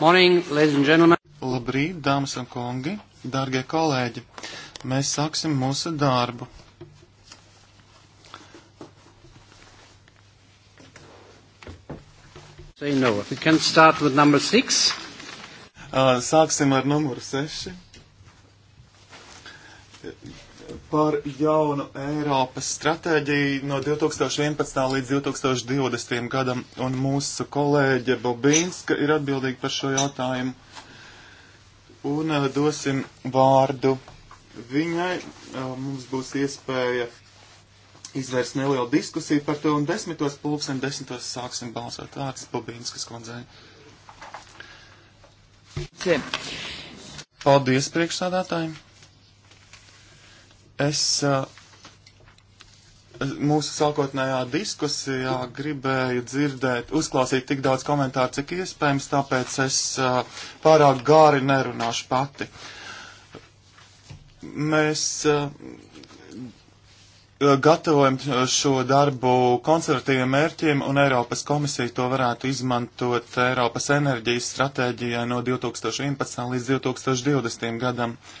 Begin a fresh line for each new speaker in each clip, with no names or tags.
Morning, ladies and gentlemen. Labrīt, dāmas un kungi, dārgie kolēģi. Mēs sāksim mūsu darbu. So
you know, we can start with number six.
Uh, sāksim ar numuru seši par jaunu Eiropas stratēģiju no 2011. līdz 2020. gadam, un mūsu kolēģe Bobīnska ir atbildīga par šo jautājumu. Un uh, dosim vārdu viņai. Uh, mums būs iespēja izvērst nelielu diskusiju par to, un desmitos pulksten desmitos sāksim balsot vārds Bobīnskas kundzei. Paldies priekšsādātājiem! Es mūsu sākotnējā diskusijā gribēju dzirdēt, uzklausīt tik daudz komentāru, cik iespējams, tāpēc es pārāk gāri nerunāšu pati. Mēs gatavojam šo darbu konservatīviem mērķiem, un Eiropas komisija to varētu izmantot Eiropas enerģijas stratēģijā no 2011 līdz 2020 gadam. Uh,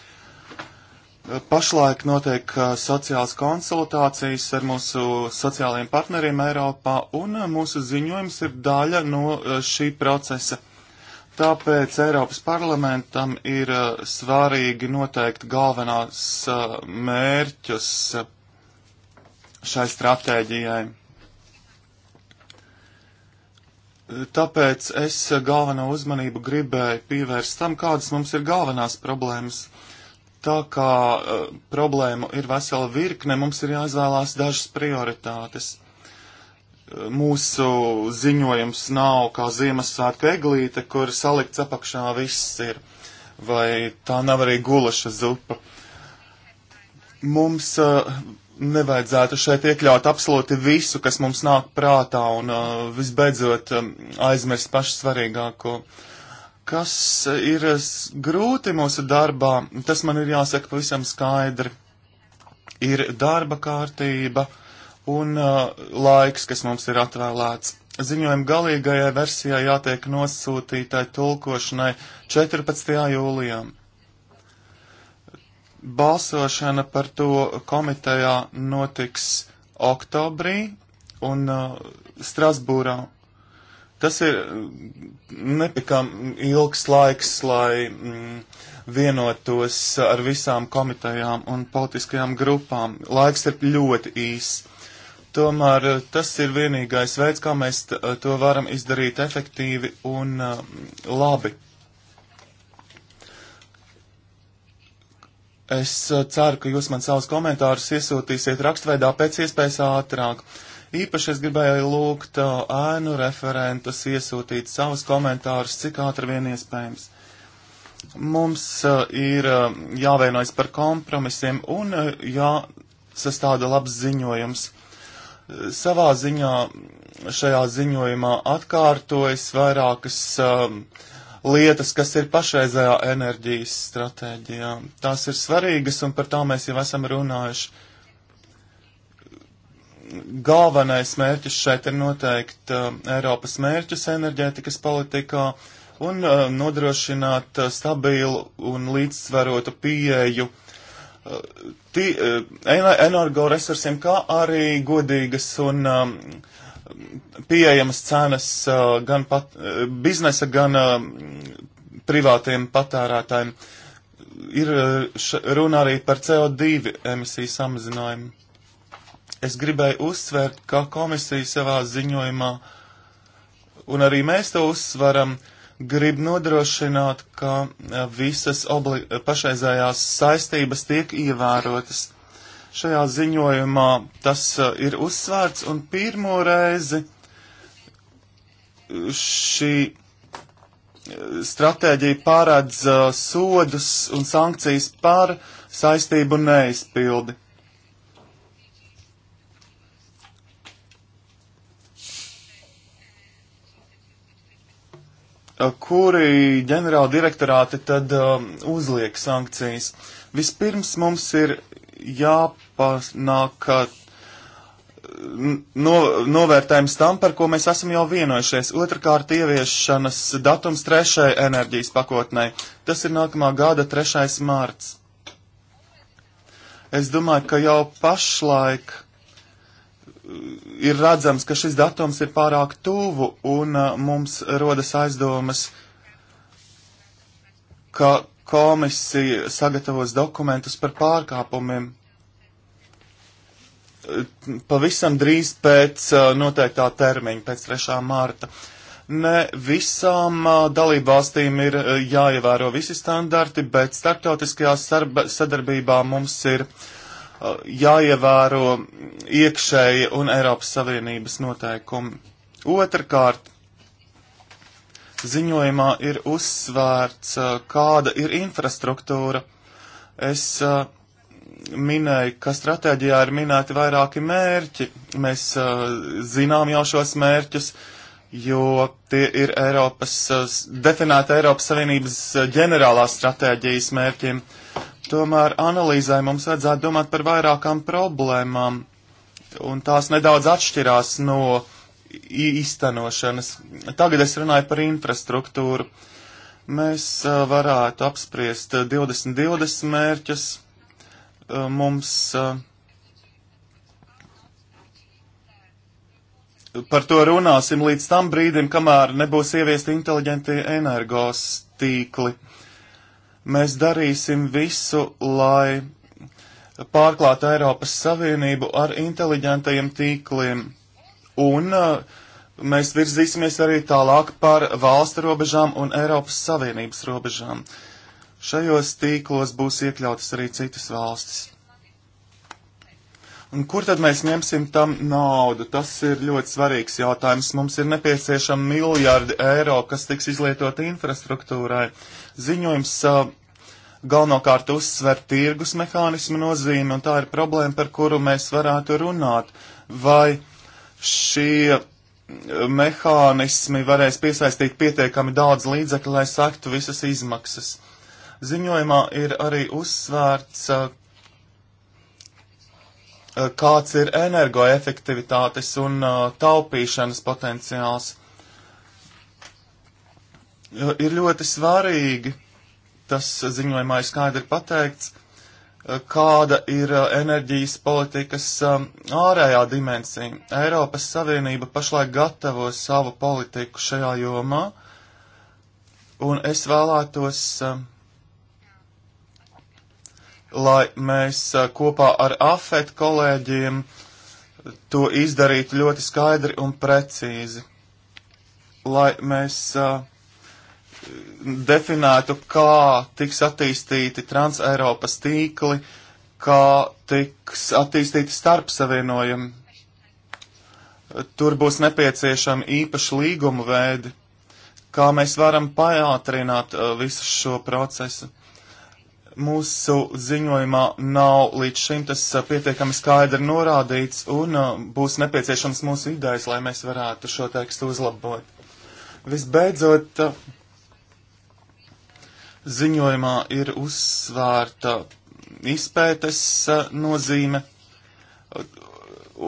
Pašlaik notiek uh, sociāls konsultācijas ar mūsu sociālajiem partneriem Eiropā, un uh, mūsu ziņojums ir daļa no uh, šī procesa. Tāpēc Eiropas parlamentam ir svarīgi noteikt galvenās mērķus šai stratēģijai. Tāpēc es galveno uzmanību gribēju pievērst tam, kādas mums ir galvenās problēmas Tā kā uh, problēmu ir vesela virkne, mums ir jāizvēlās dažas prioritātes. E, mūsu ziņojums nav kā Ziemassvētku eglīte, kur salikts apakšā viss ir, vai tā nav arī gulaša zupa. Mums uh, nevajadzētu šeit iekļaut absolūti visu, kas mums nāk prātā, un uh, visbeidzot um, aizmirst pašu svarīgāko. Uh, kas eh, ir eh, grūti mūsu darbā, tas man ir jāsaka pavisam skaidri. Ir darba kārtība un uh, laiks, kas mums ir atvēlēts. Ziņojuma galīgajai versijai jātiek nosūtītai tulkošanai 14. jūlijam. Balsošana par to komitejā notiks oktobrī un uh, Strasbūrā Tas ir mm, nepikam ilgs laiks, lai mm, vienotos ar visām komitejām un politiskajām grupām. Laiks ir ļoti īss. Tomēr eh, tas ir vienīgais veids, kā mēs eh, to varam izdarīt efektīvi un uh, labi. Es ceru, ka jūs man savus komentārus iesūtīsiet rakstveidā pēc iespējas ātrāk. Uh, Īpaši es gribēju lūgt ēnu referentus iesūtīt savus komentārus, cik ātri vien iespējams. Mums uh, ir uh, jāvienojas par kompromisiem un uh, jāsastāda labs ziņojums savā ziņā šajā ziņojumā atkārtojas vairākas um, lietas, kas ir pašreizējā enerģijas stratēģijā. Tās ir svarīgas un par tām mēs jau esam runājuši galvenais mērķis šeit ir noteikti uh, Eiropas mērķis enerģētikas politikā un uh, nodrošināt uh, stabilu un līdzsvarotu pieeju uh, tī, uh, energoresursiem, kā arī godīgas un um, pieejamas cenas uh, gan pat, biznesa, gan um, privātiem patērētājiem. Ir š, runa arī par CO2 emisiju samazinājumu es gribēju uzsvērt, kā komisija savā ziņojumā, un arī mēs to uzsveram, grib nodrošināt, ka eh, visas obli pašreizējās saistības tiek ievērotas. Šajā ziņojumā tas eh, ir uzsvērts, un pirmo reizi eh, šī stratēģija pārēdz sodus un sankcijas par saistību neizpildi. Eh, kuri ģenerāla direktorāti tad um, uzliek sankcijas. Vispirms mums ir jāpanāk eh, no, novērtējums tam, par ko mēs esam jau vienojušies. Otrakārt, ieviešanas datums trešajai enerģijas pakotnē. Tas ir nākamā gada 3. mārts. Es domāju, ka jau pašlaik ir redzams, ka šis datums ir pārāk tuvu un uh, mums rodas aizdomas, ka komisija sagatavos dokumentus par pārkāpumiem. Pavisam drīz pēc uh, noteiktā termiņa, pēc 3. mārta. Ne visām uh, dalībvalstīm ir uh, jāievēro visi standarti, bet starptautiskajā sadarbībā mums ir uh, jāievēro iekšēji un Eiropas Savienības noteikumi. Otrakārt, ziņojumā ir uzsvērts, kāda ir infrastruktūra. Es minēju, ka stratēģijā ir minēti vairāki mērķi. Mēs zinām jau šos mērķus, jo tie ir Eiropas, definēti Eiropas Savienības ģenerālās stratēģijas mērķiem. Uh, Tomēr analīzē mums vajadzētu domāt par vairākām problēmām, un tās nedaudz atšķirās no īstenošanas. Tagad es runāju par infrastruktūru. Mēs uh, varētu apspriest 2020 mērķus. Uh, mums uh, par to runāsim līdz tam brīdim, kamēr nebūs ieviesti inteliģenti energos tīkli mēs darīsim visu, lai pārklāt Eiropas Savienību ar inteliģentajiem tīkliem. Un uh, mēs virzīsimies arī tālāk par valstu robežām un Eiropas Savienības robežām. Šajos tīklos būs iekļautas arī citas valstis. Un kur tad mēs ņemsim tam naudu? Tas ir ļoti svarīgs jautājums. Mums ir nepieciešama miljārdi eiro, kas tiks izlietoti infrastruktūrai. Ziņojums galvenokārt uzsver tirgus mehānismu nozīmi, un tā ir problēma, par kuru mēs varētu runāt. Vai šie mehānismi varēs piesaistīt pietiekami daudz līdzekļu, lai saktu visas izmaksas? Ziņojumā ir arī uzsvērts, Eh, kāds ir energoefektivitātes un eh, taupīšanas potenciāls. Ir ļoti svarīgi, tas ziņojumā ir skaidri pateikts, eh, kāda ir enerģijas politikas ārējā dimensija. Eiropas Savienība pašlaik gatavo savu politiku šajā jomā, un es vēlētos uh, lai mēs kopā ar AFET kolēģiem to izdarītu ļoti skaidri un precīzi, lai mēs uh, definētu, kā tiks attīstīti Trans-Eiropas tīkli, kā tiks attīstīti starpsavienojumi. Tur būs nepieciešami īpaši līguma veidi, kā mēs varam pātrināt uh, visu šo procesu mūsu ziņojumā nav līdz šim tas pietiekami skaidri norādīts un būs nepieciešams mūsu idejas, lai mēs varētu šo tekstu uzlabot. Visbeidzot, ziņojumā ir uzsvērta izpētes nozīme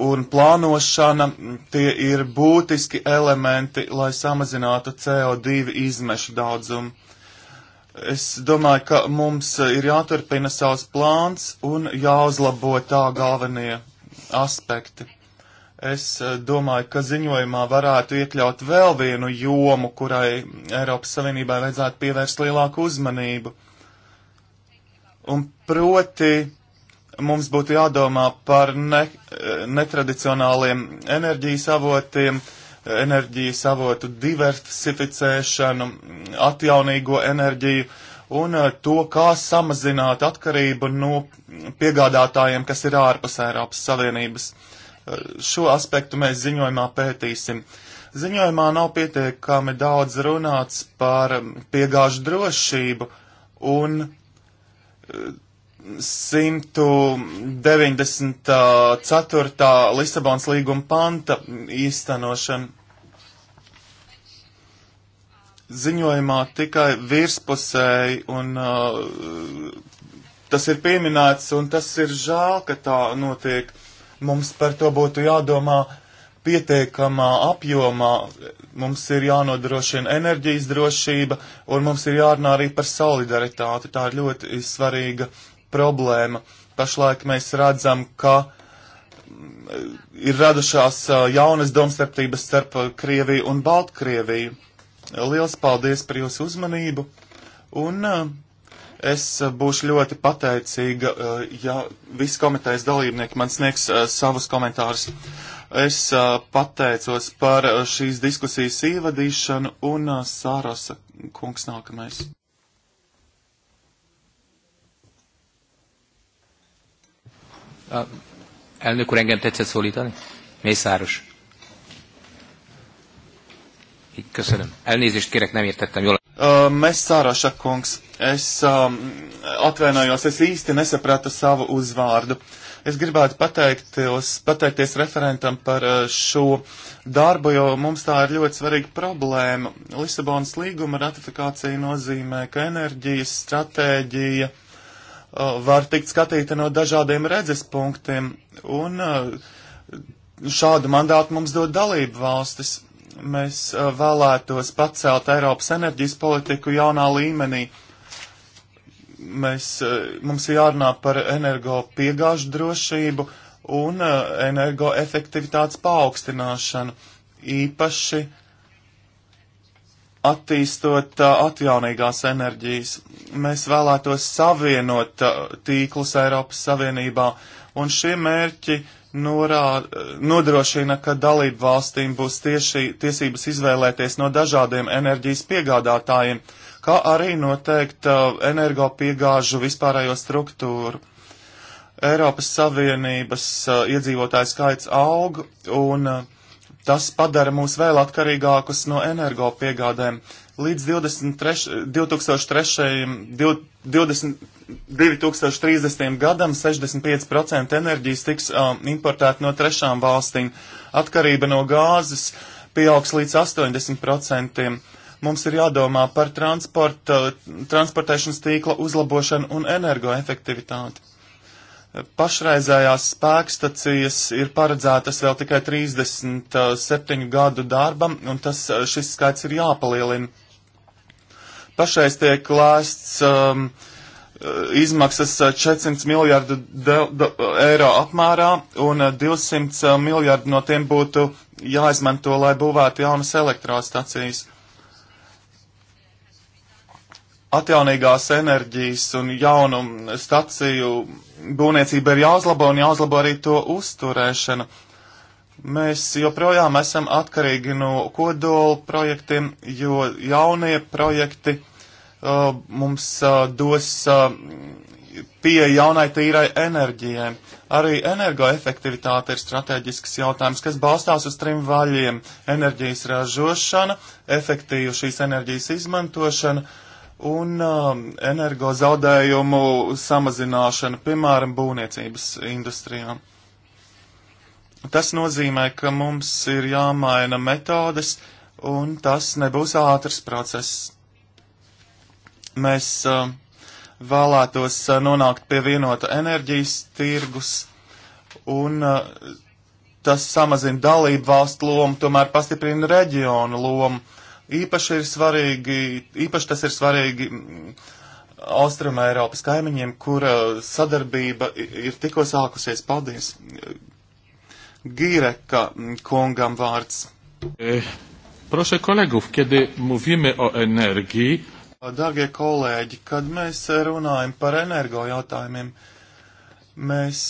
un plānošana, tie ir būtiski elementi, lai samazinātu CO2 izmešu daudzumu. Es domāju, ka mums eh, ir jāturpina savs plāns un jāuzlabo tā galvenie aspekti. Es eh, domāju, ka ziņojumā varētu iekļaut vēl vienu jomu, kurai Eiropas Savienībai vajadzētu pievērst lielāku uzmanību. Un proti mums būtu jādomā par ne, eh, netradicionāliem enerģijas avotiem, uh, enerģijas avotu diversificēšanu, atjaunīgo enerģiju un eh, to, kā samazināt atkarību no piegādātājiem, kas ir ārpus Eiropas Savienības. Eh, šo aspektu mēs ziņojumā pētīsim. Ziņojumā nav pietiekami daudz runāts par mm, piegāžu drošību un eh, 194. Lisabonas līguma panta īstenošana. Ziņojumā tikai virspusēji, un uh, tas ir pieminēts, un tas ir žēl, ka tā notiek. Mums par to būtu jādomā pietiekamā apjomā. Mums ir jānodrošina enerģijas drošība, un mums ir jārunā arī par solidaritāti. Tā ir ļoti svarīga uh, problēma. Pašlaik mēs redzam, ka mm, ir radušās jaunas domstarptības starp Krieviju un Baltkrieviju. Liels paldies par jūsu uzmanību, un es būšu ļoti pateicīga, ja visi komitejas dalībnieki man sniegs savus komentārus. Es pateicos par šīs diskusijas ievadīšanu, un Sārasa kungs nākamais.
Elnök úr, engem tetszett szólítani? Mészáros. Így köszönöm. Elnézést kérek, nem értettem jól.
Uh, Messāraša kungs, es um, atvainojos, es īsti nesapratu savu uzvārdu. Es gribētu pateikties, pateikties referentam par uh, šo darbu, jo mums tā ir ļoti svarīga problēma. Lisabonas līguma ratifikācija nozīmē, ka enerģijas stratēģija Uh, var tikt skatīta no dažādiem redzes punktiem, un uh, šādu mandātu mums dod dalību valstis. Mēs uh, vēlētos pacelt Eiropas enerģijas politiku jaunā līmenī. Mēs, mums ir jārunā par energo piegāžu drošību un energoefektivitātes paaugstināšanu, īpaši uh, attīstot atjaunīgās enerģijas. Mēs vēlētos savienot tīklus Eiropas Savienībā, un šie mērķi norā, nodrošina, ka dalību valstīm būs tieši tiesības izvēlēties no dažādiem enerģijas piegādātājiem, kā arī noteikt energopiegāžu vispārējo struktūru. Eiropas Savienības iedzīvotāju skaits aug, un Tas padara mūs vēl atkarīgākus no energopiegādēm. Līdz 23, 2003, 20, 2030 gadam 65% enerģijas tiks um, importēta no trešām valstīm. Atkarība no gāzes pieaugs līdz 80%. Mums ir jādomā par transporta, transportēšanas tīkla uzlabošanu un energoefektivitāti pašreizējās spēkstacijas ir paredzētas vēl tikai 37 eh, gadu darbam, un tas, eh, šis skaits ir jāpalielina. Pašreiz tiek lēsts um, izmaksas 400 miljardu de, de, eiro apmērā, un 200 miljardu no tiem būtu jāizmanto, lai būvētu jaunas elektrostacijas atjaunīgās enerģijas un jaunu staciju būvniecība ir jāuzlabo un jāuzlabo arī to uzturēšana. Mēs joprojām esam atkarīgi no kodola projektiem, jo jaunie projekti uh, mums uh, dos uh, pieeja jaunai tīrai enerģijai. Arī energoefektivitāte ir strateģisks jautājums, kas balstās uz trim vaļiem - enerģijas ražošana, efektīva šīs enerģijas izmantošana un uh, um, energo zaudējumu samazināšana, piemēram, būvniecības industrijām. Tas nozīmē, ka mums ir jāmaina metodes, un tas nebūs ātrs process. Mēs uh, vēlētos uh, nonākt pie vienota enerģijas tirgus, un uh, tas samazina dalību valstu lomu, tomēr pastiprina reģionu lomu Īpaši, ir svarīgi, īpaši tas ir svarīgi mm, Austrumē Eiropas kaimiņiem, kura sadarbība ir tikko sākusies. Paldies! Gīreka mm, kungam vārds. E, Prošai kolegów, kiedy mówimy o energii. Darbie kolēģi, kad mēs runājam par energo jautājumiem, mēs,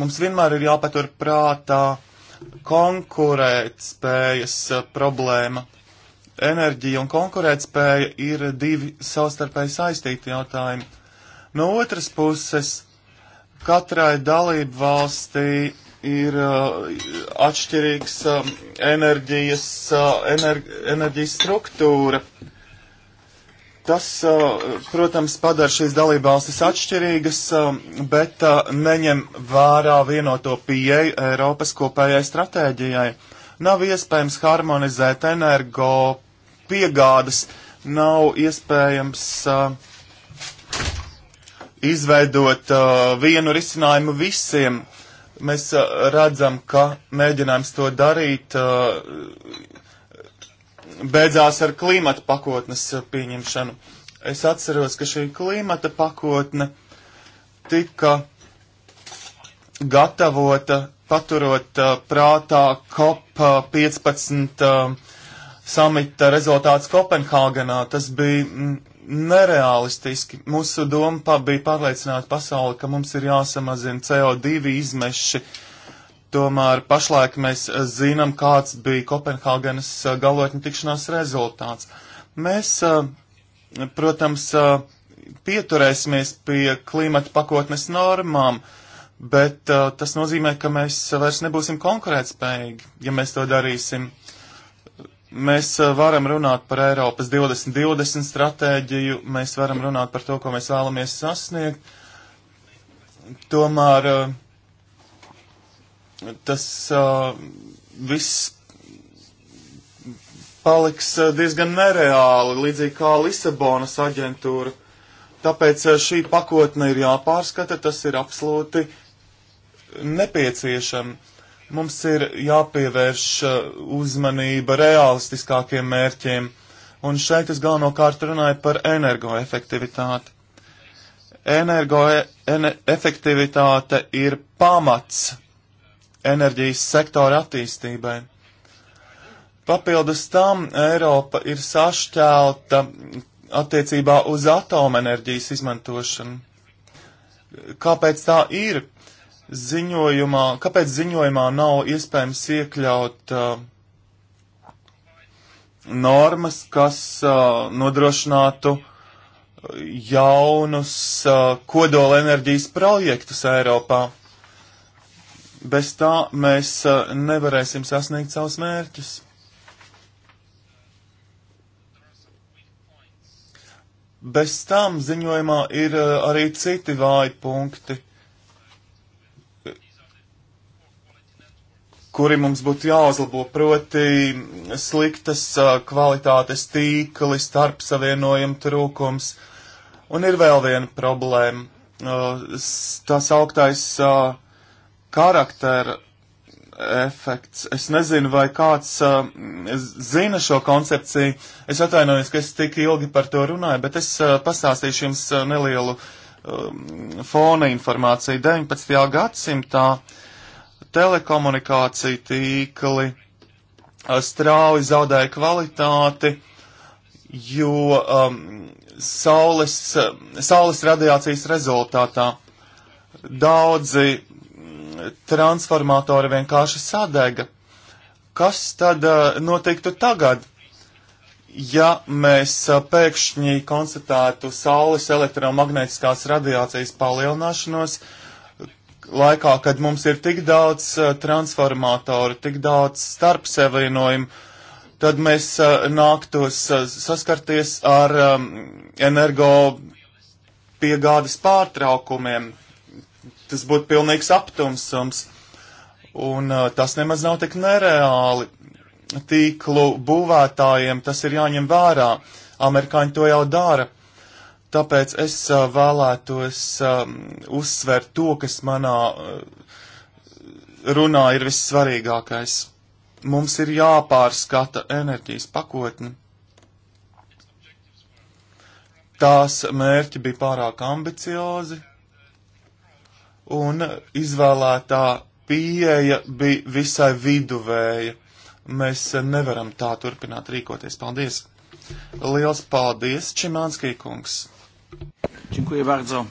mums vienmēr ir jāpatur prātā konkurētspējas problēma enerģija un konkurētspēja ir divi savstarpēji saistīti jautājumi. No otras puses, katrai dalību valstī ir uh, atšķirīgs um, enerģijas, uh, energi, enerģijas struktūra. Tas, uh, protams, padara šīs dalībvalstis atšķirīgas, uh, bet uh, neņem vērā vienoto pieeju Eiropas kopējai stratēģijai. Uh, Nav iespējams harmonizēt energo piegādes, nav iespējams uh, izveidot uh, vienu risinājumu visiem. Mēs uh, redzam, ka mēģinājums to darīt uh, beidzās ar klimata pakotnes uh, pieņemšanu. Es atceros, ka šī klimata pakotne tika gatavota paturot uh, prātā COP15 uh, samita rezultāts Kopenhāgenā. Tas bija nereālistiski. Mūsu doma pa bija pārliecināt pasauli, ka mums ir jāsamazina CO2 izmeši. Tomēr pašlaik mēs zinām, kāds bija Kopenhāgenes galotņu tikšanās rezultāts. Mēs, protams, pieturēsimies pie klimata pakotnes normām, uh, bet uh, tas nozīmē, ka mēs vairs nebūsim konkurētspējīgi, ja mēs to darīsim. Mēs uh, varam runāt par Eiropas 2020 stratēģiju, mēs varam runāt par to, ko mēs vēlamies sasniegt. Tomēr uh, tas uh, viss paliks uh, diezgan nereāli, līdzīgi kā Lisabonas aģentūra. Tāpēc uh, šī pakotne ir jāpārskata, tas ir absolūti uh, nepieciešami. Mums ir jāpievērš uh, uzmanība realistiskākiem mērķiem, un šeit es galvenokārt runāju par energoefektivitāti. Energoefektivitāte e ir pamats enerģijas sektora attīstībai. Papildus tam Eiropa ir sašķelta attiecībā uz atomenerģijas izmantošanu. Kāpēc tā ir? ziņojumā, kāpēc ziņojumā nav iespējams iekļaut uh, normas, kas uh, nodrošinātu jaunus uh, kodolenerģijas projektus Eiropā. Bez tā mēs uh, nevarēsim sasniegt savus mērķus. Bez tam ziņojumā ir uh, arī citi vāji punkti kuri mums būtu jāuzlabo, proti sliktas kvalitātes tīkli, starpsavienojuma trūkums. Un ir vēl viena problēma - tās augtais karaktera efekts. Es nezinu, vai kāds zina šo koncepciju. Es atvainojos, ka es tik ilgi par to runāju, bet es pastāstīšu jums nelielu fona informāciju. 19. gadsimtā telekomunikāciju tīkli eh, strauji zaudēja kvalitāti, jo um, saules, eh, saules radiācijas rezultātā daudzi mm, transformatori vienkārši sadega. Kas tad uh, notiktu tagad? ja mēs pēkšņi konstatētu Saules elektromagnētiskās radiācijas palielināšanos, laikā, kad mums ir tik daudz uh, transformatoru, tik daudz starpsevienojumu, tad mēs uh, nāktos uh, saskarties ar um, energo piegādes pārtraukumiem. Tas būtu pilnīgs aptumsums, un uh, tas nemaz nav tik nereāli. Tīklu būvētājiem tas ir jāņem vērā. Amerikāņi to jau dara. Tāpēc es uh, vēlētos uh, uzsvērt to, kas manā uh, runā ir vissvarīgākais. Mums ir jāpārskata enerģijas pakotne. Tās mērķi bija pārāk ambiciozi, un izvēlētā pieeja bija visai viduvēja. Mēs nevaram tā turpināt rīkoties. Paldies! Liels paldies, Čimānskī kungs! Dziękuję bardzo.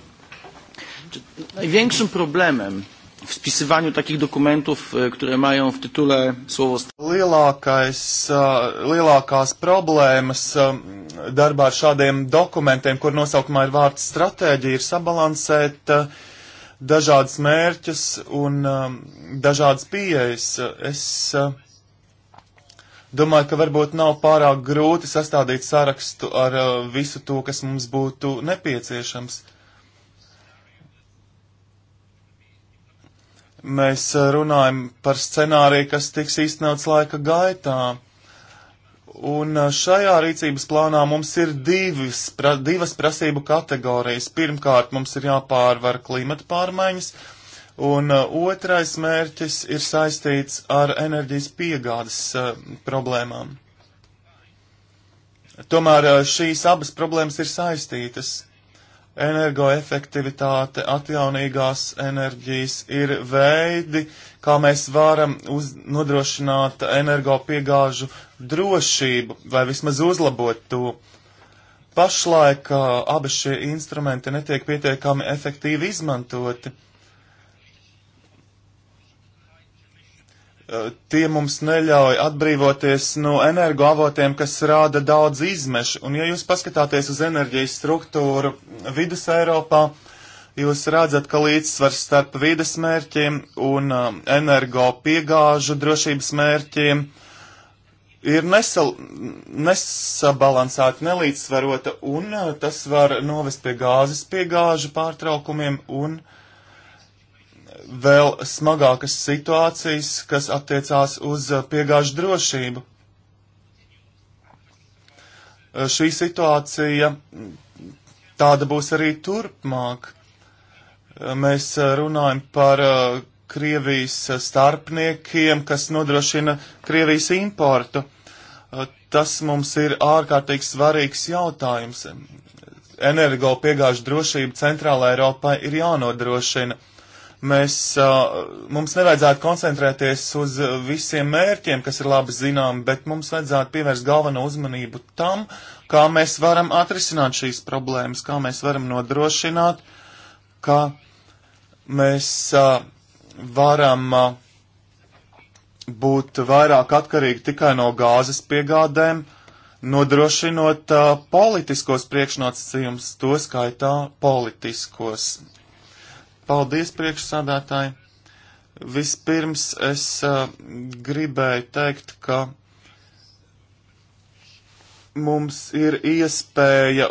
Największym problemem w spisywaniu takich dokumentów, e, które mają w tytule słowo lielākais, e, lielākās problēmas e, darbā ar šādiem dokumentiem, kur nosaukumā ir vārds stratēģija, ir sabalansēt dažādas mērķus un dažādas pieejas. Es Domāju, ka varbūt nav pārāk grūti sastādīt sarakstu ar uh, visu to, kas mums būtu nepieciešams. Mēs uh, runājam par scenāriju, kas tiks īstenots laika gaitā. Un uh, šajā rīcības plānā mums ir divas, pra, divas prasību kategorijas. Pirmkārt, mums ir jāpārvar klimata pārmaiņas, uh, Un uh, otrais mērķis ir saistīts ar enerģijas piegādes uh, problēmām. Tomēr uh, šīs abas problēmas ir saistītas. Energoefektivitāte, atjaunīgās enerģijas ir veidi, kā mēs varam uz, nodrošināt energopiegāžu drošību vai vismaz uzlabot to. Pašlaik uh, abi šie instrumenti netiek pietiekami efektīvi izmantoti Eh, tie mums neļauj atbrīvoties no energoavotiem, kas rāda daudz izmešu. Un ja jūs paskatāties uz enerģijas struktūru vidus Eiropā, jūs redzat, ka līdzsvars starp vides mērķiem un um, energo piegāžu drošības mērķiem ir nesal, nesabalansēta, nelīdzsvarota, un eh, tas var novest pie gāzes piegāžu pārtraukumiem un uh, vēl smagākas situācijas, kas attiecās uz eh, piegāžu drošību. Eh, šī situācija tāda būs arī turpmāk. Eh, mēs runājam par Krievijas starpniekiem, kas nodrošina Krievijas importu. Tas mums ir ārkārtīgi svarīgs jautājums. Energo piegāžu drošība Centrālā Eiropā ir jānodrošina Mēs, mums nevajadzētu koncentrēties uz visiem mērķiem, kas ir labi zinām, bet mums vajadzētu pievērst galveno uzmanību tam, kā mēs varam atrisināt šīs problēmas, kā mēs varam nodrošināt, ka mēs varam būt vairāk atkarīgi tikai no gāzes piegādēm, nodrošinot uh, politiskos priekšnosacījumus, to skaitā politiskos Paldies, priekšsādātāji! Vispirms es uh, gribēju teikt, ka mums ir iespēja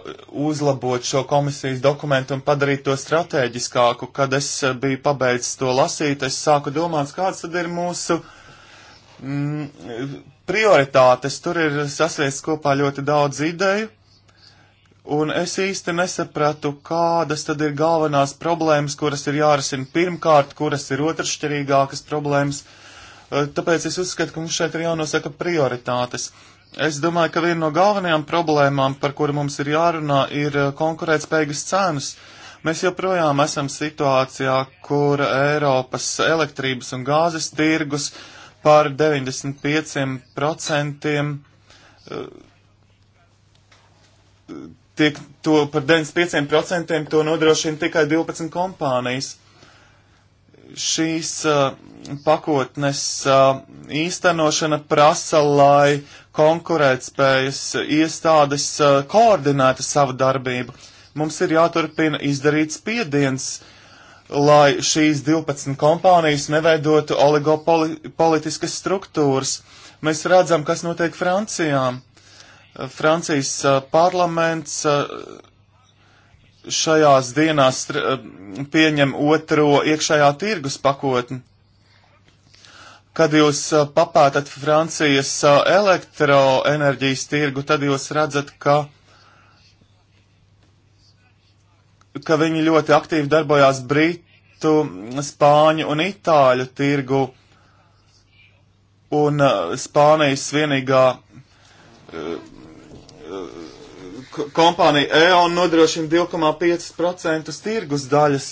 uzlabot šo komisijas dokumentu un padarīt to strateģiskāku. Kad es eh, biju pabeidzis to lasīt, es sāku domāt, kāds tad ir mūsu mm, prioritātes. Tur ir sasviests kopā ļoti daudz ideju. Un es īsti nesapratu, kādas tad ir galvenās problēmas, kuras ir jārisina pirmkārt, kuras ir otršķirīgākas problēmas. Tāpēc es uzskatu, ka mums šeit ir jānosaka prioritātes. Es domāju, ka viena no galvenajām problēmām, par kuru mums ir jārunā, ir konkurētspējīgas cenas. Mēs joprojām esam situācijā, kur Eiropas elektrības un gāzes tirgus par 95% tiek to par 95% to nodrošina tikai 12 kompānijas. Šīs uh, pakotnes uh, īstenošana prasa, lai konkurētspējas iestādes uh, koordinētu savu darbību. Mums ir jāturpina izdarīt spiediens, lai šīs 12 kompānijas neveidotu oligopolitiskas struktūras. Mēs redzam, kas notiek Francijām Francijas parlaments šajās dienās pieņem otro iekšējā tirgus pakotni. Kad jūs papētat Francijas elektroenerģijas tirgu, tad jūs redzat, ka, ka viņi ļoti aktīvi darbojās Britu, Spāņu un Itāļu tirgu. Un Spānijas vienīgā kompānija E.ON nodrošina 2,5% tirgus daļas.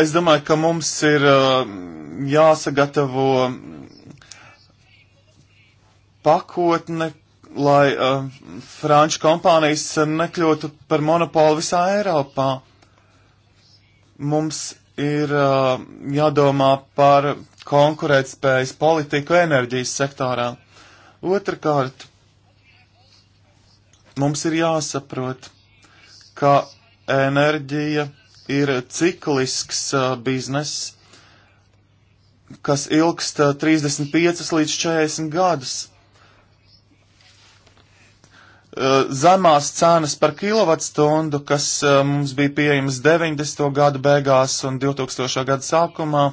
Es domāju, ka mums ir uh, jāsagatavo pakotne, lai uh, franču kompānijas nekļūtu par monopolu visā Eiropā. Mums ir uh, jādomā par konkurētspējas politiku enerģijas sektorā. Otrakārt, mums ir jāsaprot, ka enerģija ir ciklisks uh, bizness, kas ilgst uh, 35 līdz 40 gadus. Uh, zemās cenas par kilovatstundu, kas mums bija pieejamas 90. gadu beigās un 2000. gada sākumā,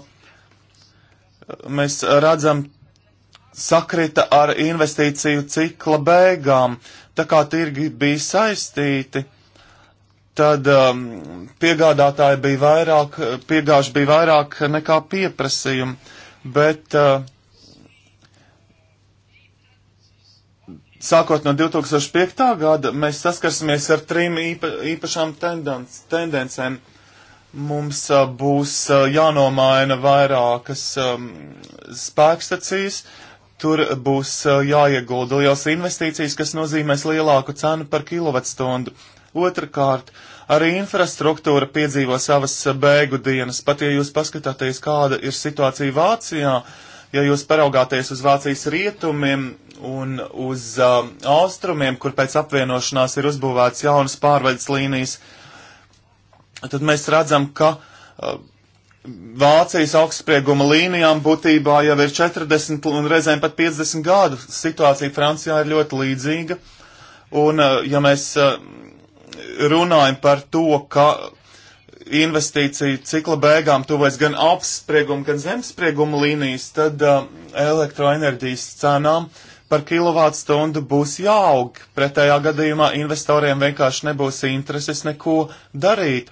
mēs redzam, sakrita ar investīciju cikla beigām, tā kā tirgi bija saistīti, tad um, piegādātāji bija vairāk, piegāži bija vairāk nekā pieprasījumi, bet uh, sākot no 2005. gada mēs saskarsimies ar trim īpa, īpašām tendens, tendencēm mums a, būs a, jānomaina vairākas spēkstacijas, tur būs a, jāiegulda liels investīcijas, kas nozīmēs lielāku cenu par kilovatstundu. Otrakārt, arī infrastruktūra piedzīvo savas beigu dienas. Pat ja jūs paskatāties, kāda ir situācija Vācijā, ja jūs paraugāties uz Vācijas rietumiem un uz uh, austrumiem, kur pēc apvienošanās ir uzbūvēts jaunas pārvades līnijas, uh, tad mēs redzam, ka uh, Vācijas augstsprieguma līnijām būtībā jau ir 40 un reizēm pat 50 gadu. Situācija Francijā ir ļoti līdzīga. Un uh, ja mēs uh, runājam par to, ka investīciju cikla beigām tuvojas gan augstsprieguma, gan zemsprieguma līnijas, tad uh, elektroenerģijas cenām par kilovātstundu būs jāaug. Pretējā gadījumā investoriem vienkārši nebūs intereses neko darīt.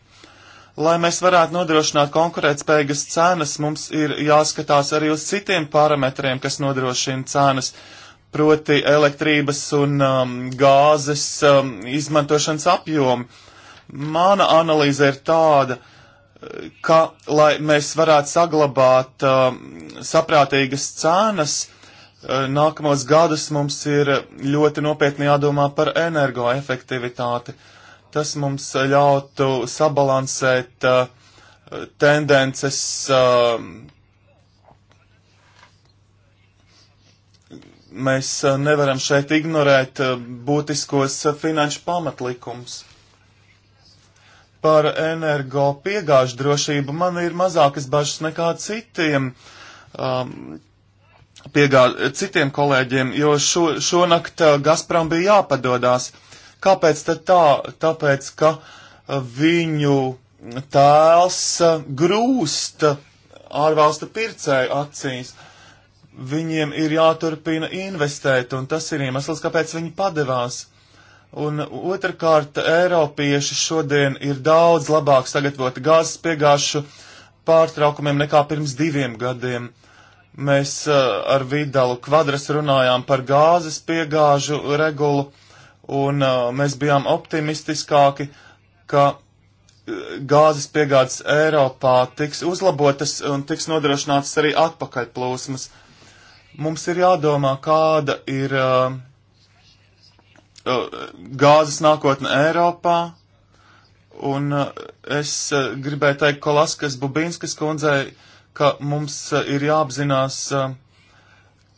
Lai mēs varētu nodrošināt konkurētspējīgas cenas, mums ir jāskatās arī uz citiem parametriem, kas nodrošina cenas, proti elektrības un um, gāzes um, izmantošanas apjomu. Mana analīze ir tāda, ka, lai mēs varētu saglabāt um, saprātīgas cenas, um, nākamos gadus mums ir ļoti nopietni jādomā par energoefektivitāti. Uh, Tas mums eh, ļautu sabalansēt uh, tendences uh, mēs nevaram šeit ignorēt būtiskos finanšu pamatlikumus. Par energo piegāžu drošību man ir mazākas bažas nekā citiem, um, piegā, citiem kolēģiem, jo šo, šonakt Gazprom bija jāpadodās. Uh, Kāpēc tad tā? Tāpēc, ka viņu tēls grūst ārvalstu pircēju acīs. Viņiem ir jāturpina investēt, un tas ir iemesls, kāpēc viņi padevās. Un otrkārt, Eiropieši šodien ir daudz labāk sagatavoti gāzes piegāšu pārtraukumiem nekā pirms diviem gadiem. Mēs uh, ar Vidalu kvadras runājām par gāzes piegāžu regulu un uh, mēs bijām optimistiskāki, ka uh, gāzes piegādes Eiropā tiks uzlabotas un tiks nodrošinātas arī atpakaļplūsmas. Mums ir jādomā, kāda ir uh, uh, gāzes nākotne Eiropā, un uh, es uh, gribēju teikt Kolaskas Bubinskas kundzei, ka mums uh, ir jāapzinās, uh,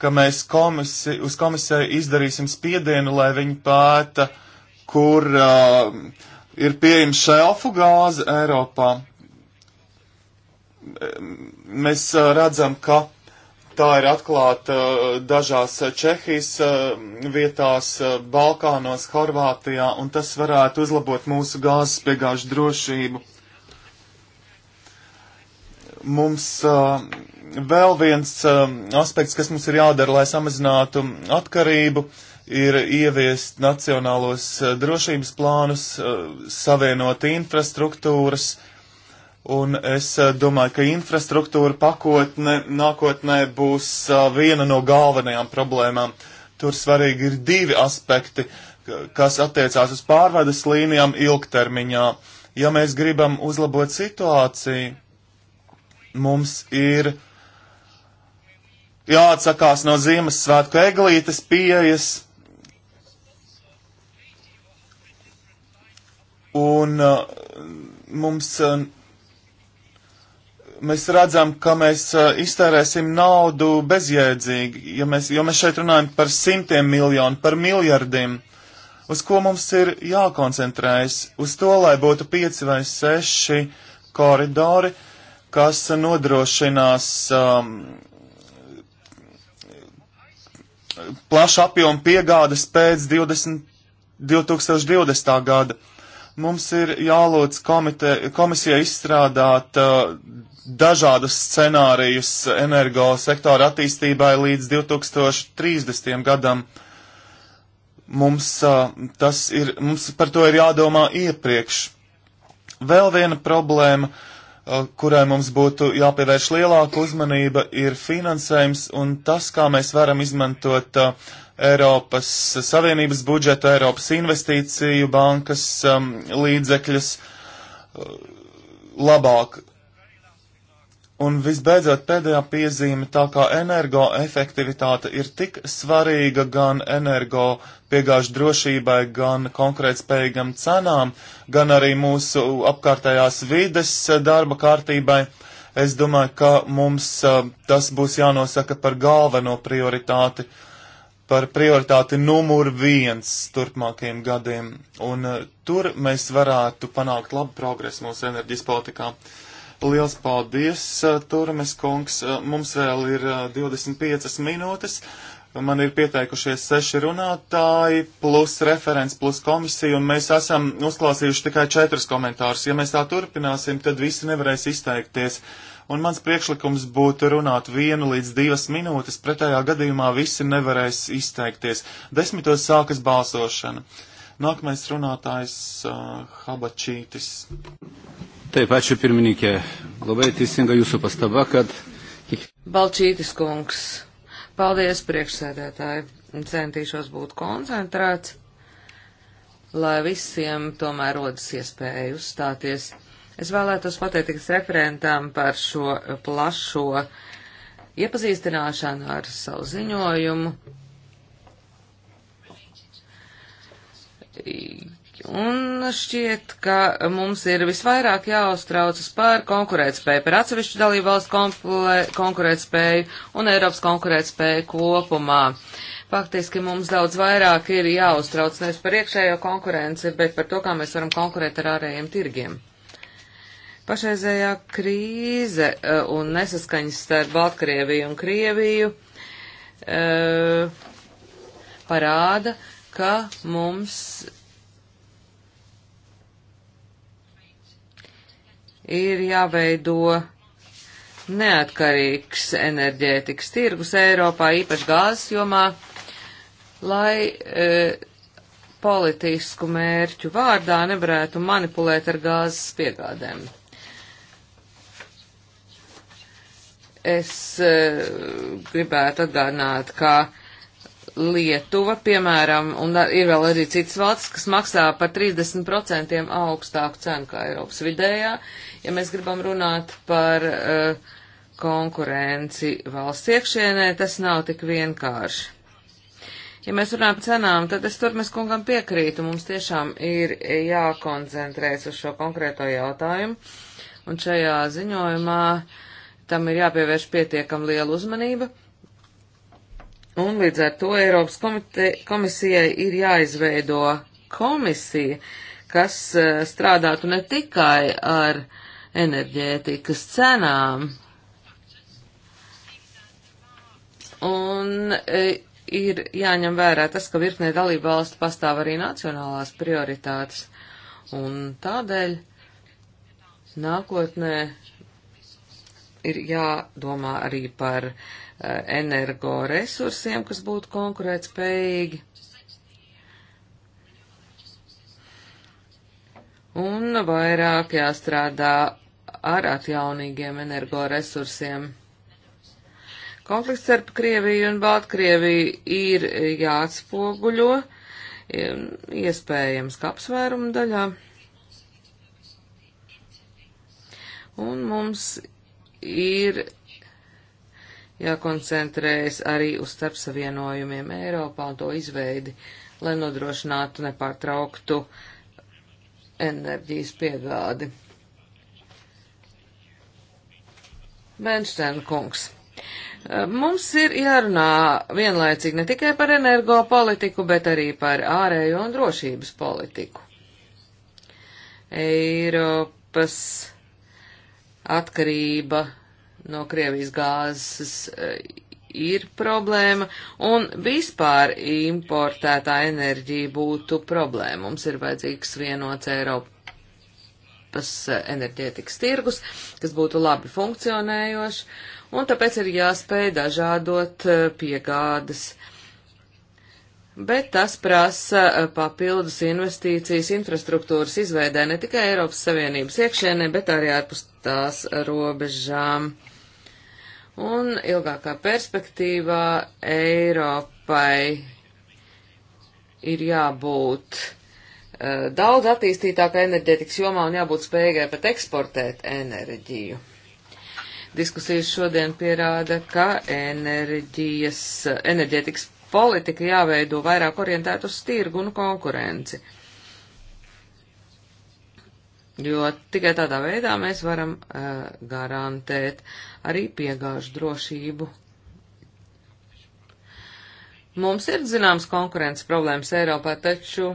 ka mēs komisi, uz komisiju izdarīsim spiedienu, lai viņi pēta, kur uh, ir pieejama šelfu gāze Eiropā. Mēs uh, redzam, ka tā ir atklāta uh, dažās Čehijas uh, vietās, uh, Balkānos, Horvātijā, un tas varētu uzlabot mūsu gāzes piegāžu drošību mums uh, vēl viens uh, aspekts, kas mums ir jādara, lai samazinātu atkarību, ir ieviest nacionālos uh, drošības plānus, uh, savienot infrastruktūras, un es uh, domāju, ka infrastruktūra pakotne nākotnē būs uh, viena no galvenajām problēmām. Tur svarīgi ir divi aspekti, kas attiecās uz pārvades līnijām ilgtermiņā. Ja mēs gribam uzlabot situāciju, mums ir jāatsakās no Ziemassvētku eglītes pieejas. Un uh, mums, uh, mēs redzam, ka mēs uh, iztērēsim naudu bezjēdzīgi, ja mēs, jo mēs šeit runājam par simtiem miljonu, par miljardiem. Uz ko mums ir jākoncentrējas? Uz to, lai būtu pieci vai seši koridori, uh, kas nodrošinās um, plašu apjomu piegādes pēc 20, 2020. gada. Mums ir jālūdz komite, komisija izstrādāt uh, dažādus scenārijus energo sektora attīstībai līdz 2030. gadam. Mums, uh, ir, mums par to ir jādomā iepriekš. Vēl viena problēma uh, kurai mums būtu jāpievērš lielāka uzmanība, ir finansējums un tas, kā mēs varam izmantot Eiropas Savienības budžetu, Eiropas investīciju bankas um, līdzekļus labāk. Un visbeidzot pēdējā piezīme, tā kā energoefektivitāte ir tik svarīga gan energo piegāžu drošībai, gan konkurētspējīgam cenām, gan arī mūsu apkārtējās vides darba kārtībai, es domāju, ka mums tas būs jānosaka par galveno prioritāti, par prioritāti numur viens turpmākajiem gadiem. Un tur mēs varētu panākt labu progresu mūsu enerģijas politikā. Liels paldies, uh, Turmes kungs. Uh, mums vēl ir 25 uh, minūtes. Man ir pieteikušies seši runātāji, plus referents, plus komisija, un mēs esam uzklāsījuši tikai četrus komentārus. Ja mēs tā turpināsim, tad visi nevarēs izteikties. Un mans priekšlikums būtu runāt vienu līdz divas minūtes, pretējā gadījumā visi nevarēs izteikties. Desmitos sākas balsošana. Nākamais runātājs uh, Habačītis.
Taip, ačiū pirmininkė. Labai teisinga jūsų pastaba, kad.
Balčytis kungs. Paldies, priekšsēdētāji. Centīšos būt koncentrēts, lai visiem tomēr rodas iespēja uzstāties. Es vēlētos pateikties referentam par šo plašo iepazīstināšanu ar savu ziņojumu Un šķiet, ka mums ir visvairāk jāuztraucas par konkurētspēju, par atsevišķu dalību valstu konkurētspēju un Eiropas konkurētspēju kopumā. Faktiski mums daudz vairāk ir jāuztrauc nevis par iekšējo konkurenci, bet par to, kā mēs varam konkurēt ar ārējiem tirgiem. Pašreizējā krīze eh, un nesaskaņas starp Baltkrieviju un Krieviju uh, parāda, ka mums ir jāveido neatkarīgs enerģētikas tirgus Eiropā, īpaši gāzes jomā, lai e, politisku mērķu vārdā nevarētu manipulēt ar gāzes piegādēm. Es e, gribētu atgādināt, ka Lietuva, piemēram, un ir vēl arī citas valsts, kas maksā par 30% augstāku cenu kā Eiropas vidējā, ja mēs gribam runāt par uh, konkurenci valsts iekšienē, tas nav tik vienkārši. Ja mēs runājam par cenām, tad es tur mēs kungam piekrītu, mums tiešām ir jākoncentrēs uz šo konkrēto jautājumu, un šajā ziņojumā tam ir jāpievērš pietiekam liela uzmanība Un līdz ar to Eiropas komite, komisijai ir jāizveido komisija, kas eh, strādātu ne tikai ar enerģētikas cenām. Un eh, ir jāņem vērā tas, ka virknē dalību valstu pastāv arī nacionālās prioritātes. Un tādēļ nākotnē ir jādomā arī par uh, Eh, energoresursiem, kas būtu konkurētspējīgi. Un vairāk jāstrādā ar atjaunīgiem energoresursiem. Konflikts starp Krieviju un Baltkrieviju ir jāatspoguļo, iespējams, ka apsvērumu daļā. Un mums ir jākoncentrējas arī uz starpsavienojumiem Eiropā un to izveidi, lai nodrošinātu nepārtrauktu enerģijas piegādi. Benštēna kungs. Mums ir jārunā vienlaicīgi ne tikai par energopolitiku, bet arī par ārējo un drošības politiku. Eiropas atkarība no Krievijas gāzes e, ir problēma, un vispār importētā enerģija būtu problēma. Mums ir vajadzīgs vienots Eiropas e, enerģētikas tirgus, kas būtu labi funkcionējoši, un tāpēc ir jāspēj dažādot e, piegādes. Bet tas prasa papildus investīcijas infrastruktūras izveidē ne tikai Eiropas Savienības iekšēnē, bet arī ārpus tās robežām. Uh, un ilgākā perspektīvā Eiropai ir jābūt uh, daudz attīstītākai enerģētikas jomā un jābūt spējīgai pat eksportēt enerģiju. Diskusijas šodien pierāda, ka enerģijas, enerģētikas politika jāveido vairāk orientēt uz tirgu un konkurenci. Uh, jo tikai tādā veidā mēs varam uh, garantēt arī piegāžu drošību. Mums ir zināms konkurences problēmas Eiropā, taču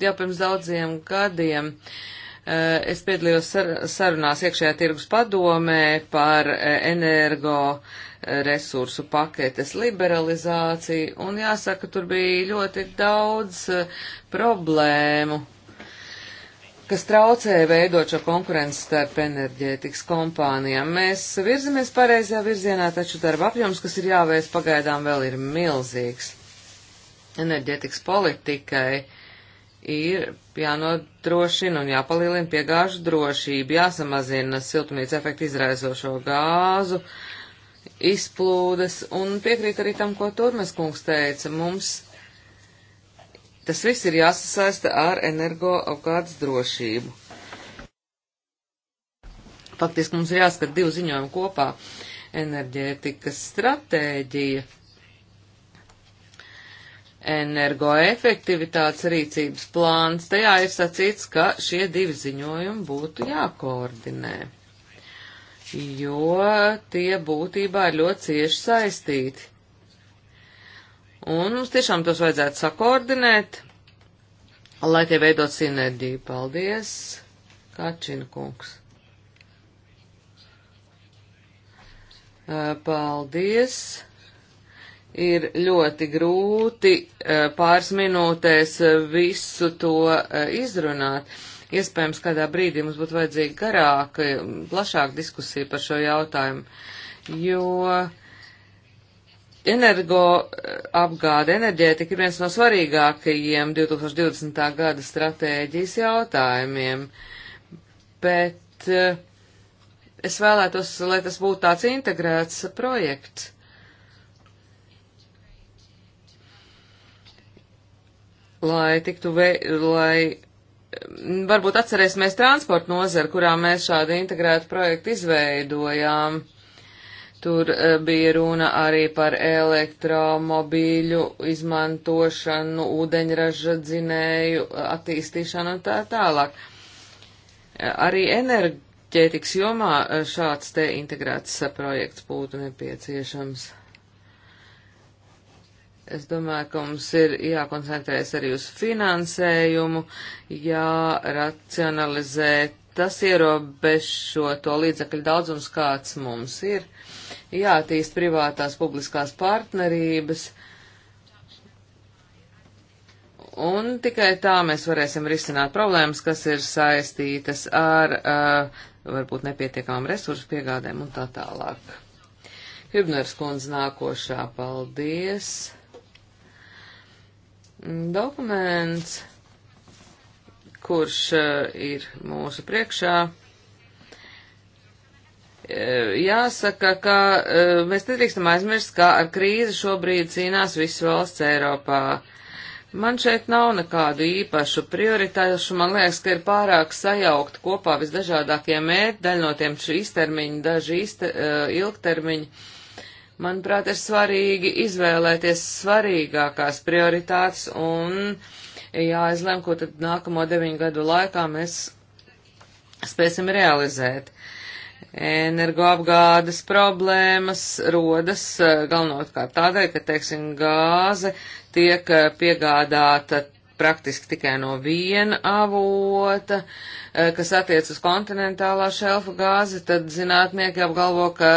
jau pirms daudziem gadiem uh, es piedalījos sar sarunās iekšējā tirgus padomē par uh, energo uh, resursu paketes liberalizāciju, un jāsaka, tur bija ļoti daudz uh, problēmu kas traucē veidot šo konkurenci starp enerģētikas kompānijām. Mēs virzamies pareizajā virzienā, taču darba apjoms, kas ir jāveic pagaidām, vēl ir milzīgs. Enerģētikas politikai ir jānodrošina un jāpalielina piegāžu drošība, jāsamazina siltumnīca efektu izraisošo gāzu izplūdes, un piekrīt arī tam, ko Turmes kungs teica, mums Tas viss ir jāsasaista ar energoapgādes drošību. Faktiski mums ir jāskat divu ziņojumu kopā - enerģētikas stratēģija, energoefektivitātes rīcības plāns. Tajā ir sacīts, ka šie divi ziņojumi būtu jākoordinē, jo tie būtībā ir ļoti cieši saistīti Un mums tiešām tos vajadzētu sakoordinēt, lai tie veidot sinerģiju. Paldies, Kačina kungs. Paldies. Ir ļoti grūti pāris minūtēs visu to izrunāt. Iespējams, kādā brīdī mums būtu vajadzīga garāka, plašāka diskusija par šo jautājumu, jo uh, Energo eh, apgāde enerģētika ir viens no svarīgākajiem 2020. gada stratēģijas jautājumiem, bet eh, es vēlētos, lai tas būtu tāds integrēts projekts. Lai tiktu, vei, lai mm, varbūt atcerēsimies transporta nozeru, kurā mēs šādu integrētu projektu izveidojām Tur e, bija runa arī par elektromobīļu izmantošanu, ūdeņraža dzinēju e, attīstīšanu un tā tālāk. E, arī enerģētikas jomā šāds te integrēts projekts būtu nepieciešams. Es domāju, ka mums ir jākoncentrējas arī uz finansējumu, jāracionalizē tas ierobežo to līdzekļu daudzums, kāds mums ir jātīst privātās publiskās partnerības, un tikai tā mēs varēsim risināt problēmas, kas ir saistītas ar uh, varbūt nepietiekamām resursu piegādēm un tā tālāk. Hibners kundze nākošā, paldies. Dokuments, kurš uh, ir mūsu priekšā E, jāsaka, ka e, mēs nedrīkstam aizmirst, ka ar krīzi šobrīd cīnās visas valsts Eiropā. Man šeit nav nekādu īpašu prioritāšu, man liekas, ka ir pārāk sajaukt kopā visdažādākie mērķi, daļa no tiem šī īstermiņa, daži īste, ilgtermiņa. Manuprāt, ir svarīgi izvēlēties svarīgākās prioritātes un jāizlem, ko tad nākamo deviņu gadu laikā mēs spēsim realizēt. Energoapgādes problēmas rodas eh, galvenokārt tādēļ, ka, teiksim, gāze tiek eh, piegādāta praktiski tikai no viena avota, eh, kas attiec uz kontinentālā šelfa gāzi, tad zinātnieki apgalvo, ka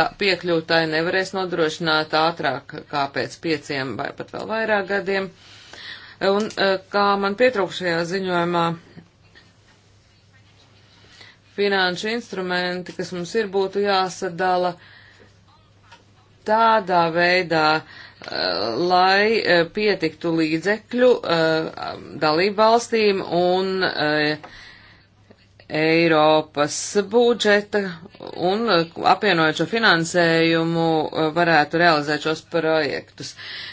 tā piekļūtāji nevarēs nodrošināt ātrāk kā pēc pieciem vai pat vēl vairāk gadiem. Un kā man pietrūkšajā ziņojumā finanšu instrumenti, kas mums ir, būtu jāsadala tādā veidā, eh, lai eh, pietiktu līdzekļu eh, dalību valstīm un Eiropas budžeta un apvienojot šo finansējumu varētu realizēt šos projektus.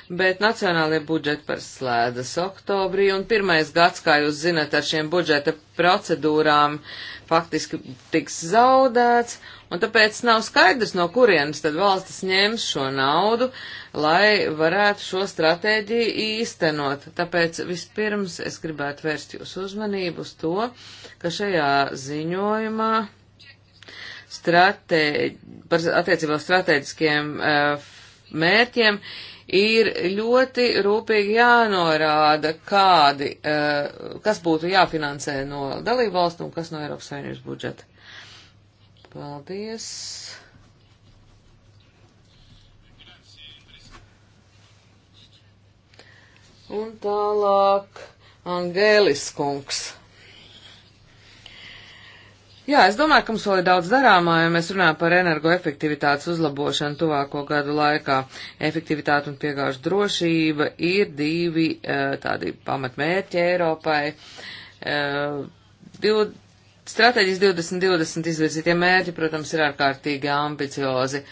Bet nacionālajie budžeti parslēdzas oktobrī un pirmais gads, kā jūs zinat, ar šiem budžeta procedūrām uh, faktiski tiks zaudēts, un tāpēc nav skaidrs, no kurienes tad valstis ņems šo naudu, lai varētu šo stratēģiju īstenot. Tāpēc vispirms es gribētu vērst jūsu uzmanību uz to, ka šajā ziņojumā stratēģi, par attiecībā uz stratēģiskiem uh, eh, mērķiem ir ļoti rūpīgi jānorāda, kādi, eh, kas būtu jāfinansē no dalību valstu un kas no Eiropas Savienības budžeta. Paldies. Un tālāk Angēlis kungs. Jā, es domāju, ka mums vēl ir daudz darāmā, ja mēs runājam par energoefektivitātes uzlabošanu tuvāko gadu laikā. Efektivitāte un piegāžu drošība ir divi eh, tādi pamatmērķi Eiropai. Div, Stratēģis 2020 izvirzītie mērķi, protams, ir ārkārtīgi ambiciozi.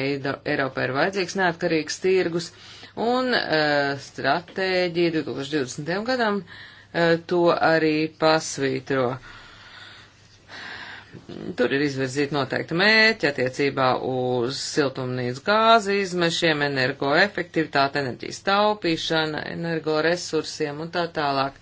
Eiropai ir vajadzīgs neatkarīgs tirgus, un eh, stratēģija 2020. gadam eh, to arī pasvītro. Tur ir izvirzīti noteikti mērķi attiecībā uz siltumnīcas gāzi izmešiem, energoefektivitāte, enerģijas taupīšana, energoresursiem un tā tālāk.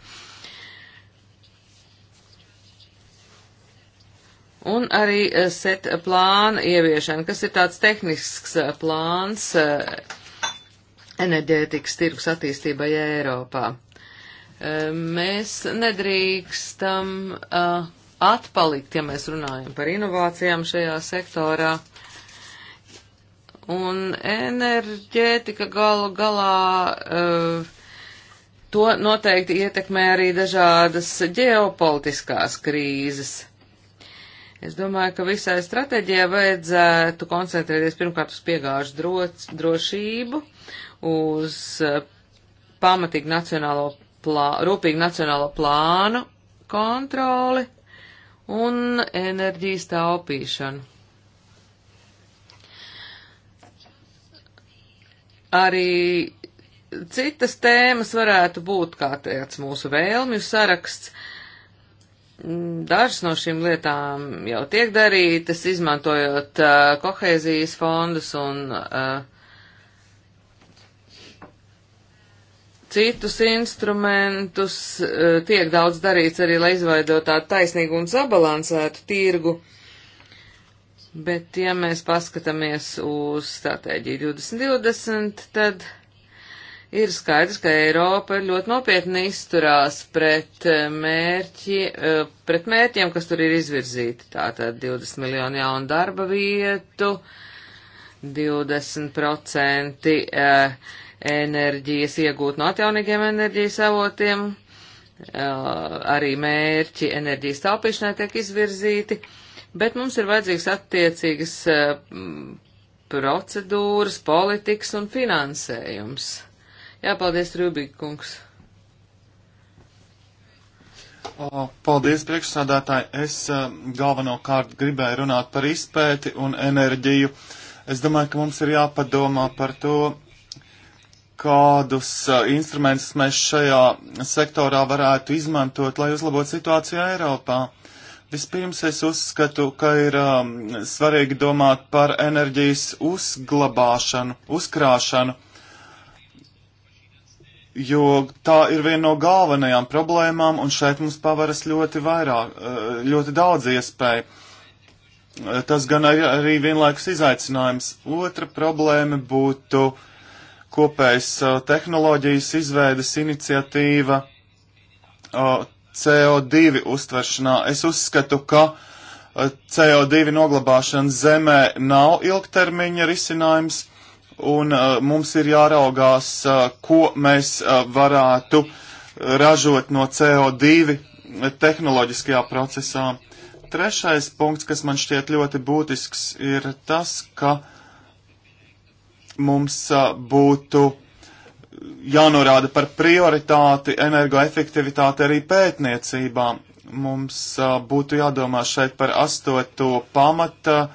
Un arī eh, set plāna ieviešana, kas ir tāds tehnisks eh, plāns eh, enerģētikas tirgus attīstībai Eiropā. Mēs nedrīkstam uh, atpalikt, ja mēs runājam par inovācijām šajā sektorā. Un enerģētika galu galā uh, to noteikti ietekmē arī dažādas ģeopolitiskās krīzes. Es domāju, ka visai stratēģijai vajadzētu koncentrēties pirmkārt uz piegāžu droč, drošību, uz eh, pamatīgi nacionālo plā, rūpīgu nacionālo plānu kontroli un enerģijas taupīšanu. Arī citas tēmas varētu būt kā tāds mūsu vēlmju saraksts. Dažas no šīm lietām jau tiek darītas, izmantojot uh, kohēzijas fondus un uh, citus instrumentus, eh, tiek daudz darīts arī, lai izveidot tādu taisnīgu un sabalansētu tirgu. Bet, ja mēs paskatāmies uz stratēģiju 2020, tad ir skaidrs, ka Eiropa ļoti nopietni izturās pret, eh, mērķi, eh, pret mērķiem, kas tur ir izvirzīti. Tātad 20 miljonu jaunu darba vietu, 20% enerģijas iegūt no atjaunīgiem enerģijas avotiem, arī mērķi enerģijas taupīšanai tiek izvirzīti, bet mums ir vajadzīgs attiecīgas procedūras, politikas un finansējums. Jā, paldies, Rubīkungs.
O, paldies, priekšsādātāji. Es galvenokārt gribēju runāt par izpēti un enerģiju. Es domāju, ka mums ir jāpadomā par to, kādus uh, instrumentus mēs šajā sektorā varētu izmantot, lai uzlabotu situāciju Eiropā. Vispirms es uzskatu, ka ir um, svarīgi domāt par enerģijas uzglabāšanu, uzkrāšanu, jo tā ir viena no galvenajām problēmām, un šeit mums pavaras ļoti, vairāk, uh, ļoti daudz iespēju. Uh, tas gan arī vienlaikus izaicinājums. Otra problēma būtu uh, kopējas tehnoloģijas izveidas iniciatīva CO2 uztveršanā. Es uzskatu, ka CO2 noglabāšana zemē nav ilgtermiņa risinājums, un mums ir jāraugās, ko mēs varētu ražot no CO2 tehnoloģiskajā procesā. Trešais punkts, kas man šķiet ļoti būtisks, ir tas, ka uh, Mums būtu jānorāda par prioritāti energoefektivitāti arī pētniecībā. Mums būtu jādomā šeit par astoto pamata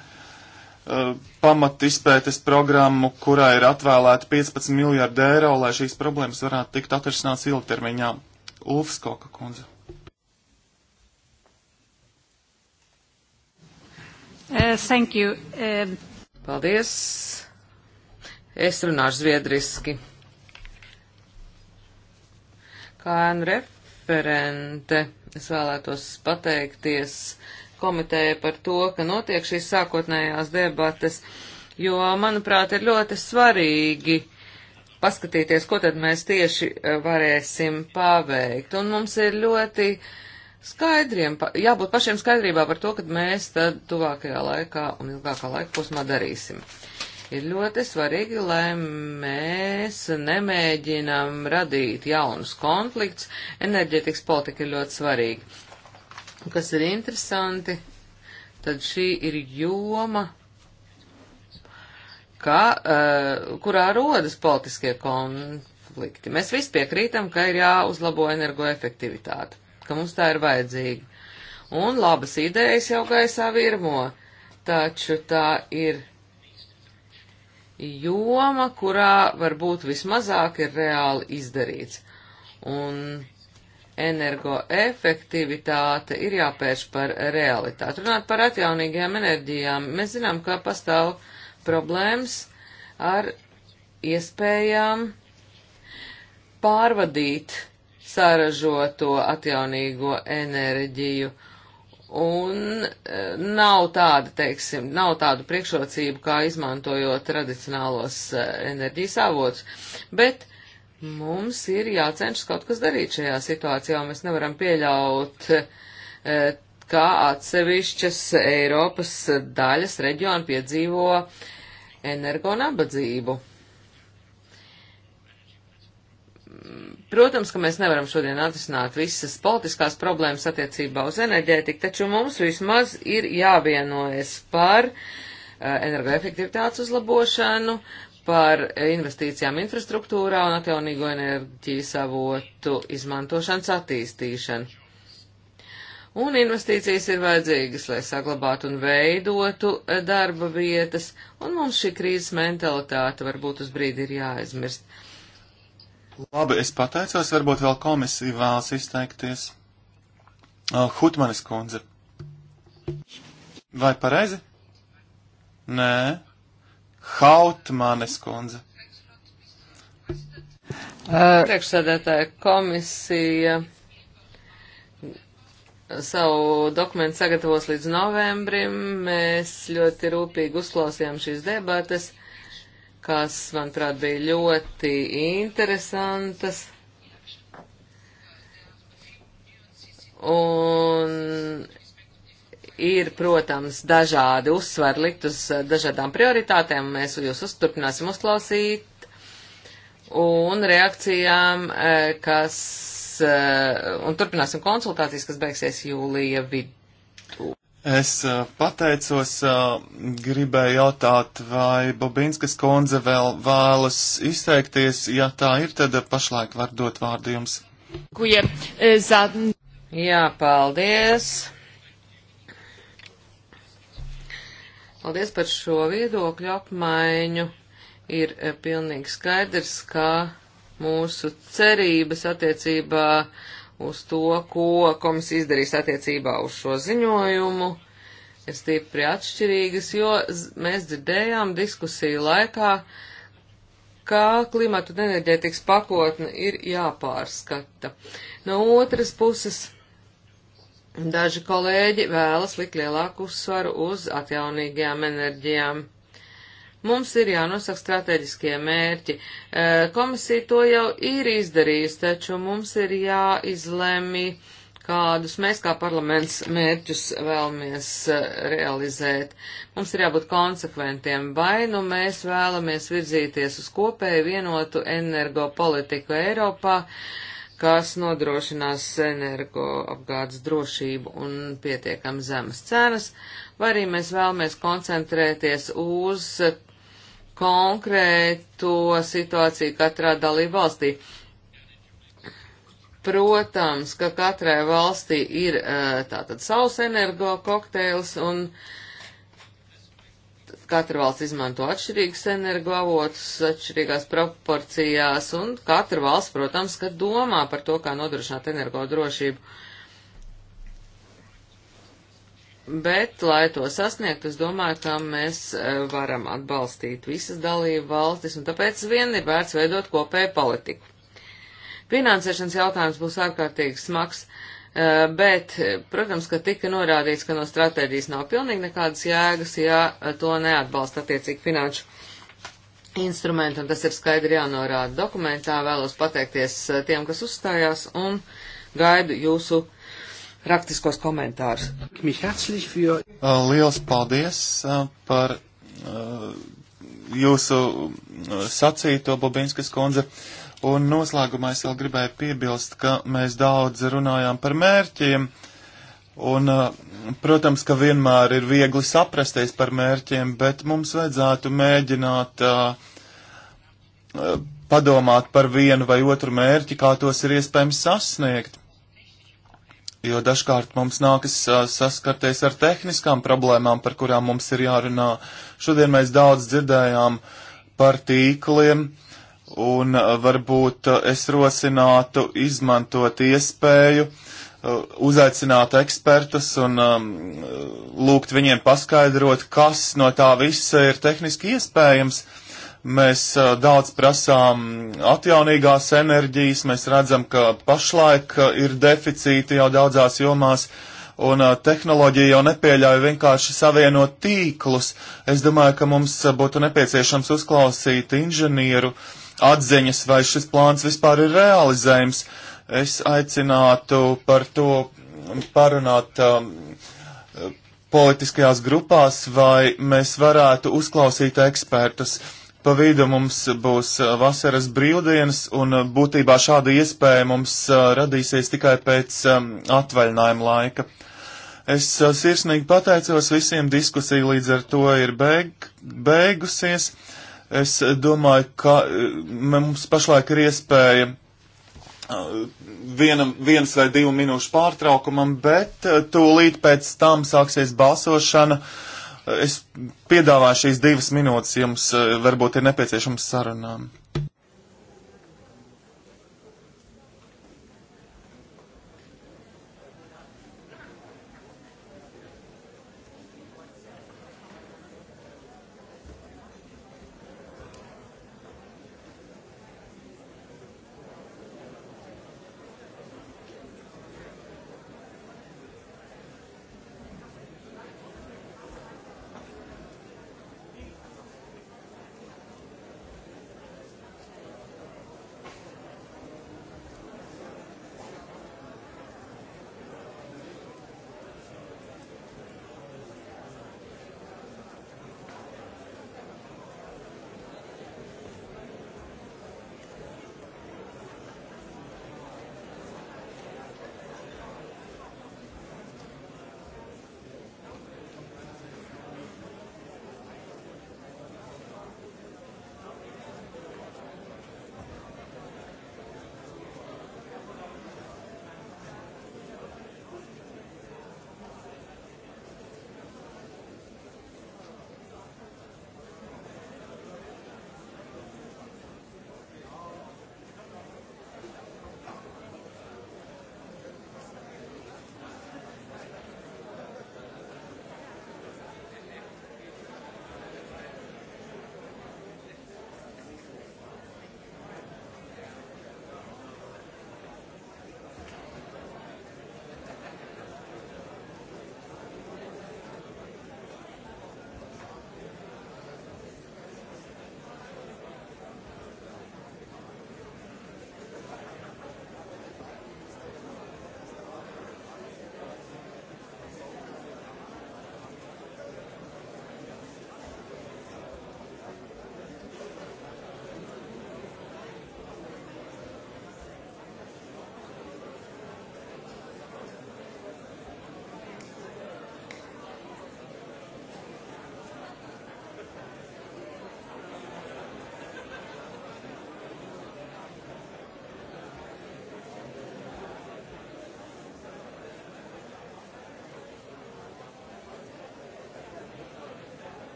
pamat izpētes programmu, kurā ir atvēlēta 15 miljārdi eiro, lai šīs problēmas varētu tikt atrisināts ilgtermiņā. Ulfs Koka kundze.
Uh, thank you. Um... Paldies. Es runāšu zviedriski. Kā referente es vēlētos pateikties komiteja par to, ka notiek šīs sākotnējās debates, jo, manuprāt, ir ļoti svarīgi paskatīties, ko tad mēs tieši eh, varēsim paveikt. Un mums ir ļoti skaidriem, jābūt pašiem skaidrībā par to, kad mēs tad tuvākajā laikā un ilgākā laika posmā darīsim. Uh, Ir ļoti svarīgi, lai mēs nemēģinām radīt jaunus konflikts. Enerģetikas politika ir ļoti svarīga. Kas ir interesanti, tad šī ir joma, kā, uh, eh, kurā rodas politiskie konflikti. Mēs visi piekrītam, ka ir jāuzlabo energoefektivitāte, ka mums tā ir vajadzīga. Un labas idejas jau gaisā virmo, taču tā ir joma, kurā varbūt vismazāk ir reāli izdarīts. Un energoefektivitāte ir jāpērš par realitāti. Runāt par atjaunīgajām enerģijām, mēs zinām, ka pastāv problēmas ar iespējām pārvadīt sāražoto atjaunīgo enerģiju. Uh, Un e, nav tāda, teiksim, nav tādu priekšrocību, kā izmantojot tradicionālos e, enerģijas avotus, bet mums ir jācenšas kaut kas darīt šajā situācijā, un mēs nevaram pieļaut, e, kā atsevišķas Eiropas daļas reģionu piedzīvo energo nabadzību. Protams, ka mēs nevaram šodien atrisināt visas politiskās problēmas attiecībā uz enerģētiku, taču mums vismaz ir jāvienojas par eh, energoefektivitātes uzlabošanu, par investīcijām infrastruktūrā un atjaunīgo enerģijas avotu izmantošanas attīstīšanu. Un investīcijas ir vajadzīgas, lai saglabātu un veidotu eh, darba vietas, un mums šī krīzes mentalitāte varbūt uz brīdi ir jāaizmirst Labi,
es pateicos, varbūt vēl komisija vēlas izteikties. Uh, Hutmanis kundze. Vai pareizi? Nē. Hautmanis kundze.
Uh, Priekšsēdētāja komisija savu dokumentu sagatavos līdz novembrim. Mēs ļoti rūpīgi uzklausījām šīs debates kas, manuprāt, bija ļoti interesantas. Un ir, protams, dažādi uzsvari likt uz dažādām prioritātēm, mēs jūs uzturpināsim uzklausīt. Un reakcijām, eh, kas, eh, un turpināsim konsultācijas, kas beigsies jūlija vidū.
Es uh, pateicos, uh, gribēju jautāt, vai Bobinskas kundze vēl vēlas izteikties. Ja tā ir, tad pašlaik var dot vārdu jums.
E, Jā, paldies. Paldies par šo viedokļu apmaiņu. Ir e, pilnīgi skaidrs, ka mūsu cerības attiecībā uh, uz to, ko komisija izdarīs attiecībā uz šo ziņojumu, ir stipri atšķirīgas, jo mēs dzirdējām diskusiju laikā, kā klimatu un enerģētikas pakotne ir jāpārskata. No otras puses, daži kolēģi vēlas likt lielāku uzsvaru uz atjaunīgajām enerģijām. Mums ir jānosaka strateģiskie mērķi. Eh, komisija to jau ir izdarījusi, taču mums ir jāizlemj, kādus mēs kā parlaments mērķus vēlamies eh, realizēt. Mums ir jābūt konsekventiem. Vai nu mēs vēlamies virzīties uz kopēju vienotu energopolitiku Eiropā, kas nodrošinās energoapgādes drošību un pietiekam zemes cenas, vai arī mēs vēlamies koncentrēties uz konkrēto situāciju katrā dalību valstī. Protams, ka katrai valstī ir eh, tātad savs energo kokteils un katra valsts izmanto atšķirīgus energo avotus, atšķirīgās proporcijās un katra valsts, protams, ka domā par to, kā nodrošināt energo drošību. Uh, Bet, lai to sasniegt, es domāju, ka mēs e, varam atbalstīt visas dalību valstis, un tāpēc vien ir vērts veidot kopēju politiku. Finansēšanas jautājums būs ārkārtīgi smags, e, bet, e, protams, ka tika norādīts, ka no stratēģijas nav pilnīgi nekādas jēgas, ja to neatbalsta attiecīgi finanšu instrumenti, un tas ir skaidri jānorāda dokumentā. Vēlos pateikties tiem, kas uzstājās, un gaidu jūsu uh, raktiskos komentārus. Uh,
liels paldies uh, par uh, jūsu sacīto, Bobinskas kundze. Un noslēgumā es vēl gribēju piebilst, ka mēs daudz runājām par mērķiem. Un, protams, ka vienmēr ir viegli saprasties par mērķiem, bet mums vajadzētu mēģināt padomāt par vienu vai otru mērķi, kā tos ir iespējams sasniegt jo dažkārt mums nākas saskarties ar tehniskām problēmām, par kurām mums ir jārunā. Šodien mēs daudz dzirdējām par tīkliem, un varbūt es rosinātu izmantot iespēju uzaicināt ekspertus un um, lūgt viņiem paskaidrot, kas no tā visa ir tehniski iespējams. Uh, Mēs uh, daudz prasām atjaunīgās enerģijas, mēs redzam, ka pašlaik uh, ir deficīti jau daudzās jomās, un uh, tehnoloģija jau nepieļauj vienkārši savienot tīklus. Es domāju, ka mums būtu nepieciešams uzklausīt inženieru atziņas, vai šis plāns vispār ir realizējams. Es aicinātu par to parunāt um, politiskajās grupās, vai mēs varētu uzklausīt ekspertus. Uh, Pa vidu mums būs uh, vasaras brīvdienas, un uh, būtībā šāda iespēja mums uh, radīsies tikai pēc um, atvaļinājuma laika. Es sirsnīgi pateicos visiem, diskusija līdz ar to ir beig beigusies. Es domāju, ka mums pašlaik ir iespēja vienam, viens vai divu minūšu pārtraukumam, bet tūlīt pēc tam sāksies balsošana. Uh, Es piedāvāju šīs divas minūtes jums, eh, varbūt ir nepieciešams sarunām.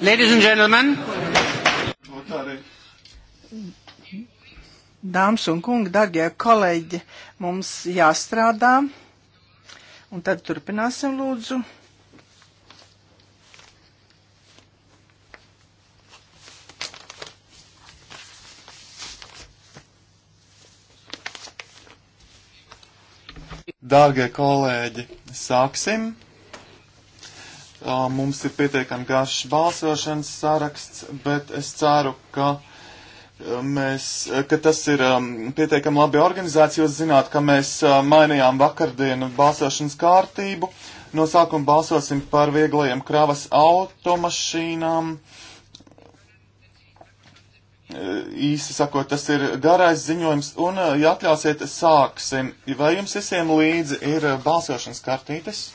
Ladies and gentlemen. Dāmas un kungi, darbie kolēģi, mums jāstrādā. Un tad turpināsim lūdzu.
Dārgie kolēģi, sāksim! Mums ir pietiekami garš balsošanas saraksts, bet es ceru, ka, mēs, ka tas ir pietiekami labi organizēts. Jūs zināt, ka mēs mainījām vakardienu balsošanas kārtību. No sākuma balsosim par vieglajiem kravas automašīnām. Īsi sakot, tas ir garais ziņojums, un, ja atļausiet, sāksim. Vai jums visiem līdzi ir balsošanas kartītes?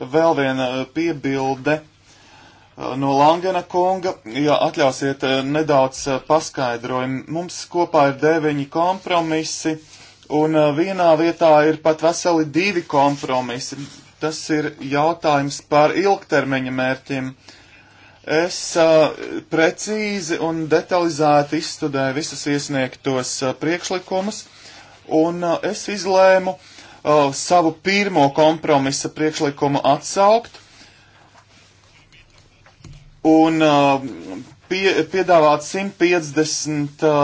vēl viena eh, piebilde eh, no Langena kunga, ja atļausiet eh, nedaudz paskaidrojumu. Mums kopā ir deviņi kompromisi, un vienā vietā ir pat veseli divi kompromisi. Tas ir jautājums par ilgtermiņa mērķiem. Es uh, precīzi un detalizēti izstudēju visus iesniegtos uh, priekšlikumus, un uh, es izlēmu uh, uh, savu pirmo kompromisa priekšlikumu atsaukt un uh, pie, piedāvāt 150 uh,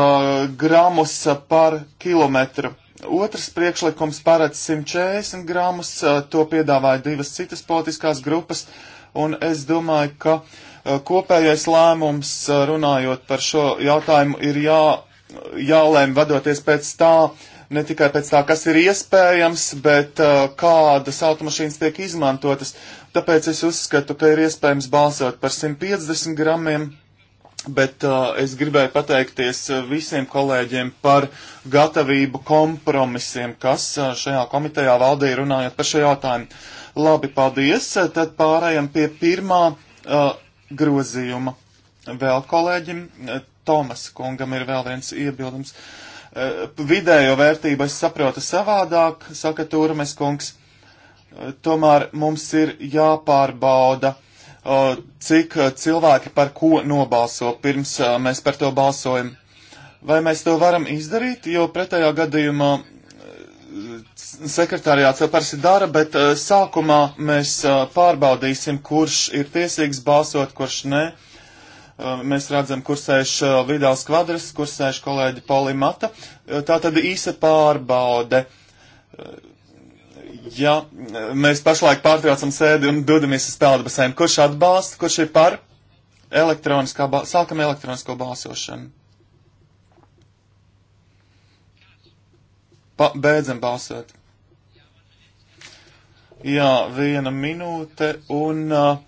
gramus par kilometru. Otrs priekšlikums paredz 140 gramus, uh, to piedāvāja divas citas politiskās grupas, un es domāju, ka uh, kopējais lēmums uh, runājot par šo jautājumu ir jā, jālēm vadoties pēc tā, uh, ne tikai pēc tā, kas ir iespējams, bet uh, kādas automašīnas tiek izmantotas. Tāpēc es uzskatu, ka ir iespējams balsot par 150 gramiem, bet uh, es gribēju pateikties uh, visiem kolēģiem par gatavību kompromisiem, kas uh, šajā komitejā valdīja runājot par šo jautājumu. Labi, paldies. Uh, tad pārējām pie pirmā uh, grozījuma. Vēl kolēģim uh, Tomas kungam ir vēl viens iebildums. Uh, Eh, vidējo vērtību es saprotu savādāk, saka Turmes kungs. Eh, tomēr mums ir jāpārbauda, eh, cik cilvēki par ko nobalso pirms mēs par to balsojam. Vai mēs to varam izdarīt, jo pretējā gadījumā sekretārijāts jau parasti dara, bet sākumā mēs pārbaudīsim, kurš ir tiesīgs balsot, kurš nē. Ne Uh, mēs redzam, kur sēž uh, Vidāls Kvadras, kur sēž kolēģi Polimata. Uh, tā tad īsa pārbaude. Ja mēs pašlaik pārtraucam sēdi un dodamies uz peldu basēm, kurš atbalsta, kurš ir par elektroniskā, sākam elektronisko balsošanu. Pa, beidzam balsot. Jā, viena minūte un. Uh,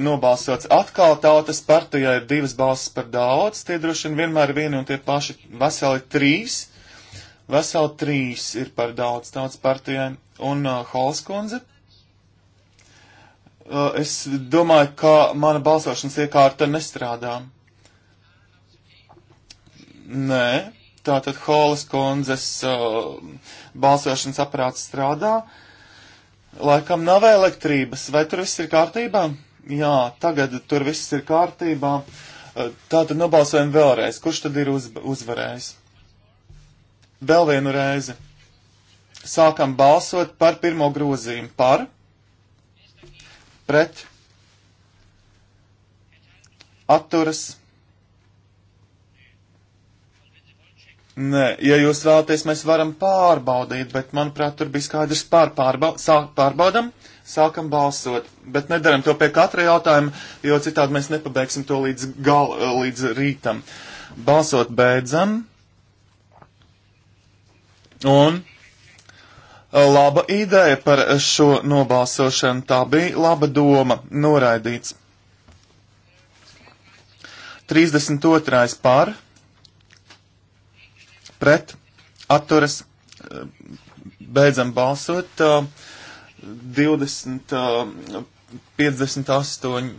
nobalsots atkal tautas partijai ir divas balsis par daudz, tie droši vien vienmēr ir vieni un tie paši veseli trīs. Veseli trīs ir par daudz tautas partijai un uh, Holskundze. Uh, es domāju, ka mana balsošanas iekārta nestrādā. Nē, tātad Holskundzes uh, balsošanas aparāts strādā. Laikam nav elektrības, vai tur viss ir kārtībā? jā, tagad tur viss ir kārtībā. Tātad nobalsojam vēlreiz. Kurš tad ir uz, uzvarējis? Vēl vienu reizi. Sākam balsot par pirmo grozījumu. Par, pret, atturas. Nē, ja jūs vēlaties, mēs varam pārbaudīt, bet, manuprāt, tur bija skaidrs pār, pārba, sāk pārbaudam. Pār, sākam balsot, bet nedaram to pie katra jautājuma, jo citādi mēs nepabeigsim to līdz, gal, līdz rītam. Balsot beidzam. Un e, laba ideja par šo nobalsošanu, tā bija laba doma, noraidīts. 32. par, pret, atturas, e, beidzam balsot. Uh, 20, 58,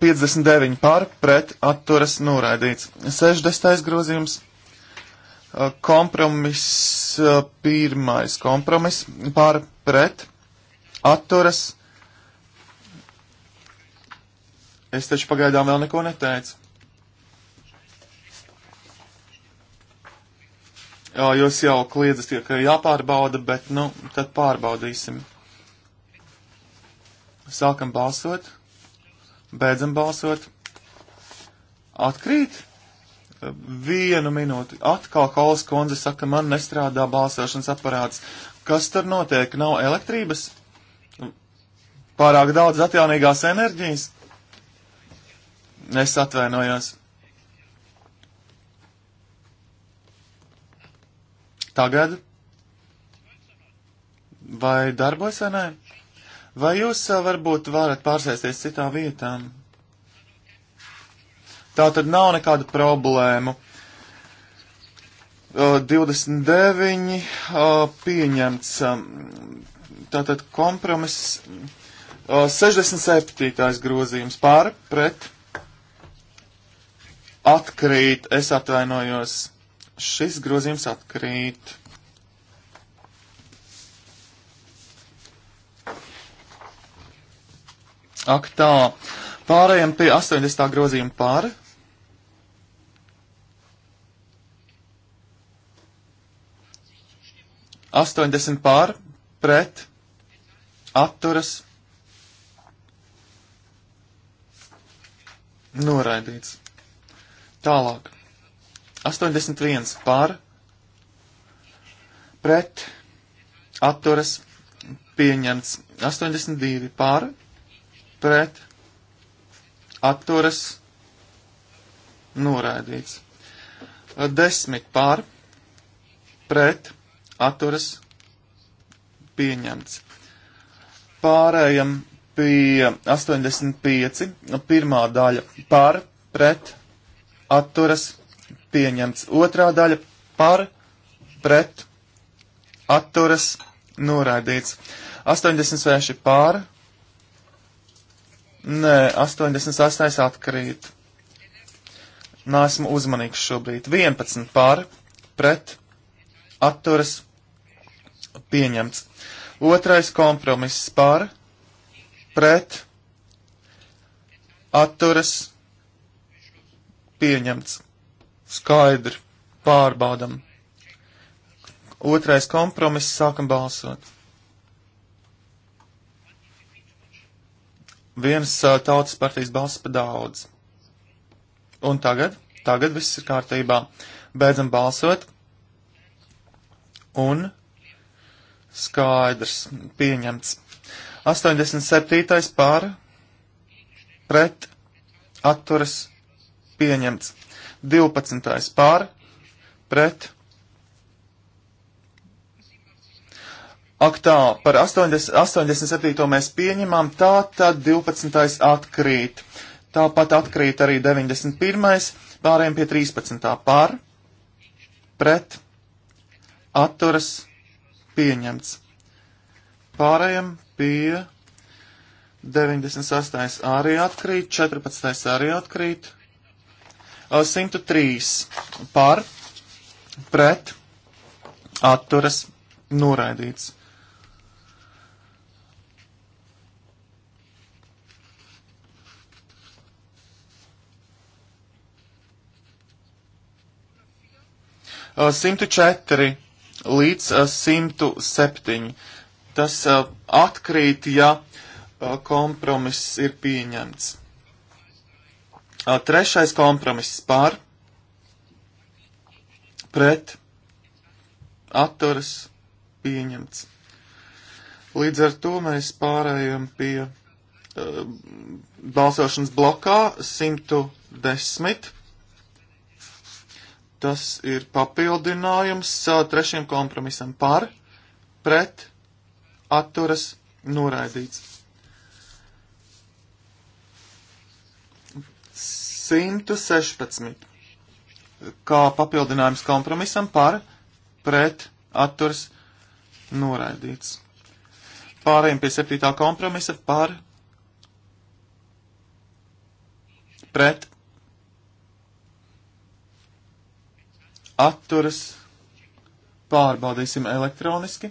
59 par, pret, atturas noraidīts. 60. grozījums, kompromiss, pirmais kompromiss, par, pret, atturas. Es taču pagaidām vēl neko neteicu. Jā, jūs jau kliedzat, ka eh, jāpārbauda, bet, nu, tad pārbaudīsim. Sākam balsot, beidzam balsot. Atkrīt? Vienu minūti. Atkal Kolas kundze saka, man nestrādā balsošanas aparāts. Kas tur notiek? Nav elektrības? Pārāk daudz atjaunīgās enerģijas? Es atvainojos. Tagad? Vai darbojas vai nē? Vai jūs eh, varbūt varat pārsēsties citām vietām? Tā tad nav nekādu problēmu. 29 eh, eh, pieņemts. Tātad kompromiss 67. grozījums pār pret atkrīt, es atvainojos. Šis grozījums atkrīt. Ak tā, pārējiem pie 80. grozījuma pāri. Astoņdesmit pār, pret, atturas, noraidīts. Tālāk. 81 par, pret, atturas, pieņemts. 82 par, pret, atturas, noraidīts. 10 par, pret, atturas, pieņemts. Pārējam pie 85, pirmā daļa par, pret, atturas, pieņemts pieņemts. Otrā daļa par, pret, atturas, noraidīts. 86 pār, nē, 88 atkrīt. Nāsmu uzmanīgs šobrīd. 11 pār, pret, atturas, pieņemts. Otrais kompromiss pār, pret, atturas, pieņemts skaidri pārbaudam. Otrais kompromiss sākam balsot. Viens tautas partijas balss pa daudz. Un tagad, tagad viss ir kārtībā. Beidzam balsot. Un skaidrs, pieņemts. 87. pār, pret, atturas, pieņemts. 12. pār pret. Aktā par 80, 87. mēs pieņemam, tā tad 12. atkrīt. Tāpat atkrīt arī 91. pārējiem pie 13. pār pret atturas pieņemts. Pārējiem pie 98. arī atkrīt, 14. arī atkrīt, 103 par, pret, atturas, noraidīts. Uh, 104 līdz uh, 107. Tas uh, atkrīt, ja kompromiss ir pieņemts. Trešais kompromiss par, pret, atturas, pieņemts. Līdz ar to mēs pārējām pie uh, balsošanas blokā 110. Tas ir papildinājums uh, trešiem kompromisam par, pret, atturas, noraidīts. 116. Kā papildinājums kompromisam par pret atturs noraidīts. Pārējiem pie 7. kompromisa par pret atturas pārbaudīsim elektroniski.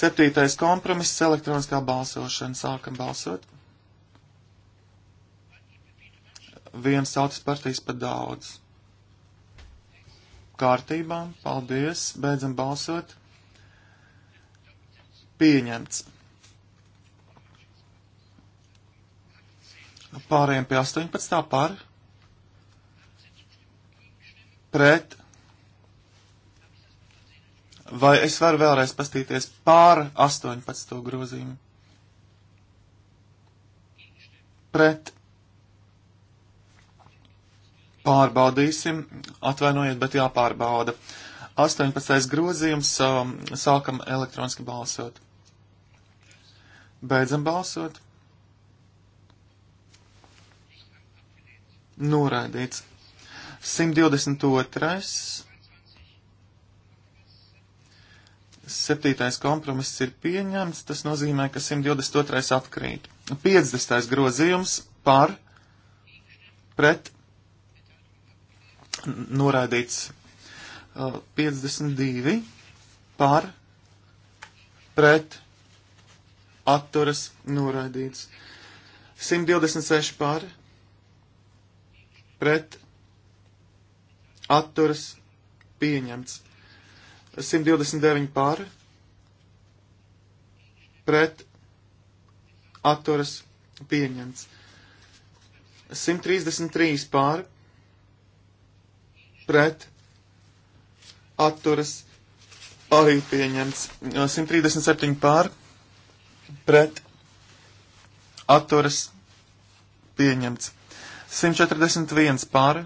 Septītais kompromiss - elektroniskā balsošana. Sākam balsot. vienas tautas partijas pat daudz. Kārtībā, paldies, beidzam balsot. Pieņemts. Pārējiem pie 18. par. Pret. Vai es varu vēlreiz pastīties pār 18. grozījumu? Pret. Pārbaudīsim, atvainojiet, bet jāpārbauda. 18. grozījums, um, sākam elektroniski balsot. Beidzam balsot. Noraidīts. 122. septītais kompromiss ir pieņemts, tas nozīmē, ka 122. atkrīt. 50. grozījums par pret noraidīts 52 uh, par pret atturas noraidīts 126 par pret atturas pieņemts 129 par pret atturas pieņemts 133 par pret pret atturas arī pieņemts. 137 pār pret atturas pieņemts. 141 pār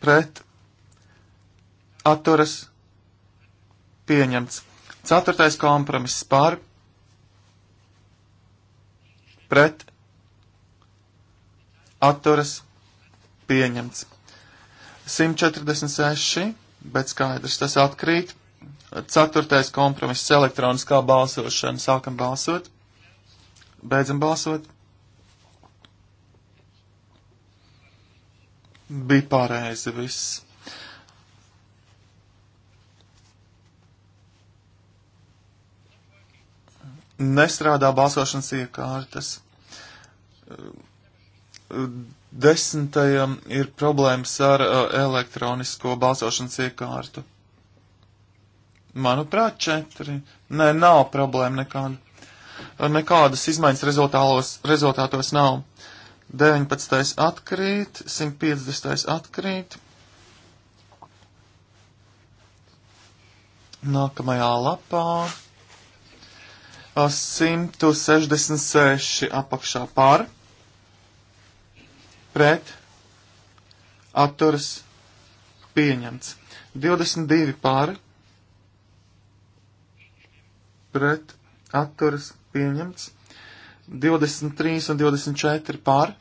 pret atturas pieņemts. Ceturtais kompromiss pār pret atturas pieņemts. 146, bet skaidrs, tas atkrīt. Ceturtais kompromiss elektroniskā balsošana. Sākam balsot. Beidzam balsot. Bija pareizi viss. Nestrādā balsošanas iekārtas desmitajam ir problēmas ar uh, elektronisko balsošanas iekārtu. Manuprāt, četri. Nē, nav problēma nekāda. Uh, nekādas izmaiņas rezultātos nav. 19. atkrīt, 150. atkrīt. Nākamajā lapā 166 uh, apakšā par pret atturas pieņemts. 22 pār pret atturas pieņemts. 23 un 24 pār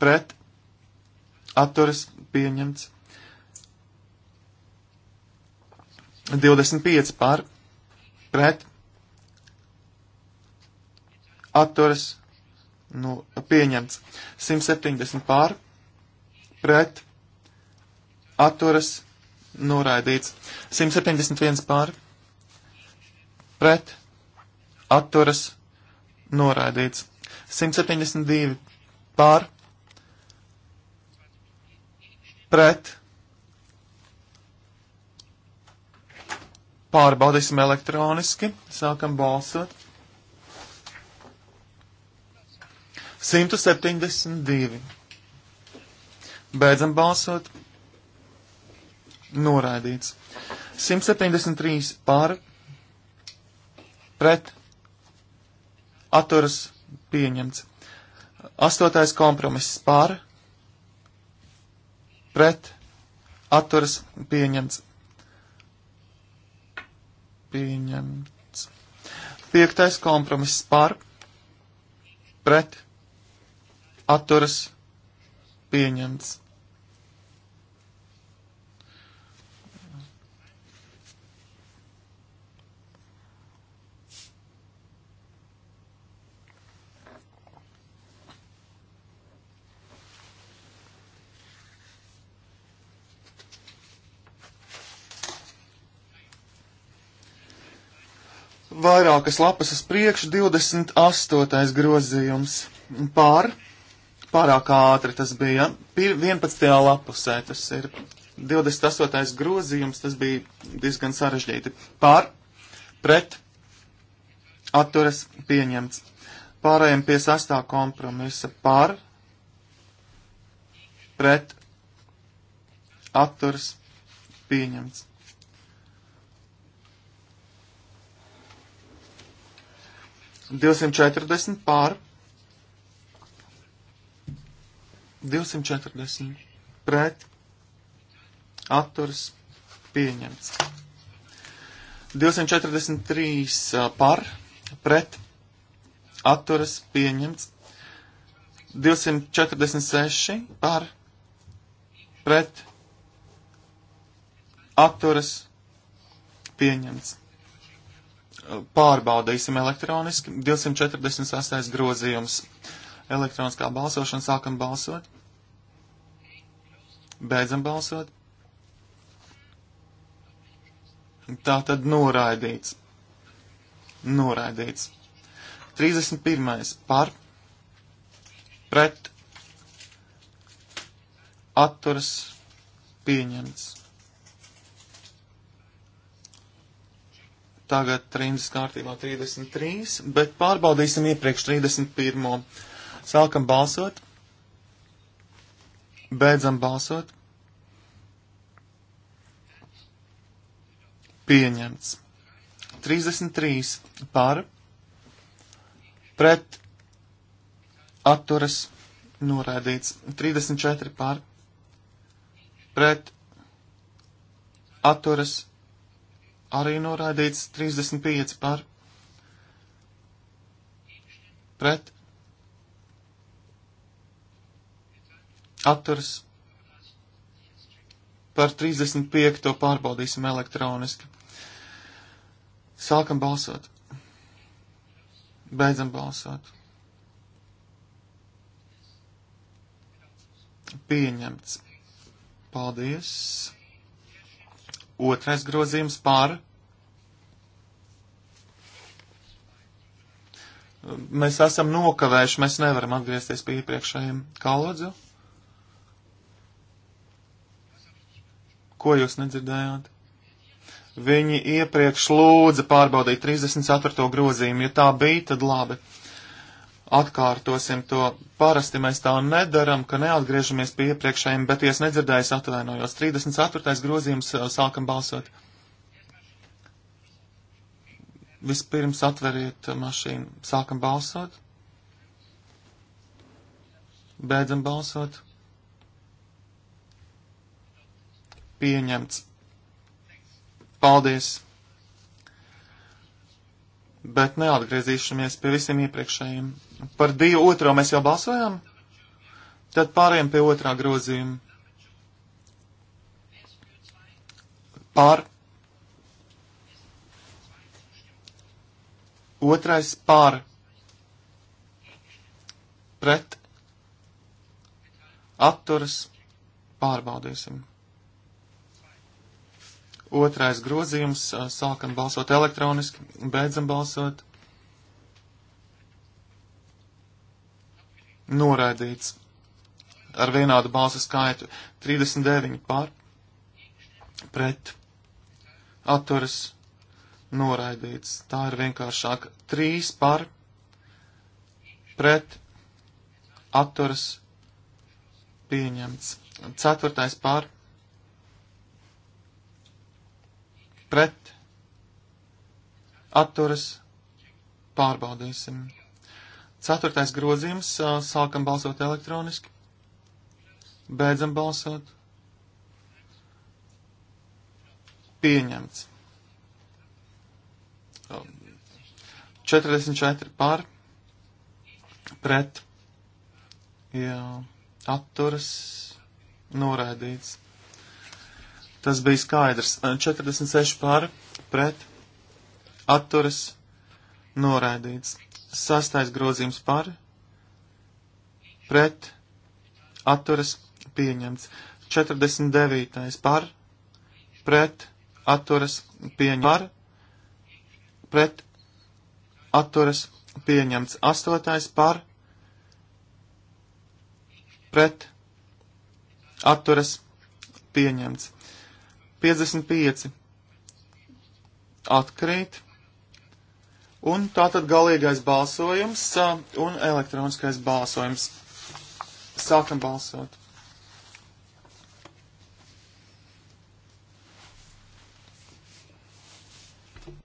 pret atturas pieņemts. 25 pār pret atturas pieņemts nu, pieņemts. 170 pār, pret, atturas, noraidīts. 171 pār, pret, atturas, noraidīts. 172 pār, pret, pārbaudīsim elektroniski, sākam balsot. 172. Beidzam balsot. Noraidīts. 173 pār pret atturas pieņemts. Astotais kompromiss pār pret atturas pieņemts. Pieņemts. Piektais kompromiss pār pret atturas pieņemts atturas pieņemts. Vairākas lapas uz priekšu 28. grozījums pār pārāk ātri tas bija. 11. lapusē tas ir 28. grozījums, tas bija diezgan sarežģīti. Pār, pret, atturas, pieņemts. Pārējiem pie sastā kompromisa. Pār, pret, atturas, pieņemts. Divsimt četrdesmit pār 240 pret atturs pieņemts. 243 par pret atturas pieņemts. 246 par pret atturas pieņemts. Pārbaudīsim elektroniski 248 grozījums. Elektroniskā balsošana sākam balsot. Beidzam balsot. Tā tad noraidīts. Noraidīts. 31. par pret atturas pieņemts. Tagad trījums kārtībā 33, bet pārbaudīsim iepriekš 31. Sākam balsot. Beidzam balsot. Pieņemts. 33 par, pret, atturas, noraidīts. 34 par, pret, atturas, arī noraidīts. 35 par, pret, atturas. Par 35. to pārbaudīsim elektroniski. Sākam balsot. Beidzam balsot. Pieņemts. Paldies. Otrais grozījums pār. Mēs esam nokavējuši, mēs nevaram atgriezties pie iepriekšējiem. Kā lūdzu? Ko jūs nedzirdējāt? Viņi iepriekš lūdza pārbaudīt 34. grozījumu. Ja tā bija, tad labi. Atkārtosim to. Parasti mēs tā nedaram, ka neatgriežamies pie iepriekšējiem, bet, ja es nedzirdēju, es atvainojos. 34. grozījums sākam balsot. Vispirms atveriet mašīnu. Sākam balsot. Beidzam balsot. pieņemts. Paldies! Bet neatgriezīšamies pie visiem iepriekšējiem. Par divu otro mēs jau balsojām? Tad pārējiem pie otrā grozījuma. Pār. Otrais pār. Pret. Atturas. Pārbaudīsim. Otrais grozījums, sākam balsot elektroniski, beidzam balsot. Noraidīts ar vienādu balsu skaitu 39 pār, pret, atturas, noraidīts. Tā ir vienkāršāk 3 pār, pret, atturas, pieņemts. Ceturtais pār, pret, atturas, pārbaudīsim. Ceturtais grozījums, sākam balsot elektroniski, beidzam balsot. Pieņemts. 44 pār, pret, jā, atturas, noraidīts. Tas bija skaidrs. 46 pār pret atturas noraidīts. Sastais grozījums par pret atturas pieņemts. 49. par pret atturas pieņemts. Par pret atturas pieņemts. 8. par pret atturas pieņemts. 55 atkrīt. Un tātad galīgais balsojums un elektroniskais balsojums. Sākam balsot.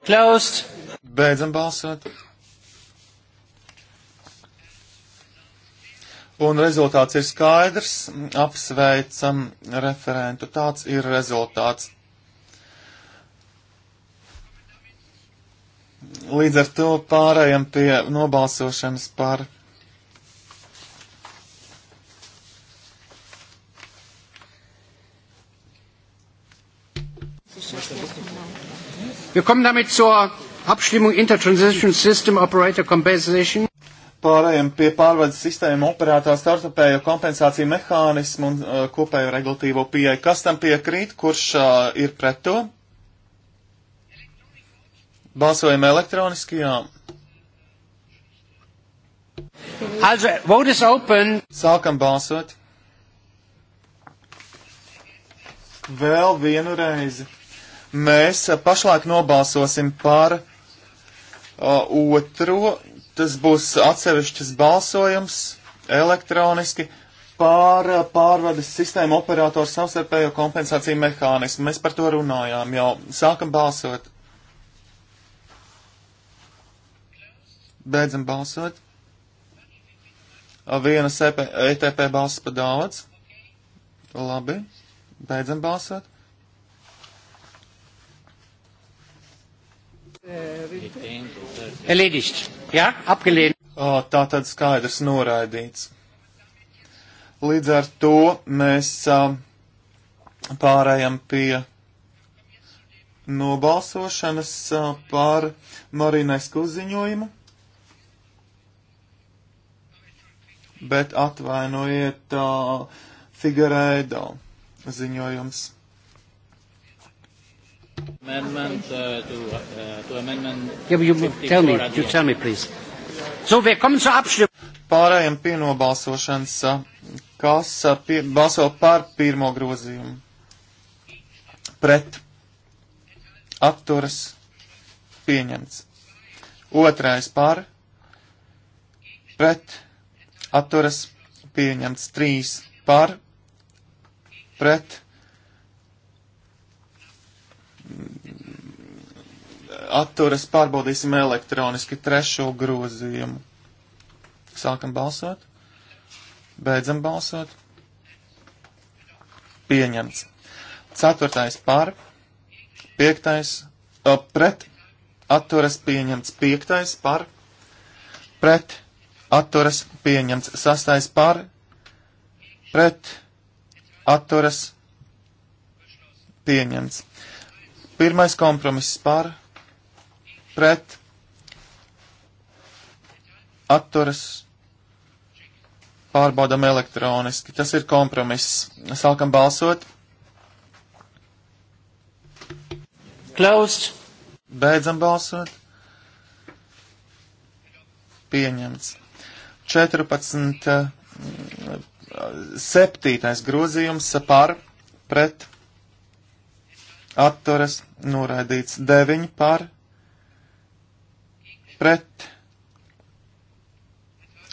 Closed. Beidzam balsot. Un rezultāts ir skaidrs, apsveicam referentu. Tāds ir rezultāts. Līdz ar to pārējam pie nobalsošanas par
Wir kommen damit zur Abstimmung Intertransition
System Operator Compensation pārējiem pie pārvades sistēmu operētā startupējo kompensāciju mehānismu un uh, kopējo regulatīvo pieeju. Kas tam piekrīt, kurš uh, ir pret to? Balsojam elektroniski, jā. Also, vote is open. Sākam balsot. Vēl vienu reizi. Mēs uh, pašlaik nobalsosim par uh, otro Tas būs atsevišķs balsojums elektroniski pār eh, pārvades sistēmu operātoru savstarpējo kompensāciju mehānismu. Mēs par to runājām jau. Sākam balsot. Beidzam balsot. Viena CP, e ETP balss pa daudz. Labi. Beidzam balsot. Elidišķi. Jā, apgalīt. Oh, tā tad skaidrs noraidīts. Līdz ar to mēs uh, pārējām pie nobalsošanas uh, par Marīnais kuziņojumu. Bet atvainojiet uh, Figueiredo ziņojums.
Amendment, uh, to, uh, to amendment yeah, you, tell me, you tell
me, please. So, wir kommen zur Abstimmung. Pārējiem pie nobalsošanas, kas uh, pie, balso par pirmo grozījumu. Pret. Atturas. Pieņemts. Otrais par. Pret. Atturas. Pieņemts. Trīs par. Pret atturas pārbaudīsim elektroniski trešo grozījumu. Sākam balsot. Beidzam balsot. Pieņemts. Ceturtais par. Piektais o, pret. Atturas pieņemts. Piektais par. Pret. Atturas pieņemts. Sastais par. Pret. Atturas pieņemts. Pirmais kompromiss par, pret, atturas, pārbaudam elektroniski. Tas ir kompromiss. Sākam balsot. Closed. Beidzam balsot. Pieņemts. 14. Eh, septītais grozījums par pret atturas noraidīts 9 par pret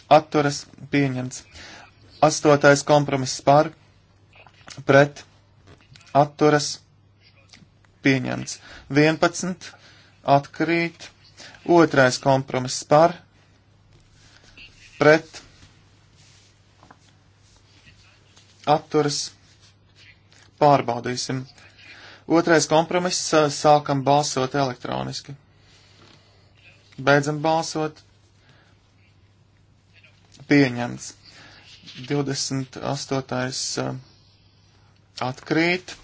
atturas pieņemts. Astotais kompromiss par pret atturas pieņemts. 11 atkrīt. Otrais kompromiss par pret atturas pārbaudīsim. Otrais kompromiss - sākam balsot elektroniski. Beidzam balsot. Pieņemts. 28. atkrīt.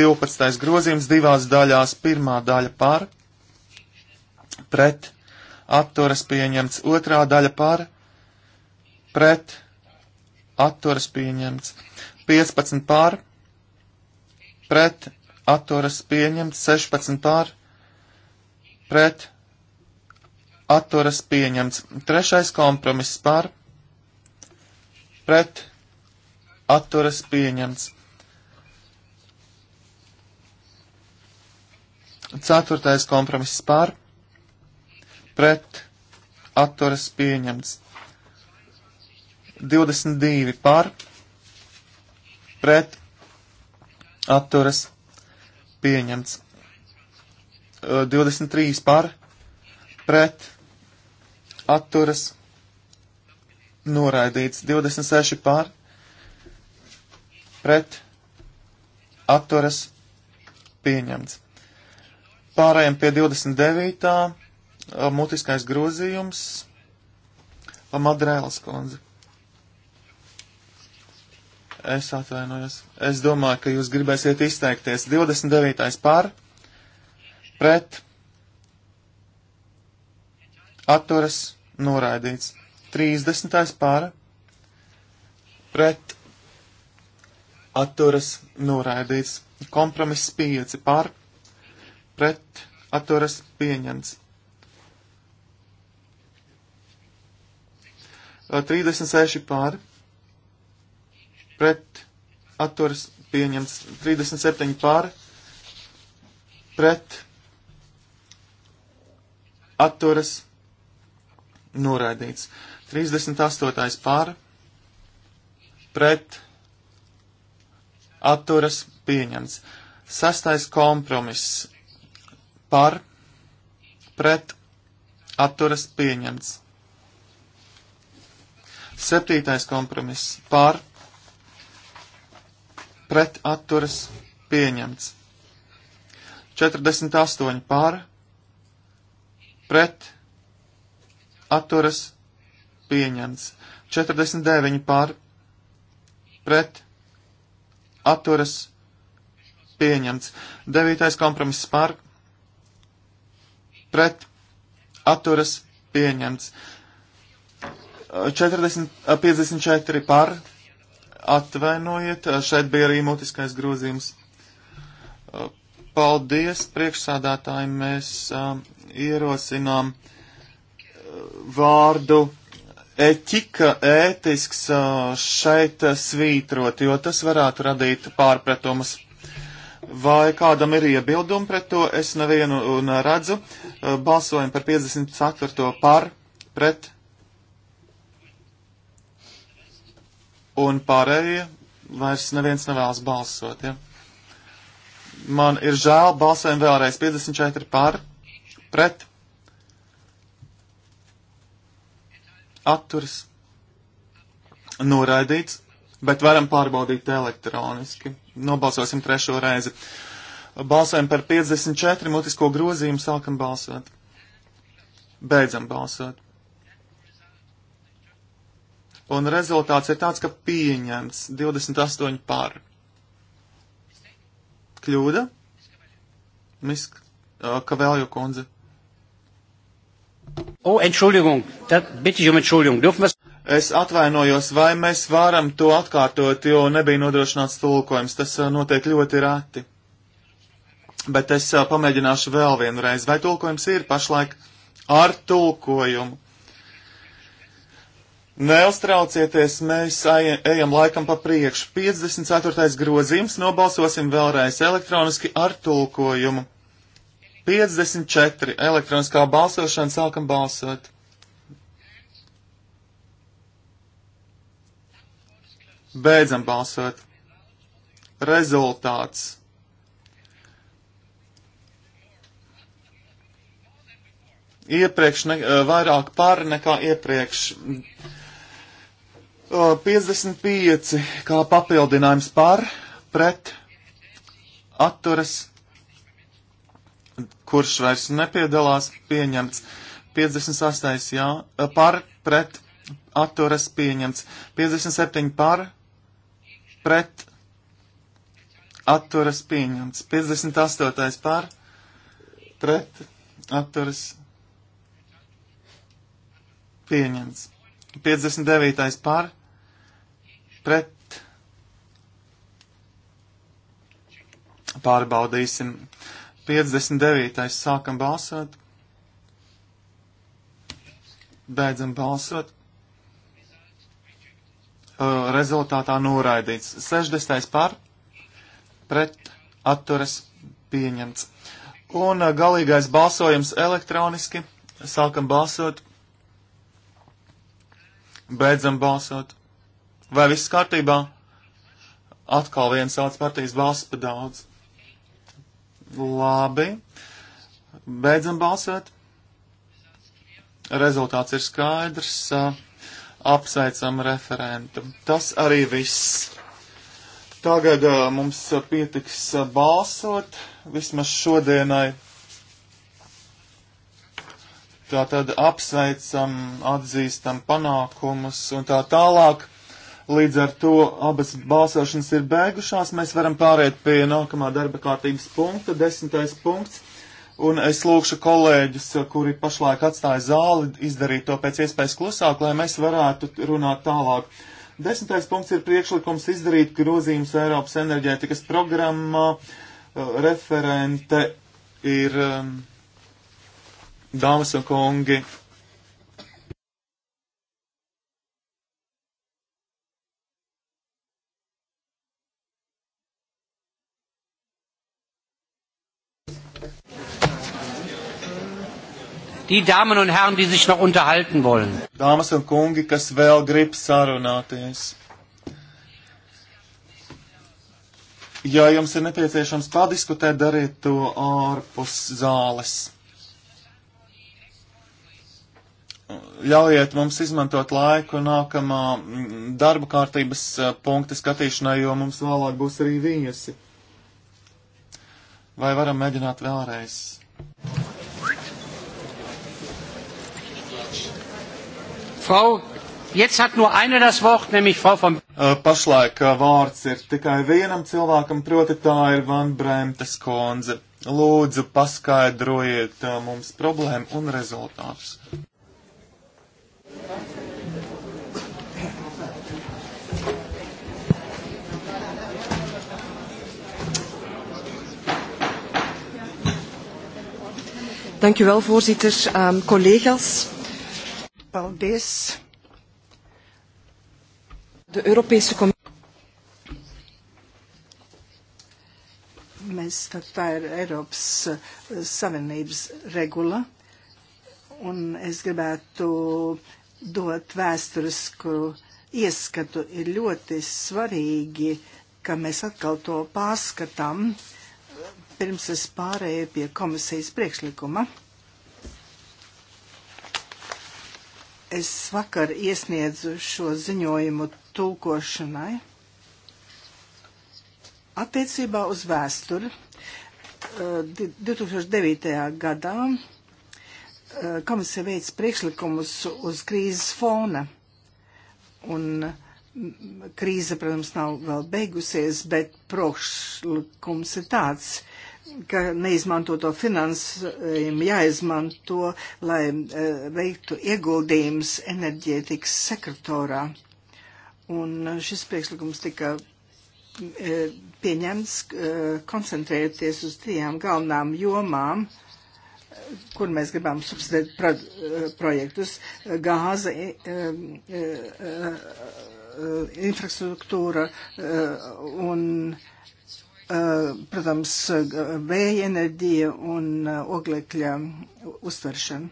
12. grozījums divās daļās. Pirmā daļa par, pret, atturas pieņemts. Otrā daļa par, pret, atturas pieņemts. 15 par, pret, atturas pieņemts 16 pār, pret atturas pieņemts. Trešais kompromiss pār, pret atturas pieņemts. Ceturtais kompromiss pār, pret atturas pieņemts. 22 pār, pret atturas pieņemts pieņemts. 23 par, pret, atturas, noraidīts. 26 par, pret, atturas, pieņemts. Pārējiem pie 29. mutiskais grozījums Madrēlas konzekts. Es atvainojos. Es domāju, ka jūs gribēsiet izteikties. 29. pār, pret, atturas, noraidīts. 30. pār, pret, atturas, noraidīts. Kompromiss 5 pār, pret, atturas, pieņemts. 36 pār pret atturas pieņemts 37 pār pret atturas noraidīts 38 pār pret atturas pieņemts sastais kompromiss par pret atturas pieņemts septītais kompromiss par pret pret atturas pieņemts. 48 pār pret atturas pieņemts. 49 pār pret atturas pieņemts. 9. kompromiss pār pret atturas pieņemts. 40, 54 pār pret Atvainojiet, šeit bija arī mutiskais grozījums. Uh, paldies priekšsādātāji, mēs um, ierosinām uh, vārdu etika, ētisks uh, šeit svītrot, jo tas varētu radīt pārpratumus. Vai kādam ir iebildumi pret to? Es nevienu neredzu. Balsojam par 54. par, pret, un pārējie vairs neviens nevēlas balsot. Ja? Man ir žēl, balsēm vēlreiz 54 par, pret, atturas, noraidīts, bet varam pārbaudīt elektroniski. Nobalsosim trešo reizi. Balsojam par 54 mutisko grozījumu, sākam balsot. Beidzam balsot un rezultāts ir tāds, ka pieņemts 28 par. Kļūda? Misk, uh, Kavēlju kundze. O, oh, entschuldigung, tad bitte ich um entschuldigung, dürfen wir Es atvainojos, vai mēs varam to atkārtot, jo nebija nodrošināts tulkojums. Tas uh, notiek ļoti rati. Bet es uh, pamēģināšu vēl vienreiz. Vai tulkojums ir pašlaik ar tulkojumu? Neuztraucieties, mēs ejam laikam pa priekšu. 54. grozījums nobalsosim vēlreiz elektroniski ar tulkojumu. 54. elektroniskā balsošana sākam balsot. Beidzam balsot. Rezultāts. Iepriekš ne, vairāk pāri nekā iepriekš. 55 kā papildinājums par, pret, atturas, kurš vairs nepiedalās, pieņemts. 58 jā, par, pret, atturas, pieņemts. 57 par, pret, atturas, pieņemts. 58 par, pret, atturas, pieņemts. 59 par, pret. Pārbaudīsim. 59. sākam balsot. Beidzam balsot. Rezultātā noraidīts. 60. par pret atturas pieņemts. Un galīgais balsojums elektroniski. Sākam balsot. Beidzam balsot. Vai viss kārtībā? Atkal viens sauc partijas balss pa daudz. Labi. Beidzam balsot. Rezultāts ir skaidrs. Apsveicam referentu. Tas arī viss. Tagad mums pietiks balsot vismaz šodienai. Tātad apsveicam, atzīstam panākumus un tā tālāk. Līdz ar to abas balsošanas ir beigušās. Mēs varam pāriet pie nākamā darba kārtības punkta, desmitais punkts. Un es lūkšu kolēģus, kuri pašlaik atstāja zāli, izdarīt to pēc iespējas klusāk, lai mēs varētu runāt tālāk. Desmitais punkts ir priekšlikums izdarīt grozījumus Eiropas enerģētikas programmā. Referente ir um, dāmas un kungi
die Damen und Herren, die sich noch unterhalten wollen. Dāmas
un kungi, kas vēl grib sarunāties. Ja jums ir nepieciešams padiskutēt, dariet to ārpus zāles. Ļaujiet mums izmantot laiku nākamā darba kārtības eh, punkta skatīšanai, jo mums vēlāk būs arī viesi. Vai varam mēģināt vēlreiz?
Frau, jetzt hat nur eine das Wort, nämlich Frau von.
Äh, pašlaik äh, vārds ir tikai vienam cilvēkam, proti tā ir Van Bremtes konze. Lūdzu, paskaidrojiet äh, mums problēmu un rezultātus.
Dank u wel, voorzitter. Um, collega's, Paldies! Eiropiešu komisija. Mēs, tad tā ir Eiropas eh, Savienības regula, un es gribētu dot vēsturisku ieskatu. Ir ļoti svarīgi, ka mēs atkal to pārskatām, eh, pirms es pārēju pie komisijas priekšlikuma. Es vakar iesniedzu šo ziņojumu tulkošanai. Attiecībā uz vēsturi 2009. Eh, gadā eh, komisija veids priekšlikumus uz krīzes fona. Un mm, krīze, protams, nav vēl beigusies, bet priekšlikums ir tāds ka neizmantoto finansējumu jāizmanto, lai e, veiktu ieguldījums enerģētikas sektorā. Un šis priekšlikums tika e, pieņemts e, koncentrēties uz trijām galvenām jomām, kur mēs gribam subsidēt pro, projektus - gāze, infrastruktūra un Eh, protams, eh, vēja enerģija un eh, oglekļa uztveršana.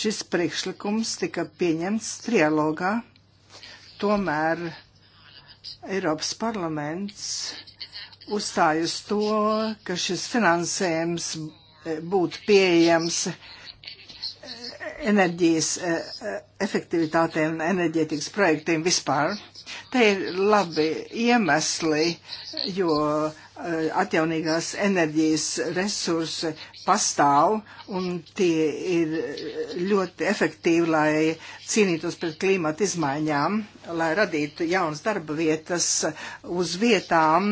Šis priekšlikums tika pieņemts trialogā, tomēr Eiropas parlaments uzstājas to, ka šis finansējums būtu pieejams enerģijas efektivitātei un enerģētikas projektiem vispār. Te ir labi iemesli, jo eh, atjaunīgās enerģijas resursi pastāv un tie ir ļoti efektīvi, lai cīnītos pret klimata izmaiņām, lai radītu jaunas darba vietas uz vietām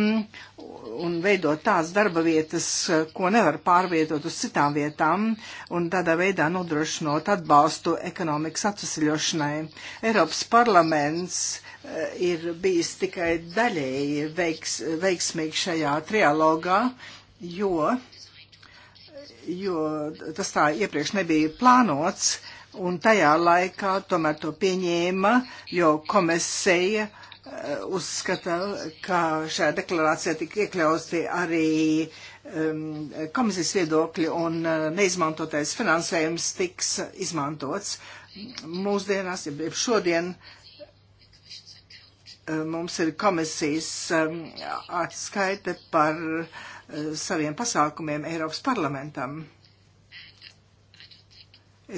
un veidot tās darba vietas, ko nevar pārvietot uz citām vietām un tādā veidā nodrošinot atbalstu ekonomikas atvesļošanai. Eiropas parlaments Eh, ir bijis tikai daļēji veiks, veiksmīgi šajā trialogā, jo, jo tas tā iepriekš nebija plānots, un tajā laikā tomēr to pieņēma, jo komisija eh, uzskata, ka šajā deklarācijā tika iekļausti arī um, komisijas viedokļi un eh, neizmantotais finansējums tiks izmantots. Mūsdienās, ja šodien uh, Mums ir komisijas um, atskaite par uh, saviem pasākumiem Eiropas parlamentam.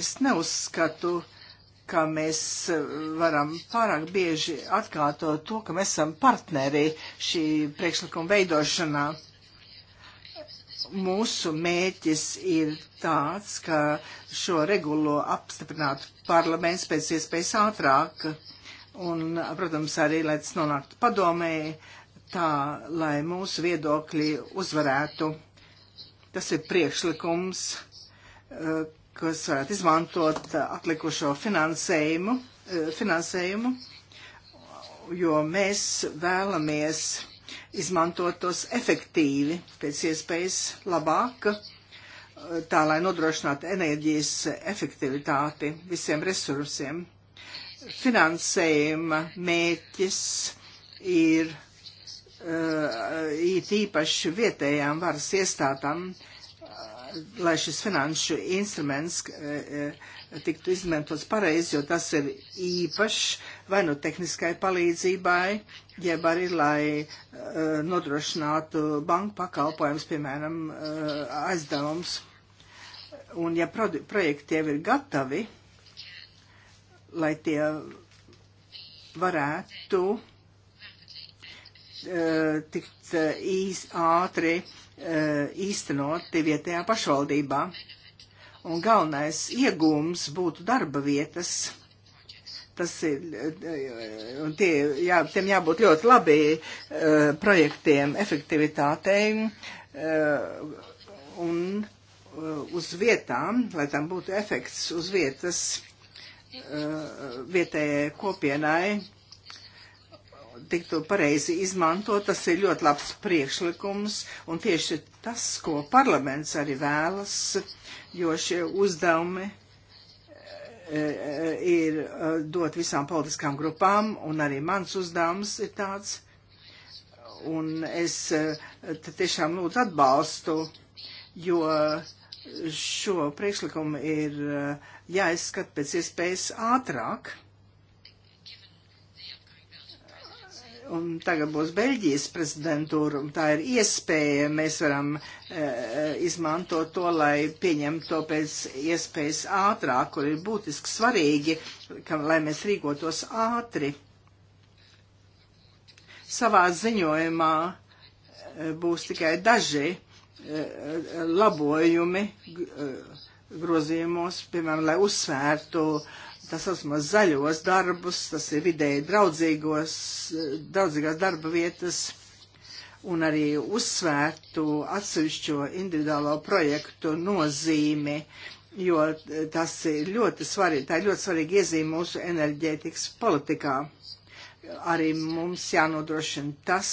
Es neuzskatu, ka mēs uh, varam pārāk bieži atkārtot to, ka mēs esam partneri šī priekšlikuma veidošanā. Mūsu mēķis ir tāds, ka šo regulo apstiprinātu parlaments pēc iespējas ātrāk Un, protams, arī, lai tas nonāktu padomēji, tā, lai mūsu viedokļi uzvarētu. Tas ir priekšlikums, eh, kas varētu izmantot atlikušo finansējumu, eh, finansējumu jo mēs vēlamies izmantot tos efektīvi, pēc iespējas labāk, eh, tā lai nodrošinātu enerģijas efektivitāti visiem resursiem. Finansējuma mērķis ir uh, it īpaši vietējām varas iestādām, uh, lai šis finanšu instruments uh, tiktu izmantots pareizi, jo tas ir īpašs vai nu tehniskai palīdzībai, jeb arī lai nodrošinātu banku pakalpojums, piemēram, aizdevums. Un ja projekti jau ir gatavi, lai tie varētu eh, tikt eh, īs, ātri eh, īstenoti vietējā pašvaldībā. Un galvenais iegūms būtu darba vietas. Tas ir, un tie, jā, tiem jābūt ļoti labi projektiem, efektivitātei un uz vietām, lai tam būtu efekts uz vietas Eh, vietējai kopienai tiktu pareizi izmantot. Tas ir ļoti labs priekšlikums un tieši tas, ko parlaments arī vēlas, jo šie uzdevumi eh, eh, ir dot visām politiskām grupām un arī mans uzdevums ir tāds. Un es tiešām lūdzu atbalstu, jo šo priekšlikumu ir uh, jāizskat pēc iespējas ātrāk. Un tagad būs Beļģijas prezidentūra, un tā ir iespēja, mēs varam e, e, izmantot to, lai pieņemtu to pēc iespējas ātrāk, kur ir būtiski svarīgi, ka, lai mēs rīkotos ātri. Savā ziņojumā e, būs tikai daži e, labojumi grozījumos, piemēram, lai uzsvērtu tas esmu zaļos darbus, tas ir vidēji draudzīgos, draudzīgās darba vietas un arī uzsvērtu atsevišķo individuālo projektu nozīmi, jo tas ir ļoti svarīgi, tā ir ļoti svarīga iezīme mūsu enerģētikas politikā. Arī mums jānodrošina tas,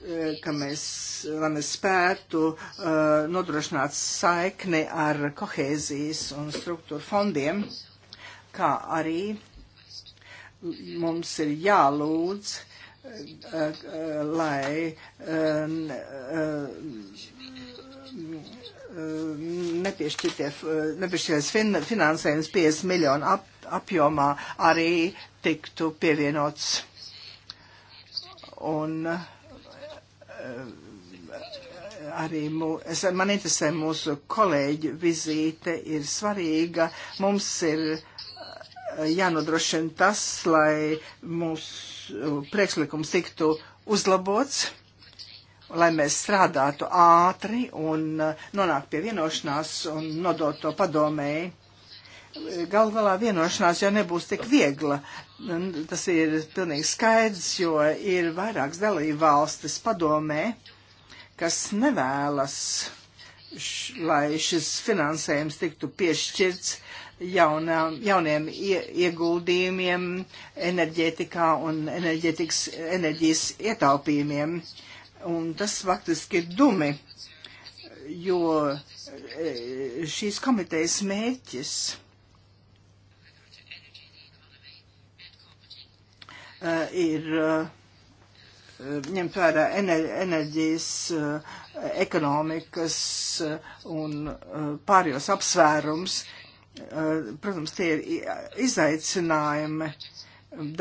E, ka mēs, lai mēs spētu uh, nodrošināt saikni ar kohēzijas un struktūra fondiem, kā arī mums ir jālūdz, uh, uh, lai nepiešķirties fin, finansējums 50 miljonu ap, apjomā arī tiktu pievienots. Un uh, arī mū, es, man interesē mūsu kolēģu vizīte ir svarīga. Mums ir eh, jānodrošina tas, lai mūsu priekšlikums tiktu uzlabots, lai mēs strādātu ātri un eh, nonāktu pie vienošanās un nodot to padomēji. Galu galā vienošanās jau nebūs tik viegla. Tas ir pilnīgi skaidrs, jo ir vairākas dalība valstis padomē, kas nevēlas, š, lai šis finansējums tiktu piešķirts jaunā, jauniem ie, ieguldījumiem enerģētikā un enerģijas ietaupījumiem. Un tas faktiski ir dumi, jo e, šīs komitejas mērķis Eh, ir eh, eh, ņemt vērā enerģijas, ekonomikas un pārējos apsvērums. Protams, tie ir izaicinājumi.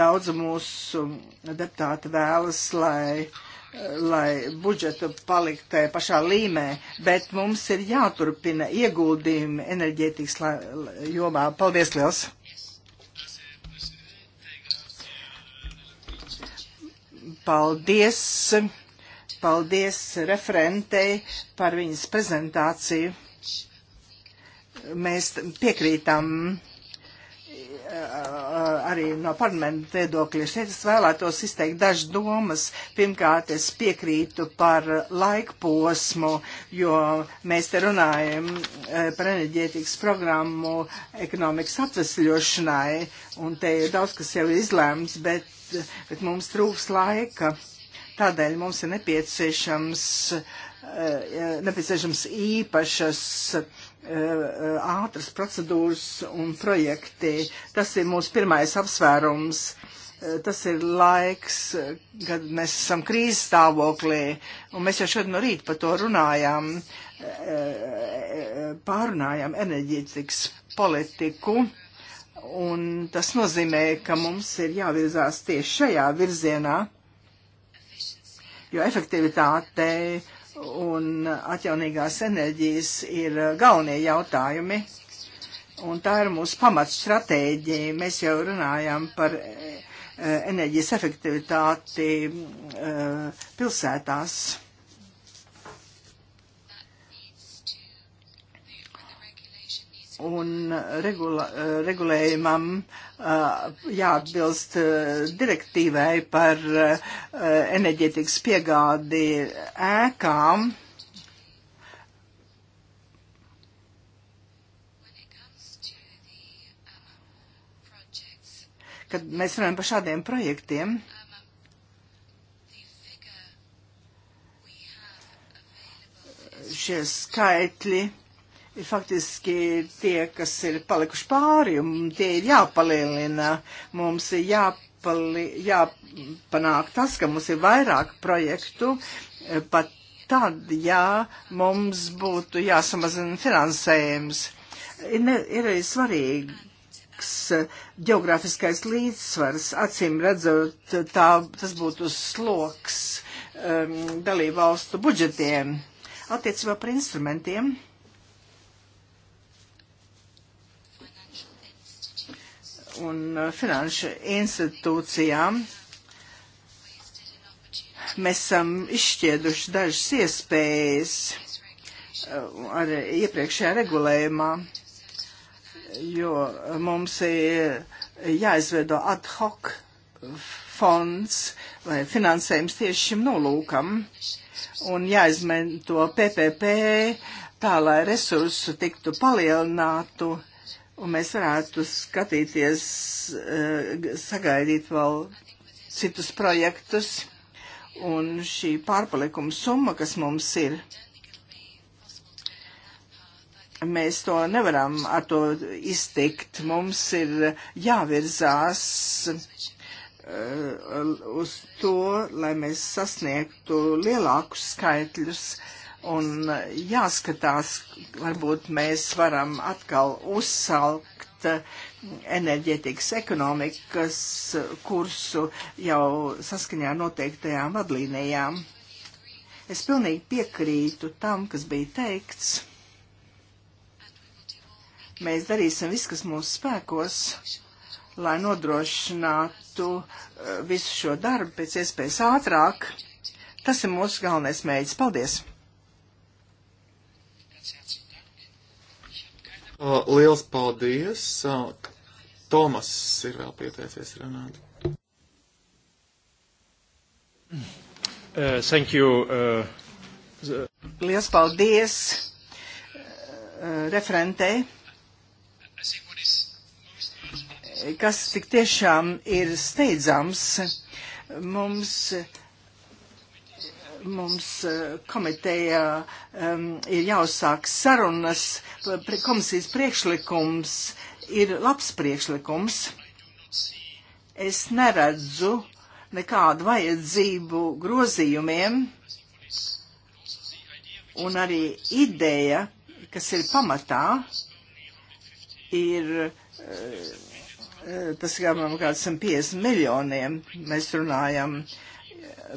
Daudz mūsu deputāti vēlas, lai uh, lai budžetu palikt tajā pašā līmē, bet mums ir jāturpina ieguldījumi enerģētikas jomā. Paldies liels! Paldies! Paldies referentei par viņas prezentāciju. Mēs piekrītam eh, arī no parlamenta viedokļa. Šeit es vēlētos izteikt dažas domas. Pirmkārt, es piekrītu par laikposmu, jo mēs te runājam eh, par enerģētikas programmu ekonomikas atvesļošanai, un te ir daudz, kas jau ir izlēmts, bet bet mums trūks laika. Tādēļ mums ir nepieciešams, eh, nepieciešams īpašas eh, ātras procedūras un projekti. Tas ir mūsu pirmais apsvērums. Eh, tas ir laiks, kad mēs esam krīzes stāvoklī, un mēs jau šodien no rīta par to runājām, pārunājām enerģētikas politiku Un tas nozīmē, ka mums ir jāvirzās tieši šajā virzienā, jo efektivitāte un atjaunīgās enerģijas ir galvenie jautājumi. Un tā ir mūsu pamatstratēģija. Mēs jau runājām par eh, enerģijas efektivitāti eh, pilsētās. un eh, regula, eh, regulējumam eh, jāatbilst direktīvai par enerģētikas piegādi ēkām. Kad mēs runājam par šādiem projektiem, šie skaitļi faktiski tie, kas ir palikuši pāri, un tie ir jāpalielina. Mums ir jāpali, jāpanāk tas, ka mums ir vairāk projektu, e, pat tad, ja mums būtu jāsamazina finansējums. Ir, ne, ir arī svarīgs geogrāfiskais līdzsvars, acīm redzot, tā, tas būtu sloks um, dalībvalstu budžetiem. Attiecībā par instrumentiem un uh, finanšu institūcijām mēs esam izšķieduši dažas iespējas uh, ar iepriekšējā regulējumā, jo mums ir jāizveido ad hoc fonds vai finansējums tieši šim nolūkam un jāizmanto PPP tā, lai resursu tiktu palielinātu Un mēs varētu skatīties, eh, sagaidīt vēl citus projektus. Un šī pārpalikuma summa, kas mums ir, mēs to nevaram ar to iztikt. Mums ir jāvirzās eh, uz to, lai mēs sasniegtu lielākus skaitļus. Uh, un uh, jāskatās, varbūt mēs varam atkal uzsalkt uh, enerģētikas ekonomikas uh, kursu jau saskaņā noteiktajām vadlīnijām. Es pilnīgi piekrītu tam, kas bija teikts. Mēs darīsim visu, kas mūsu spēkos, lai nodrošinātu visu šo darbu pēc iespējas ātrāk. Tas ir mūsu galvenais mēģis. Paldies!
Uh, liels paldies! Uh, Tomas ir vēl pieteicies runāt.
Uh, thank you. Uh, the... Liels paldies uh, referentei kas tik tiešām ir steidzams. Mums mums eh, komitejā ir jāuzsāk sarunas, komisijas priekšlikums ir labs priekšlikums. Es neredzu nekādu vajadzību grozījumiem un arī ideja, kas ir pamatā, ir eh, eh, tas, kā man kāds 150 miljoniem mēs runājam. Uh,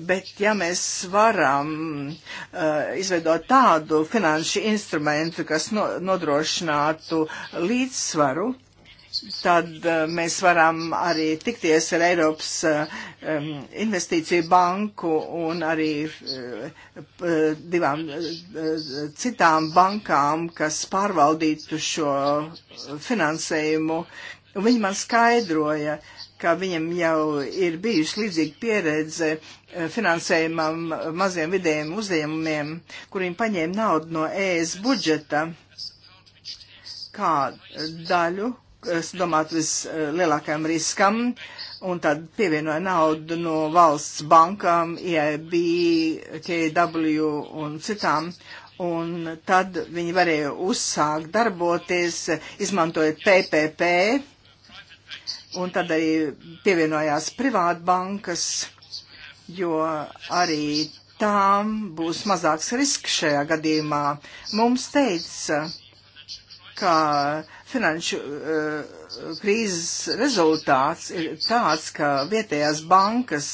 Bet ja mēs varam uh, izveidot tādu finanšu instrumentu, kas no, nodrošinātu līdzsvaru, tad uh, mēs varam arī tikties ar Eiropas uh, investīciju banku un arī uh, divām citām bankām, kas pārvaldītu šo finansējumu. Un viņi man skaidroja, uh, ka viņam jau ir bijusi līdzīga pieredze eh, finansējumam maziem vidējiem uzņēmumiem, kuriem paņēma naudu no ES budžeta kā daļu, es domāju, vislielākajam riskam, un tad pievienoja naudu no valsts bankām, e IAB, KW un citām. Un tad viņi varēja uzsākt darboties, izmantojot PPP, un tad arī pievienojās privātbankas, jo arī tām būs mazāks risks šajā gadījumā. Mums teica, ka finanšu uh, krīzes rezultāts ir tāds, ka vietējās bankas,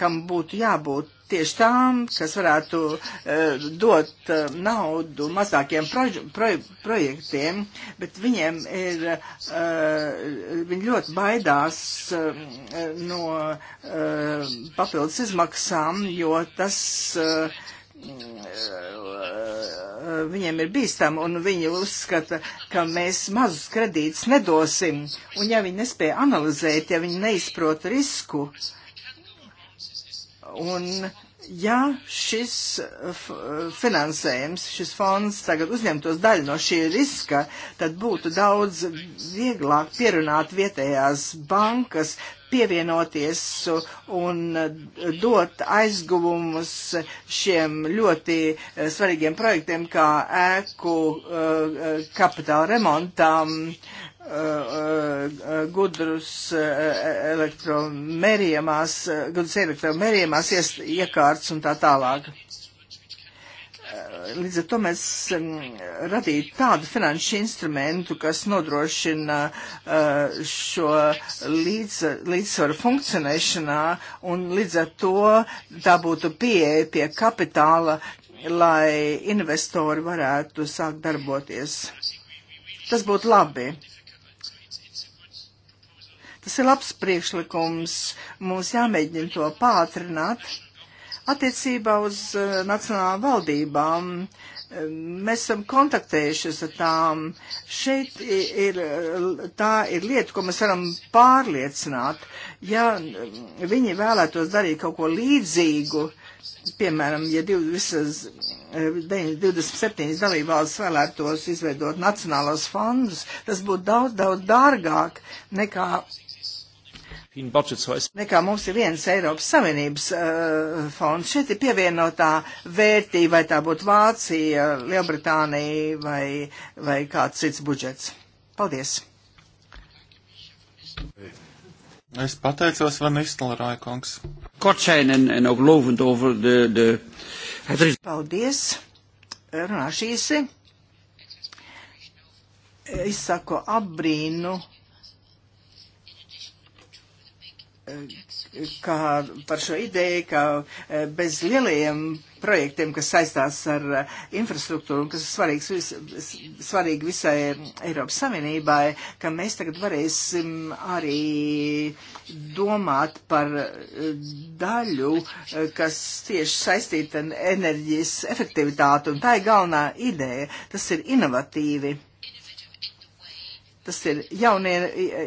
kam būtu jābūt tieši tām, kas varētu uh, dot uh, naudu mazākiem proj proj projektiem, bet viņiem ir, uh, viņi ļoti baidās uh, no uh, papildus izmaksām, jo tas. Uh, viņiem ir bīstami, un viņi uzskata, ka mēs mazus kredītus nedosim, un ja viņi nespēja analizēt, ja viņi neizprot risku, un uh, ja šis finansējums, šis fonds tagad uzņemtos daļu no šī riska, tad būtu daudz vieglāk pierunāt vietējās bankas, pievienoties un dot aizguvumus šiem ļoti eh, svarīgiem projektiem, kā ēku eh, kapitāla remontām, gudrus eh, elektromērijamās, gudrus elektromērijamās iekārtas un tā tālāk. Eh, līdz ar to mēs mm, radītu tādu finanšu instrumentu, kas nodrošina eh, šo līdz, līdzsvaru funkcionēšanā un līdz ar to tā būtu pieeja pie kapitāla, lai investori varētu sākt darboties. Tas būtu labi Tas ir labs priekšlikums. Mums jāmēģina to pātrināt. Attiecībā uz uh, nacionālām valdībām mēs esam kontaktējušies ar tām. Šeit ir, tā ir lieta, ko mēs varam pārliecināt. Ja mm, viņi vēlētos darīt kaut ko līdzīgu, piemēram, ja div, visas 27 eh, dalībvalsts vēlētos izveidot nacionālos fondus, tas būtu daudz, daudz dārgāk nekā nekā mums ir viens Eiropas Savienības uh, fonds. Šeit ir pievienotā vērtība, vai tā būtu Vācija, Lielbritānija vai, vai kāds cits budžets. Paldies!
Es pateicos Van Nistelrāja kungs.
Kortšainen en ook lovend over de, de, het is. Paldies! Runāšu īsi. Es eh, saku apbrīnu kā par šo ideju, ka e, bez lielajiem projektiem, kas saistās ar e, infrastruktūru un kas ir svarīgs, vis, svarīgi visai Eiropas Savienībai, ka mēs tagad varēsim arī domāt par e, daļu, kas tieši saistīta ar enerģijas efektivitāti. Un tā ir galvenā ideja. Tas ir inovatīvi Tas ir jaunie,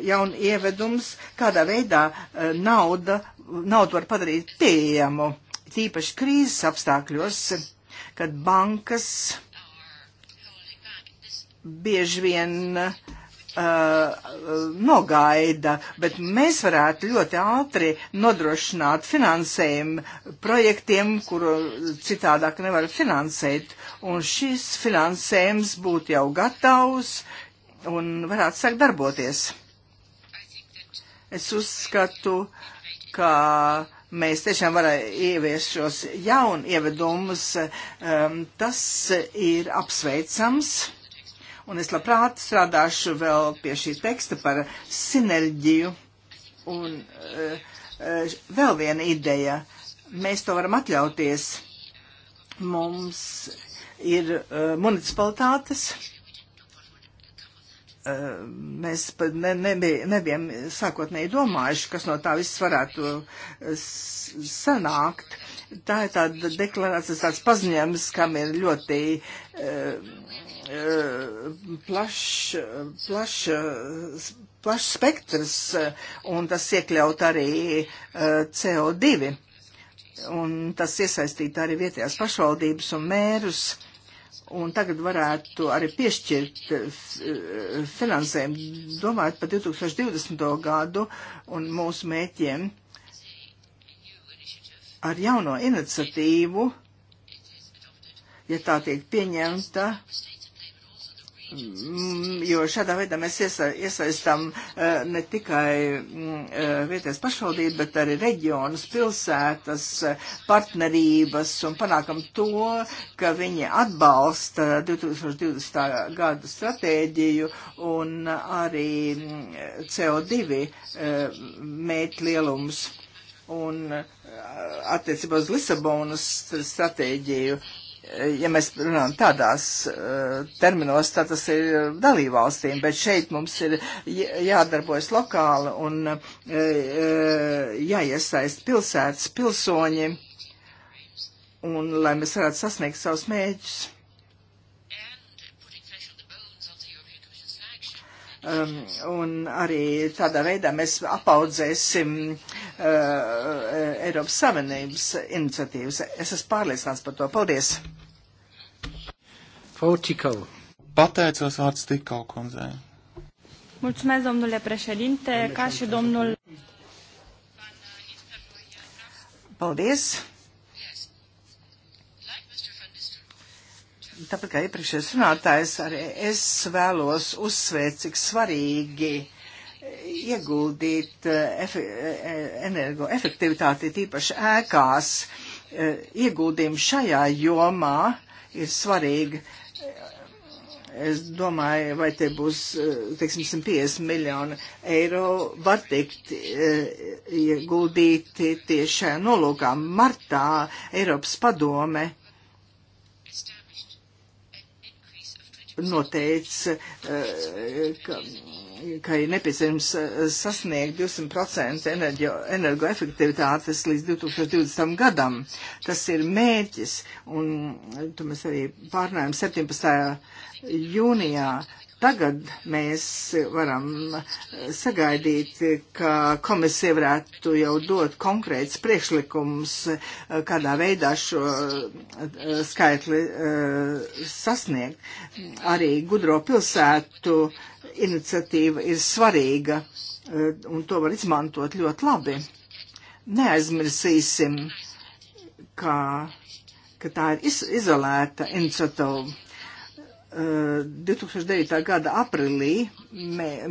jaun ievedums, kādā veidā eh, nauda, naudu var padarīt pieejamu, tīpaši krīzes apstākļos, kad bankas bieži vien uh, nogaida, bet mēs varētu ļoti ātri nodrošināt finansējumu projektiem, kuru citādāk nevar finansēt. Un šis finansējums būtu jau gatavs, un varētu sākt darboties. Es uzskatu, ka mēs tiešām varētu ieviest šos jaunu ievedumus. Um, tas ir apsveicams. Un es labprāt strādāšu vēl pie šī teksta par sinerģiju. Un uh, uh, vēl viena ideja. Mēs to varam atļauties. Mums ir uh, municipalitātes Eh, mēs pat ne, nebija, nebijam sākotnēji domājuši, kas no tā viss varētu eh, sanākt. Tā ir tāda deklarācijas tāds paziņojums, kam ir ļoti uh, plašs plaš, plaš spektrs, un tas iekļaut arī uh, CO2. Un tas iesaistīt arī vietējās pašvaldības un mērus. Uh, un tagad varētu arī piešķirt eh, finansējumu, domājot par 2020. gadu un mūsu mēķiem ar jauno iniciatīvu, ja tā tiek pieņemta, jo šādā veidā mēs iesa, iesaistām eh, ne tikai mm, eh, vietēs pašvaldību, bet arī reģionus, pilsētas, partnerības un panākam to, ka viņi atbalsta 2020. gada stratēģiju un arī mm, CO2 eh, mērķi lielums. Un attiecībā uz Lisabonas stratēģiju ja mēs runājam tādās uh, terminos, tad tas ir dalībvalstīm, bet šeit mums ir jādarbojas lokāli un uh, jāiesaist pilsētas pilsoņi, un lai mēs varētu sasniegt savus mēģus. Um, un arī tādā veidā mēs apaudzēsim uh, uh, Eiropas Savienības iniciatīvas. Es esmu pārliecināts par to. Paldies!
Fautikau. Pateicos vārds Tikau kundzei.
Mulțumesc, domnule președinte, ca și domnul. Paldies! Tāpat kā iepriekšējais runātājs, arī es vēlos uzsvērt, cik svarīgi ieguldīt eh, efe, eh, energoefektivitāti, tīpaši ēkās. Eh, ieguldījumi šajā jomā ir svarīgi. Es domāju, vai te būs, teiksim, 150 miljoni eiro var tikt ieguldīti tieši šajā nolūkā. Martā Eiropas padome noteica, eh, ka, ka ir nepieciešams eh, sasniegt 200% enerģo, energoefektivitātes līdz 2020. gadam. Tas ir mērķis, un to mēs arī pārnājām 17. jūnijā Tagad mēs varam sagaidīt, ka komisija varētu jau dot konkrēts priekšlikums, kādā veidā šo eh, skaitli eh, sasniegt. Arī gudro pilsētu iniciatīva ir svarīga, eh, un to var izmantot ļoti labi. Neaizmirsīsim, ka, ka tā ir iz, izolēta iniciatīva 2009. Uh, gada aprīlī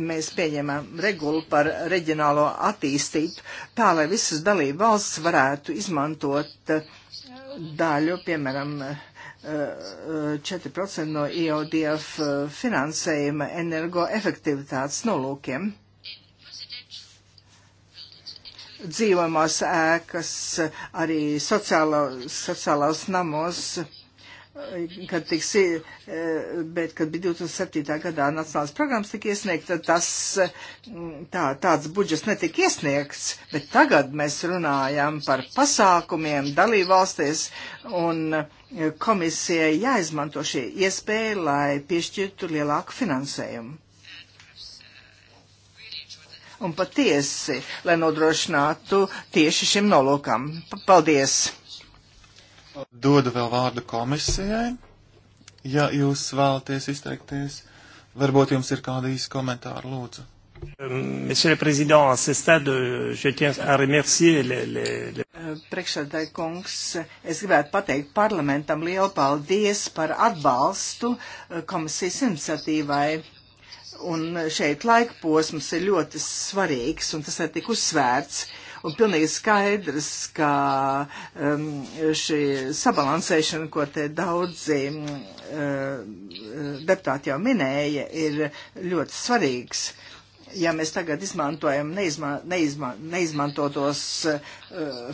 mēs pieņemam regulu par reģionālo attīstību, tā lai visas dalība valsts varētu izmantot uh, daļu, piemēram, 4% uh, no IODF finansējuma energoefektivitātes nolūkiem. Dzīvojamās ēkas, arī sociālo, sociālās namos kad tiks, e, bet kad bija 2007. gadā nacionāls programmas tika iesniegt, tad tas, mm, tā, tāds budžets netika iesniegts, bet tagad mēs runājam par pasākumiem dalībvalstīs un komisijai jāizmanto šī iespēja, lai piešķirtu lielāku finansējumu. Un patiesi, lai nodrošinātu tieši šim nolūkam. Paldies! Dodu vēl vārdu
komisijai. Ja jūs vēlaties izteikties, varbūt jums ir kāda īsa komentāra, lūdzu.
Monsieur le Président, à ce stade, je tiens à remercier les. les, les... Eh, priekšsēdētāji kungs, es gribētu pateikt parlamentam lielu paldies par atbalstu eh, komisijas iniciatīvai. Un šeit laika posms ir ļoti svarīgs, un tas ir tik uzsvērts. Uh, Un pilnīgi skaidrs, ka um, šī sabalansēšana, ko te daudzi um, uh, deputāti jau minēja, ir ļoti svarīgs. Uh, ja mēs tagad izmantojam neizma, neizma, neizmantotos uh,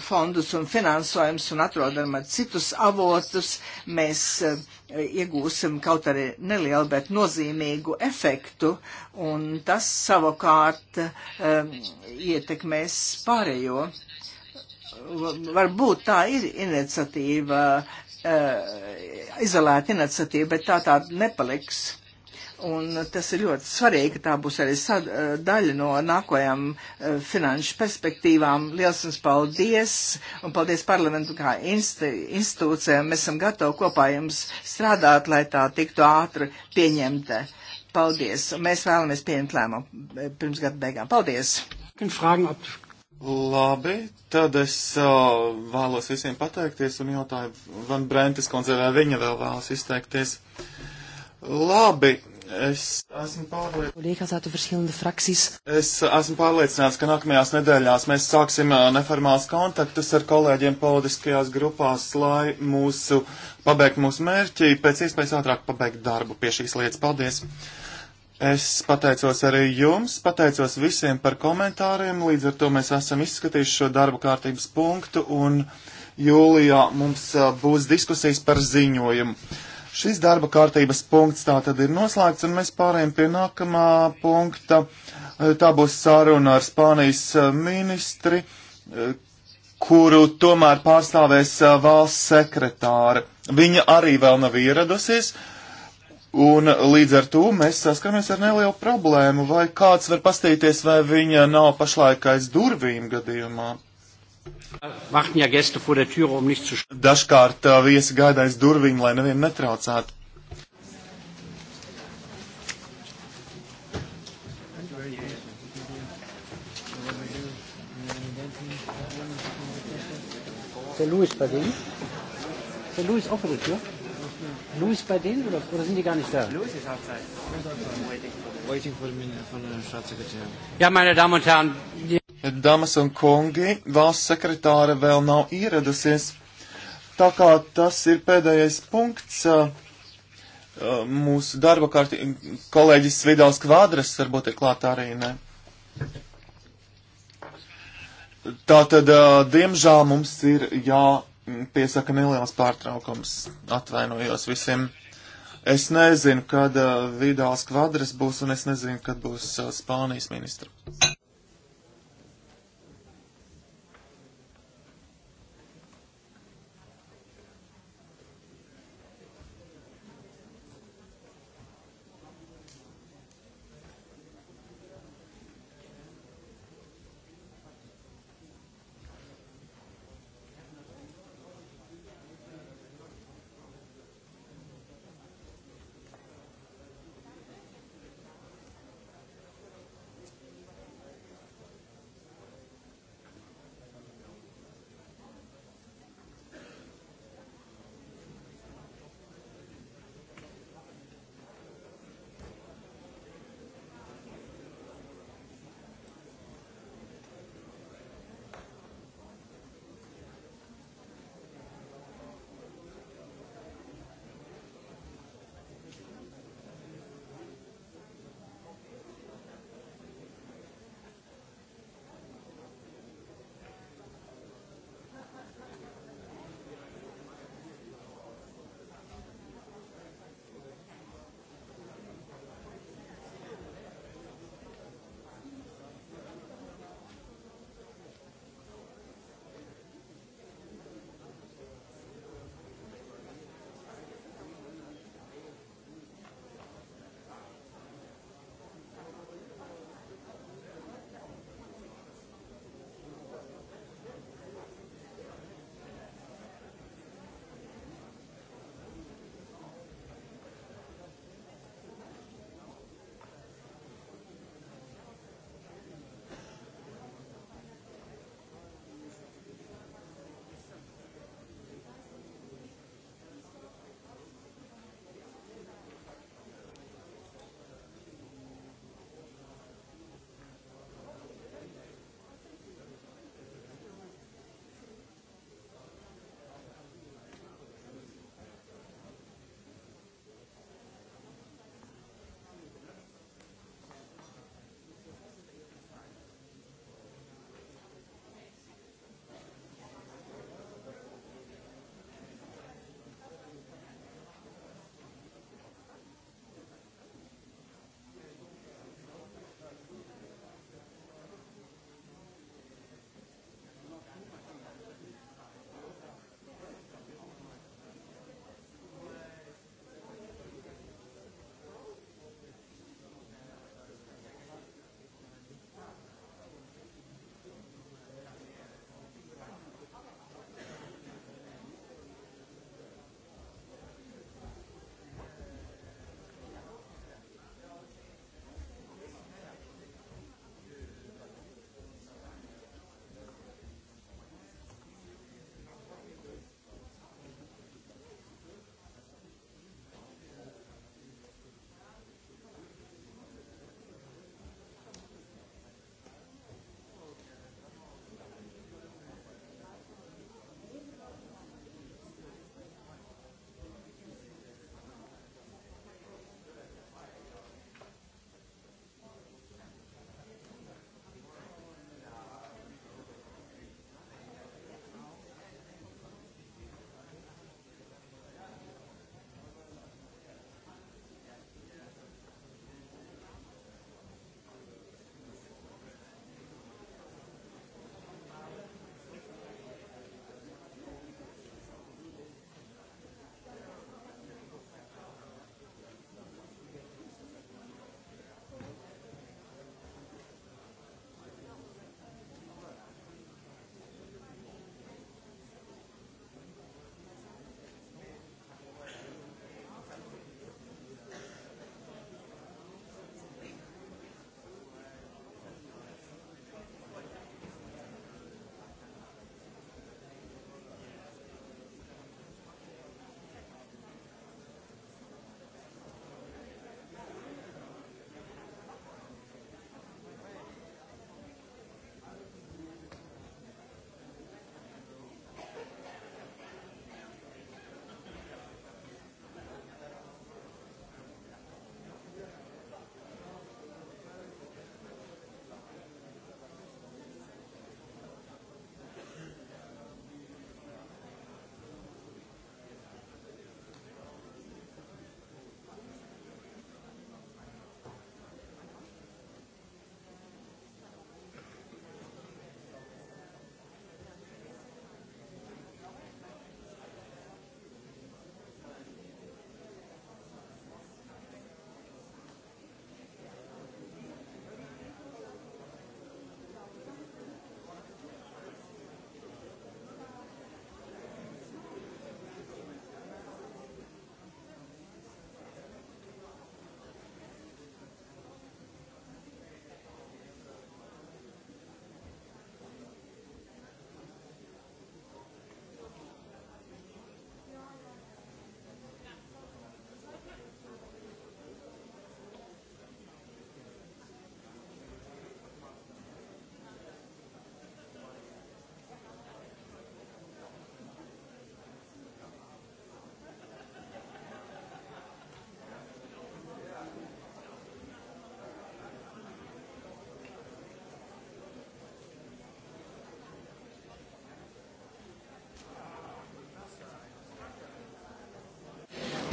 fondus un finansojums un atrodam citus avotus, mēs uh, iegūsim kaut arī nelielu, bet nozīmīgu efektu, un tas savukārt uh, ietekmēs pārējo. Varbūt tā ir iniciatīva, izolēta iniciatīva, bet tā tā nepaliks Un tas ir ļoti svarīgi, ka tā būs arī sad, eh, daļa no nākojām eh, finanšu perspektīvām. Liels jums paldies! Un paldies parlamentu kā institūcijām. Mēs esam gatavi kopā jums strādāt, lai tā tiktu ātri pieņemta. Paldies! Un mēs vēlamies pieņemt lēmumu eh, pirms gada beigām. Paldies!
Labi, tad es uh, vēlos visiem pateikties un jautāju Van Brentes koncertā, viņa vēl vēlas izteikties. Labi, Es
esmu,
es esmu pārliecināts, ka nākamajās nedēļās mēs sāksim neformāls kontaktus ar kolēģiem politiskajās grupās, lai mūsu pabeigt mūsu mērķi, pēc iespējas ātrāk pabeigt darbu pie šīs lietas. Paldies! Es pateicos arī jums, pateicos visiem par komentāriem, līdz ar to mēs esam izskatījuši šo darbu kārtības punktu un jūlijā mums būs diskusijas par ziņojumu. Šis darba kārtības punkts tā tad ir noslēgts, un mēs pārējām pie nākamā punkta. E, tā būs saruna ar Spānijas e, ministri, e, kuru tomēr pārstāvēs valsts sekretāra. Viņa arī vēl nav ieradusies, un līdz ar to mēs saskaramies ar nelielu problēmu, vai kāds var pastīties, vai viņa nav pašlaik aiz durvīm gadījumā. Um Dažkārt viesi gaidājas durvīm, lai nevienu netraucētu.
Der Louis bei denen? Ist der Louis auch vor der Tür? Louis bei denen oder, oder sind die gar nicht da? Louis ist outside. Waiting for the minute von der Staatssekretärin.
Ja, meine Damen und Herren. Die Damas un kungi, valsts sekretāra vēl nav ieradusies. Tā kā tas ir pēdējais punkts uh, uh, mūsu darba kārtī, kolēģis Svidals Kvadras varbūt ir klāt arī, ne? Tātad, uh, diemžēl mums ir jāpiesaka neliels pārtraukums. Atvainojos visiem. Es nezinu, kad Vidāls Kvadras būs, un es nezinu, kad būs Spānijas ministra.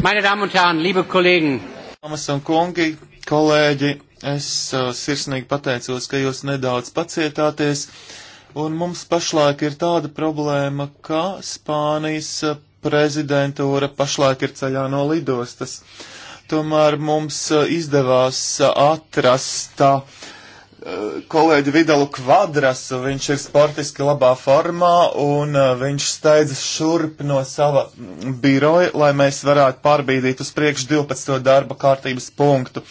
Meine Damen un Herren, liebe
Kollegen! Dāmas un kungi, kolēģi, es uh, sirsnīgi pateicos, ka jūs nedaudz pacietāties, un mums pašlaik ir tāda problēma, ka Spānijas uh, prezidentūra pašlaik ir ceļā no lidostas. Tomēr mums uh, izdevās uh, atrast uh, kolēģi Vidalu Kvadrasu. Viņš ir sportiski labā formā un uh, viņš steidzas šurp no sava biroja, lai mēs varētu pārbīdīt uz priekšu 12. darba kārtības punktu.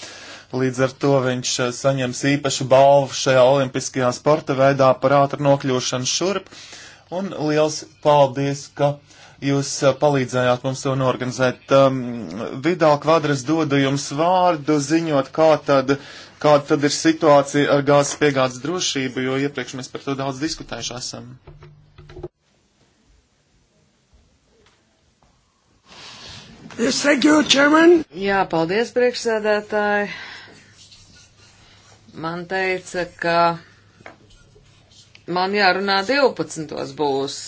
Līdz ar to viņš uh, saņems īpašu balvu šajā olimpiskajā sporta veidā par ātru nokļūšanu šurp. Un liels paldies, ka jūs uh, palīdzējāt mums to norganizēt. Um, Vidāla kvadras dodu jums vārdu ziņot, kā tad Kāda tad ir situācija ar gāzes piegādes drošību, jo iepriekš mēs par to daudz diskutējuši esam?
Yes, thank you, Chairman.
Jā, paldies, priekšsēdētāji. Man teica, ka man jārunā 12. būs,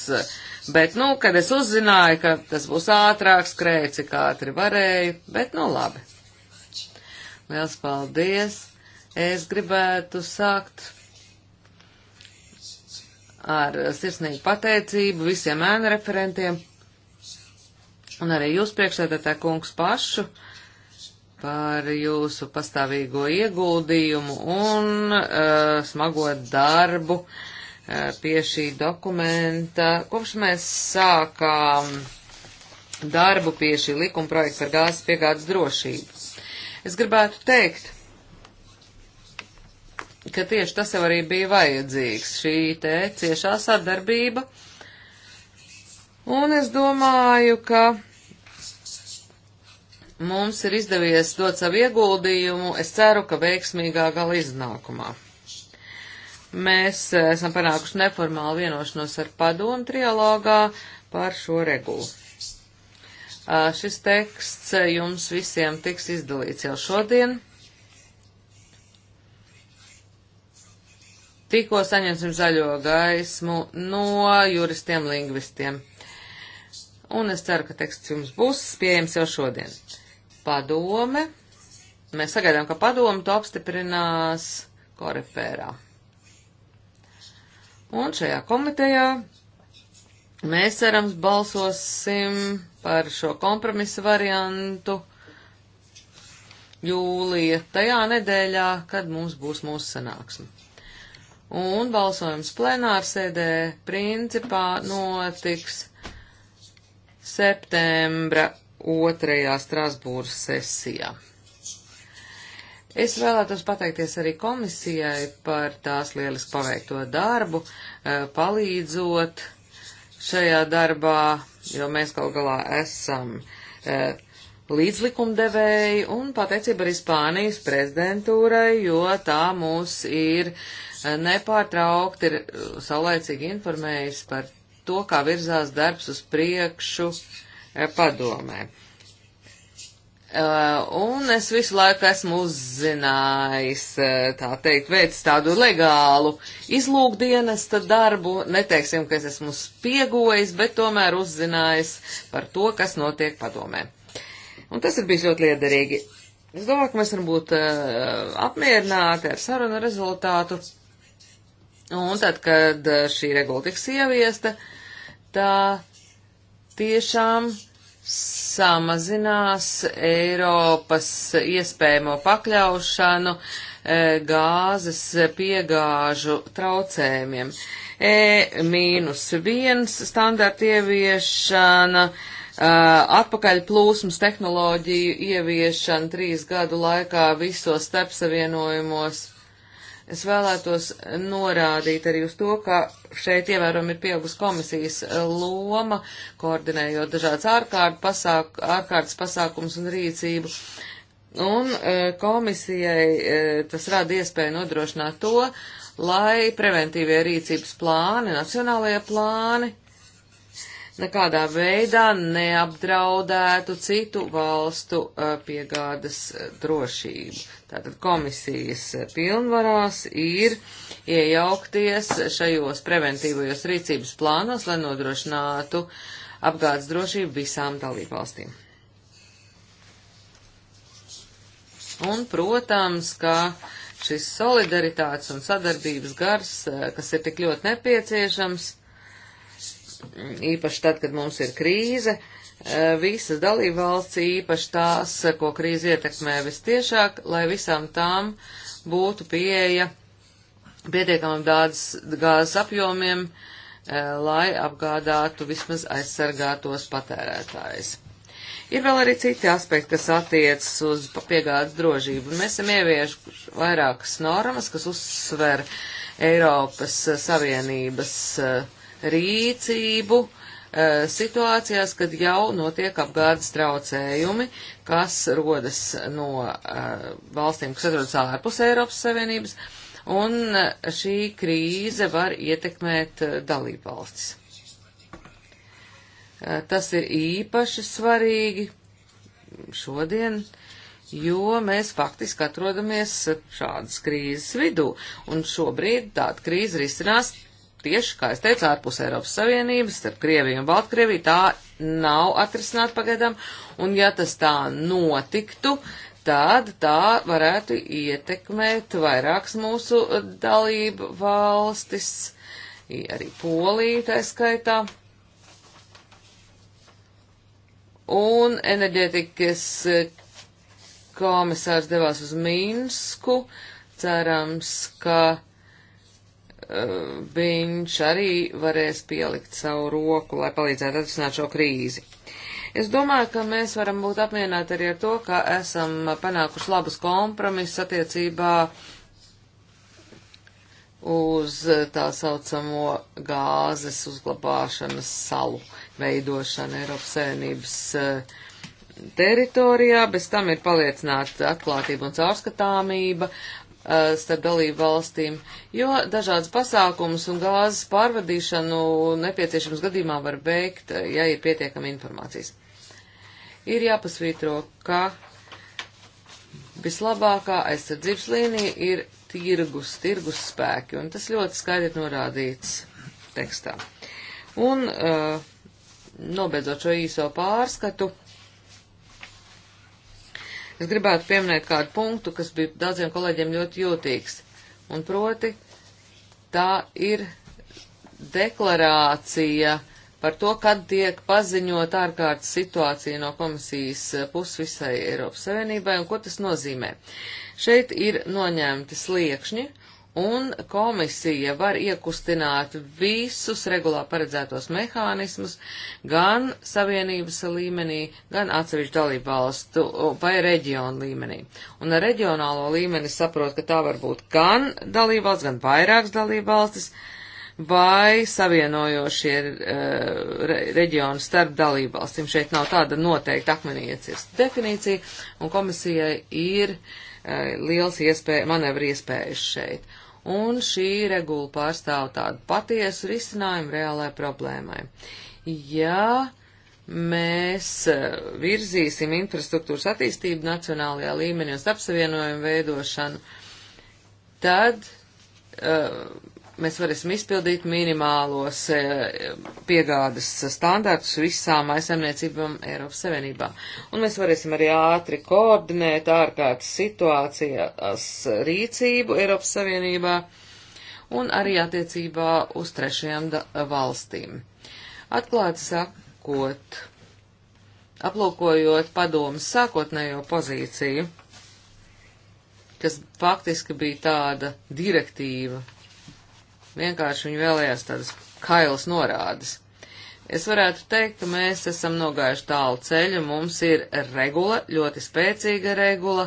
bet, nu, kad es uzzināju, ka tas būs ātrāk, skrēju, cik ātri varēju, bet, nu, labi. Liels paldies! Es gribētu sākt ar sirsnīgu pateicību visiem ēna referentiem un arī jūs priekšsēdētā kungs pašu par jūsu pastāvīgo ieguldījumu un uh, smago darbu uh, pie šī dokumenta. Kopš mēs sākām darbu pie šī likuma projekta par gāzes piegādes drošību. Es gribētu teikt, ka tieši tas jau arī bija vajadzīgs, šī te ciešā sadarbība. Un es domāju, ka mums ir izdevies dot savu ieguldījumu, es ceru, ka veiksmīgā gala iznākumā. Mēs eh, esam panākuši neformālu vienošanos ar padomu trialogā par šo regulu. Eh, šis teksts eh, jums visiem tiks izdalīts jau šodien. tikko saņemsim zaļo gaismu no juristiem, lingvistiem. Un es ceru, ka teksts jums būs pieejams jau šodien. Padome. Mēs sagaidām, ka padome to apstiprinās korepērā. Un šajā komitejā mēs cerams balsosim par šo kompromisu variantu jūlija tajā nedēļā, kad mums būs mūsu sanāksme un balsojums plenārsēdē principā notiks septembra otrajā Strasbūras sesijā. Es vēlētos pateikties arī komisijai par tās lieliski paveikto darbu, eh, palīdzot šajā darbā, jo mēs kaut galā esam eh, līdzlikumdevēji un pateicība arī Spānijas prezidentūrai, jo tā mūs ir uh, nepārtraukti ir saulēcīgi informējis par to, kā virzās darbs uz priekšu eh, padomē. Eh, un es visu laiku esmu uzzinājis, eh, tā teikt, veids tādu legālu izlūkdienesta darbu, neteiksim, ka es esmu spiegojis, bet tomēr uzzinājis par to, kas notiek padomē. Un tas ir bijis ļoti liederīgi. Es domāju, ka mēs varam būt apmierināti ar sarunu rezultātu. Un tad, kad eh, šī regula tiks ieviesta, tā tiešām samazinās Eiropas iespējamo pakļaušanu eh, gāzes piegāžu traucējumiem. E-1 standarta ieviešana, eh, atpakaļ plūsmas tehnoloģiju ieviešana trīs gadu laikā visos starpsavienojumos Es vēlētos norādīt arī uz to, ka šeit ievērojami ir pieaugus komisijas loma, koordinējot dažādas ārkārt pasāk, ārkārtas pasākums un rīcību. Un e, komisijai e, tas rada iespēju nodrošināt to, lai preventīvie rīcības plāni, nacionālajie plāni nekādā veidā neapdraudētu citu valstu eh, piegādes eh, drošību. Tātad komisijas pilnvarās ir iejaukties šajos preventīvajos rīcības plānos, lai nodrošinātu apgādes drošību visām dalībvalstīm. Un, protams, ka šis solidaritātes un sadarbības gars, eh, kas ir tik ļoti nepieciešams, īpaši tad, kad mums ir krīze, eh, visas dalībvalsts, īpaši tās, eh, ko krīze ietekmē vistiešāk, lai visām tām būtu pieeja pietiekamam gāzes apjomiem, eh, lai apgādātu vismaz aizsargātos patērētājus. Ir vēl arī citi aspekti, kas attiecas uz piegādes drošību. Mēs esam ievieši vairākas normas, kas uzsver Eiropas Savienības uh, rīcību eh, situācijās, kad jau notiek apgādes traucējumi, kas rodas no eh, valstīm, kas atrodas ārpus Eiropas Savienības, un eh, šī krīze var ietekmēt dalību valstis. Tas ir īpaši svarīgi šodien, jo mēs faktiski atrodamies šādas krīzes vidū, un šobrīd tāda krīze risinās tieši, kā es teicu, ārpus Eiropas Savienības, starp Krieviju un Baltkrieviju, tā nav atrisināta pagaidām, un ja tas tā notiktu, tad tā varētu ietekmēt vairākas mūsu eh, dalību valstis, arī Poliju tā skaitā. Un enerģētikas eh, komisārs devās uz Minsku, cerams, ka Eh, viņš arī varēs pielikt savu roku, lai palīdzētu atrisināt šo krīzi. Es domāju, ka mēs varam būt apmierināti arī ar to, ka esam panākuši labus kompromisus attiecībā uz tā saucamo gāzes uzglabāšanas salu veidošanu Eiropas Savienības eh, teritorijā, bez tam ir paliecināta atklātība un caurskatāmība, Eh, starp dalību valstīm, jo dažādas pasākumus un gāzes pārvadīšanu nepieciešams gadījumā var beigt, eh, ja ir pietiekami informācijas. Ir jāpasvītro, ka vislabākā aizsardzības līnija ir tirgus, tirgus spēki, un tas ļoti skaidri norādīts tekstā. Un, uh, nobeidzot šo īso pārskatu, uh, Es gribētu pieminēt kādu punktu, kas bija daudziem kolēģiem ļoti jūtīgs. Un proti, tā ir deklarācija par to, kad tiek paziņot ārkārtas situācija no komisijas puses visai Eiropas Savienībai un ko tas nozīmē. Šeit ir noņemti sliekšņi, uh, un komisija var iekustināt visus regulā paredzētos mehānismus gan savienības līmenī, gan atsevišķu dalību valstu vai reģionu līmenī. Un ar reģionālo līmeni saprot, ka tā var būt gan dalību valsts, gan vairākas dalību valstis, vai savienojošie e, re, reģioni starp dalību valstīm. Šeit nav tāda noteikta akmenī iecirsta definīcija, un komisijai ir e, liels iespēja, manevri iespējas šeit un šī regula pārstāv tādu patiesu risinājumu reālai problēmai. Ja mēs e, virzīsim infrastruktūras attīstību nacionālajā līmenī un starpsavienojumu veidošanu, tad uh, mēs varēsim izpildīt minimālos e, piegādes standartus visām aizsaimniecībām Eiropas Savienībā. Un mēs varēsim arī ātri koordinēt ārkārtas situācijas rīcību Eiropas Savienībā un arī attiecībā uz trešajām valstīm. Atklāti sakot, aplūkojot padomas sākotnējo pozīciju, kas faktiski bija tāda direktīva Vienkārši viņi vēlējās tādas kailas norādes. Es varētu teikt, ka mēs esam nogājuši tālu ceļu, mums ir regula, ļoti spēcīga regula,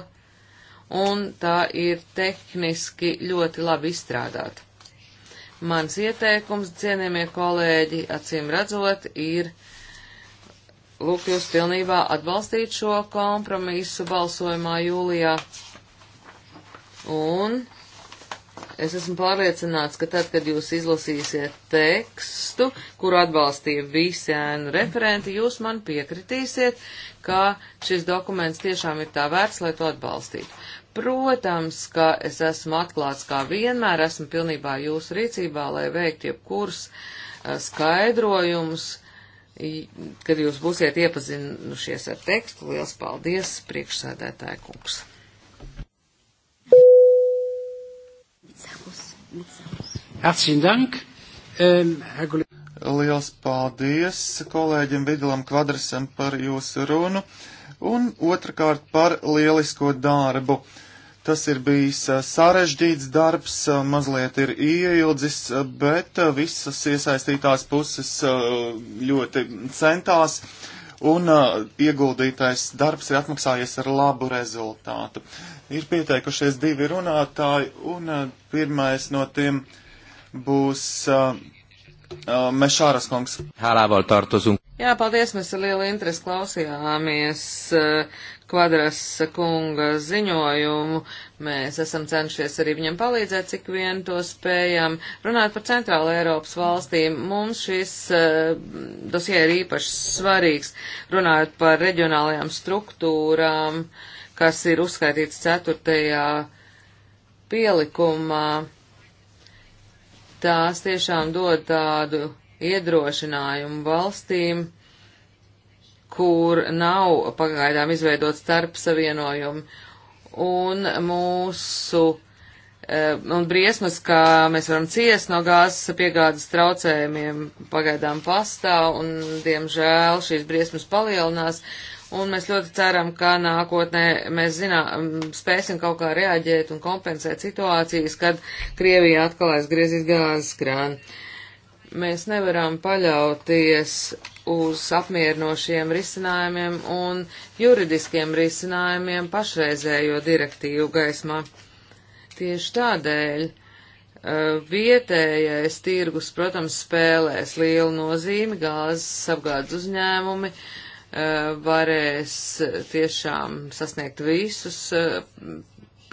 un tā ir tehniski ļoti labi izstrādāta. Mans ieteikums, cienījamie kolēģi, acīm redzot, ir lūk jūs pilnībā atbalstīt šo kompromisu balsojumā jūlijā. Un Es esmu pārliecināts, ka tad, kad jūs izlasīsiet tekstu, kuru atbalstīja visi ēnu referenti, jūs man piekritīsiet, ka šis dokuments tiešām ir tā vērts, lai to atbalstītu. Protams, ka es esmu atklāts kā vienmēr, esmu pilnībā jūsu rīcībā, lai veikt jebkurs eh, skaidrojums, kad jūs būsiet iepazinušies ar tekstu. Liels paldies, priekšsēdētāja kungs!
Servus. Herzlichen Dank. Ähm, Liels paldies kolēģim Vidalam Kvadrasam par jūsu runu un otrkārt par lielisko darbu. Tas ir bijis sarežģīts darbs, mazliet ir ieildzis, bet visas iesaistītās puses ļoti centās un uh, ieguldītais darbs ir atmaksājies ar labu rezultātu. Ir pieteikušies divi runātāji, un uh, pirmais no tiem būs uh, uh, Mešāras kungs.
Hálával tartozunk.
Jā, paldies, mēs ar lielu interesi klausījāmies eh, kvadras kunga ziņojumu. Mēs esam cenšies arī viņam palīdzēt, cik vien to spējam. Runāt par Centrāla Eiropas valstīm, mums šis eh, dosie ir īpaši svarīgs. Runāt par reģionālajām struktūrām, kas ir uzskaitīts ceturtajā pielikumā. Tās tiešām dod tādu iedrošinājumu valstīm, kur nav pagaidām izveidot starp savienojumu. Un mūsu e, un briesmas, ka mēs varam ciest no gāzes piegādes traucējumiem, pagaidām pastāv, un, diemžēl, šīs briesmas palielinās, un mēs ļoti ceram, ka nākotnē mēs zinā, spēsim kaut kā reaģēt un kompensēt situācijas, kad Krievija atkal aizgriezīs gāzes krānu. Mēs nevaram paļauties uz apmierinošiem risinājumiem un juridiskiem risinājumiem pašreizējo direktīvu gaismā. Tieši tādēļ eh, vietējais tirgus, protams, spēlēs lielu nozīmi, gāzes apgādes uzņēmumi eh, varēs tiešām sasniegt visus eh,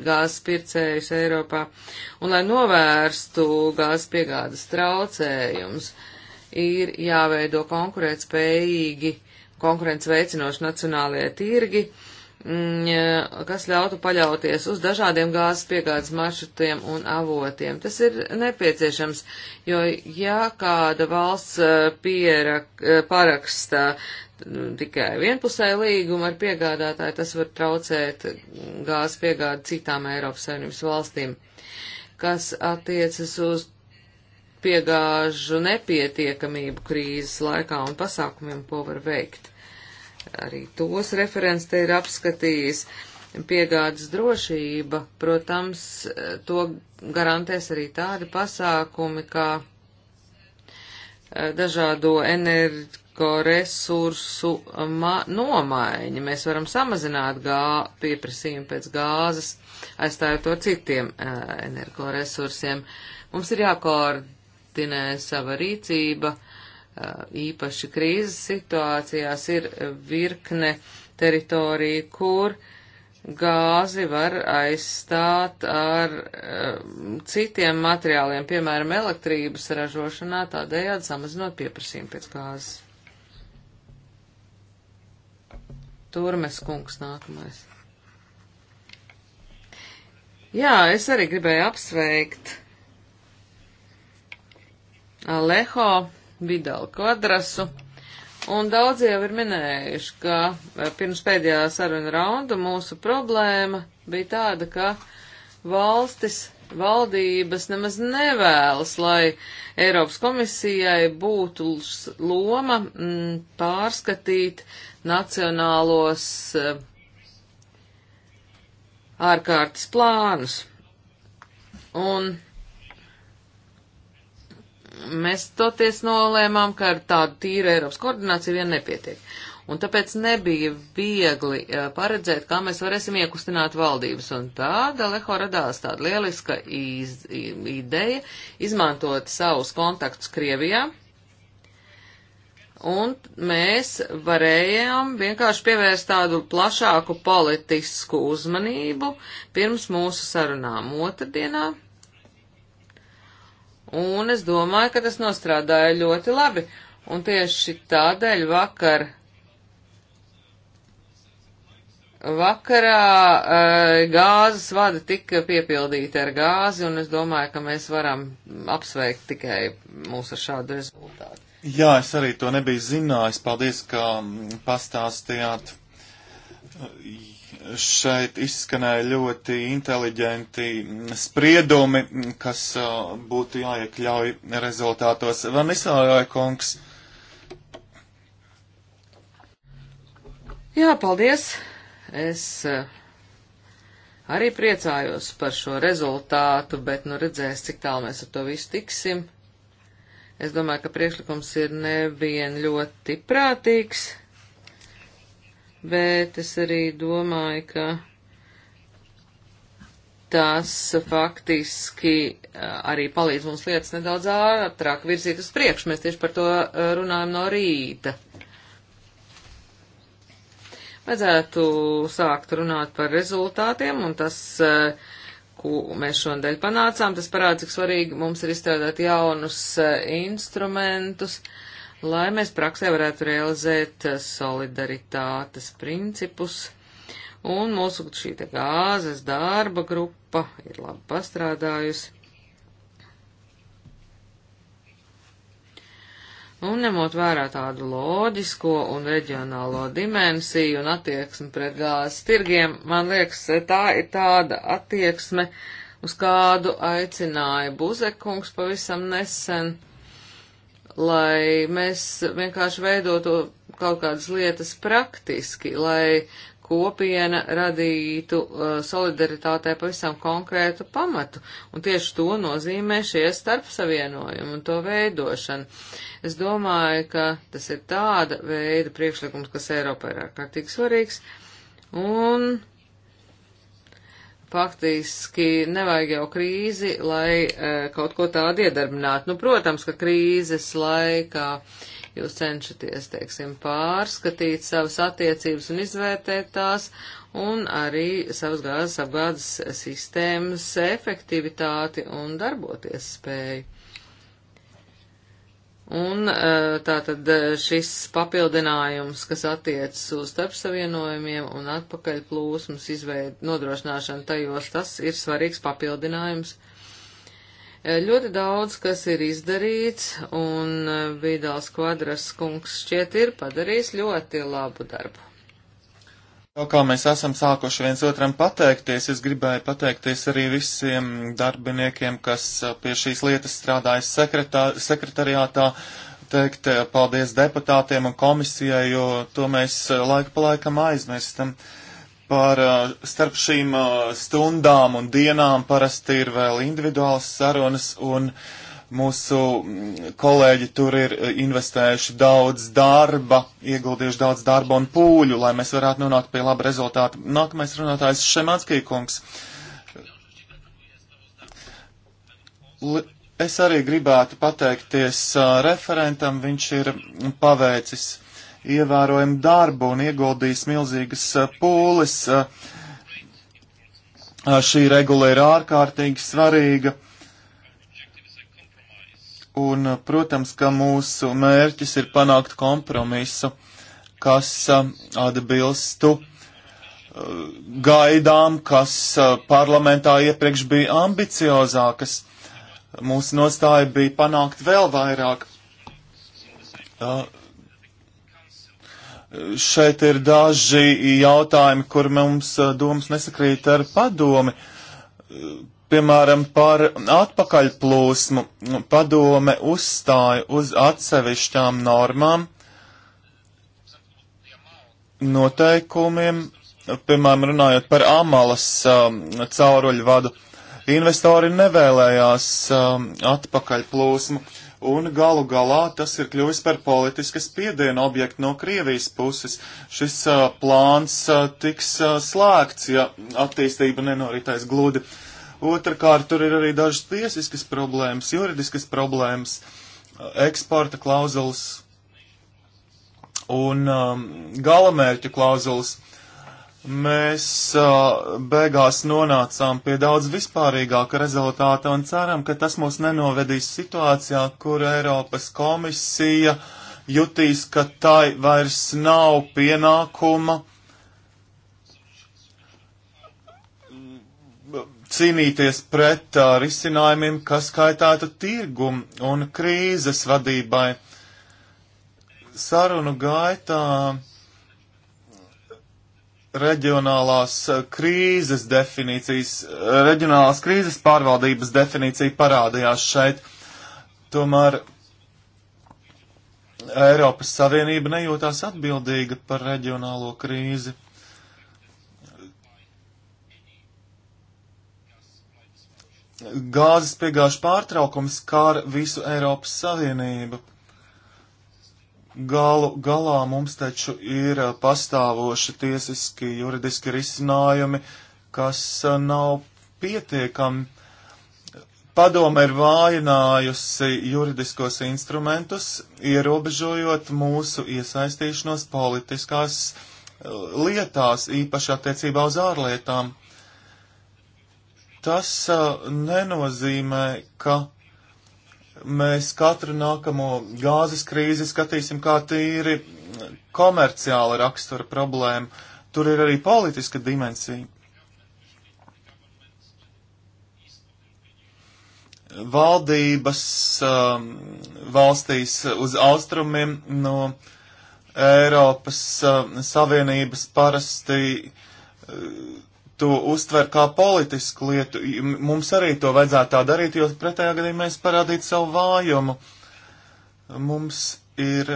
gāzes pircējus Eiropā. Un, lai novērstu gāzes piegādes traucējums, ir jāveido konkurētspējīgi, konkurence veicinoši nacionālie tirgi, mm, kas ļautu paļauties uz dažādiem gāzes piegādes maršrutiem un avotiem. Tas ir nepieciešams, jo ja kāda valsts eh, pierak, eh, paraksta Nu, tikai vienpusēja līguma ar piegādātāju, tas var traucēt gāzes piegādi citām Eiropas Savienības valstīm, kas attiecas uz piegāžu nepietiekamību krīzes laikā un pasākumiem, ko var veikt. Arī tos referents te ir apskatījis. Piegādes drošība, protams, to garantēs arī tādi pasākumi, kā eh, dažādo enerģiju energoresursu nomaiņa. Mēs varam samazināt gā, pieprasījumu pēc gāzes, aizstājot to citiem uh, energoresursiem. Mums ir jākoordinē sava rīcība, uh, īpaši krīzes situācijās ir virkne teritorija, kur gāzi var aizstāt ar uh, citiem materiāliem, piemēram, elektrības ražošanā, tādējādi samazinot pieprasījumu pēc gāzes. Turmes kungs nākamais. Jā, es arī gribēju apsveikt Alejo Vidalu kvadrasu. Un daudz jau ir minējuši, ka e, pirms pēdējā saruna raunda mūsu problēma bija tāda, ka valstis, valdības nemaz nevēlas, lai uh, Eiropas komisijai būtu loma m, mm, pārskatīt nacionālos eh, ārkārtas plānus. Un mēs toties nolēmām, ka ar tādu tīru Eiropas koordināciju vien nepietiek. Uh, un tāpēc nebija viegli eh, paredzēt, kā mēs varēsim iekustināt valdības. Un tāda Leho radās tāda lieliska iz, ideja izmantot savus kontaktus Krievijā. Un mēs varējām vienkārši pievērst tādu plašāku politisku uzmanību pirms mūsu sarunām otrdienā, Un es domāju, ka tas nostrādāja ļoti labi. Un tieši tādēļ vakar Vakarā eh, gāzes vada tika piepildīta ar gāzi, un es domāju, ka mēs varam apsveikt tikai mūsu ar šādu rezultātu.
Jā, es arī to nebiju zinājis. Paldies, ka mm, pastāstījāt. Šeit izskanēja ļoti inteliģenti mm, spriedumi, mm, kas būtu jāiekļauj rezultātos. Vanisājoja kungs.
Jā, paldies. Es eh, arī priecājos par šo rezultātu, bet nu redzēs, cik tālu mēs ar to visu tiksim. Es domāju, ka priekšlikums ir nevien ļoti prātīgs, bet es arī domāju, ka tas faktiski eh, arī palīdz mums lietas nedaudz ātrāk virzīt uz priekšu. Mēs tieši par to eh, runājam no rīta. Vajadzētu sākt runāt par rezultātiem, un tas, eh, ko mēs šodien panācām, tas parāda, cik svarīgi mums ir izstrādāt jaunus eh, instrumentus, lai mēs praksē varētu realizēt eh, solidaritātes principus. Un mūsu šī te gāzes darba grupa ir labi pastrādājusi Un ņemot vērā tādu loģisko un reģionālo dimensiju un attieksmi pret gāzes tirgiem, man liekas, eh, tā ir tāda attieksme, uz kādu aicināja Buzekungs pavisam nesen, lai mēs vienkārši veidotu kaut kādas lietas praktiski, lai kopiena radītu eh, solidaritātei pavisam konkrētu pamatu. Un tieši to nozīmē šie starpsavienojumi un to veidošana Es domāju, ka tas ir tāda veida priekšlikums, kas Eiropā ir ārkārtīgi svarīgs, un faktiski nevajag jau krīzi, lai e, kaut ko tādu iedarbinātu. Nu, protams, ka krīzes laikā jūs cenšaties, teiksim, pārskatīt savas attiecības un izvērtēt tās, un arī savas gāzes apgādes sistēmas efektivitāti un darboties spēju. Un eh, tātad eh, šis papildinājums, kas attiecas uz starpsavienojumiem un atpakaļ plūsmas izveidu nodrošināšanu tajos, tas ir svarīgs papildinājums. Eh, ļoti daudz, kas ir izdarīts, un Vidāls Kvadras kungs šķiet ir padarījis ļoti labu darbu.
Tā kā mēs esam sākuši viens otram pateikties, es gribēju pateikties arī visiem darbiniekiem, kas eh, pie šīs lietas strādājas sekretariātā, teikt eh, paldies deputātiem un komisijai, jo to mēs eh, laiku pa laikam aizmirstam. Par starp šīm stundām un dienām parasti ir vēl individuāls sarunas un. Uh, Mūsu mm, kolēģi tur ir eh, investējuši daudz darba, ieguldījuši daudz darba un pūļu, lai mēs varētu nonākt pie laba rezultāta. Nākamais runātājs Šematskī kungs. L Es arī gribētu pateikties uh, referentam, viņš ir paveicis ievērojumu darbu un ieguldījis milzīgas uh, pūles. Uh, šī regula ir ārkārtīgi svarīga, Un, protams, ka mūsu mērķis ir panākt kompromisu, kas atbilstu gaidām, kas parlamentā iepriekš bija ambiciozākas. Mūsu nostāja bija panākt vēl vairāk. Šeit ir daži jautājumi, kur mums domas nesakrīt ar padomi Piemēram, par atpakaļplūsmu padome uzstāja uz atsevišķām normām, noteikumiem, piemēram, runājot par amalas um, cauruļvadu. Investori nevēlējās um, atpakaļplūsmu, un galu galā tas ir kļuvis par politiskas piedienu objektu no Krievijas puses. Šis uh, plāns uh, tiks uh, slēgts, ja attīstība nenoritēs gludi. Uh, Otrakārt, tur ir arī dažas tiesiskas problēmas, juridiskas problēmas, eksporta klauzulas un um, galamērķu klauzulas. Mēs uh, beigās nonācām pie daudz vispārīgāka rezultāta un ceram, ka tas mūs nenovedīs situācijā, kur Eiropas komisija jutīs, ka tai vairs nav pienākuma cīnīties pret uh, risinājumiem, kas kaitātu tirgumu un krīzes vadībai. Sarunu gaitā reģionālās krīzes definīcijas, reģionālās krīzes pārvaldības definīcija parādījās šeit. Tomēr Eiropas Savienība nejūtās atbildīga par reģionālo krīzi. Gāzes piegāžu pārtraukums kār visu Eiropas Savienību. Galu galā mums taču ir pastāvoši tiesiski juridiski risinājumi, kas nav pietiekami. Padoma ir vājinājusi juridiskos instrumentus, ierobežojot mūsu iesaistīšanos politiskās lietās, īpaši attiecībā uz ārlietām. Tas uh, nenozīmē, ka mēs katru nākamo gāzes krīzi skatīsim kā tīri komerciāla rakstura problēmu. Tur ir arī politiska dimensija. Valdības um, valstīs uz austrumiem no Eiropas um, Savienības parasti uh, to uztver kā politisku lietu. Mums arī to vajadzētu tā darīt, jo pretējā gadījumā mēs parādītu savu vājumu. Mums ir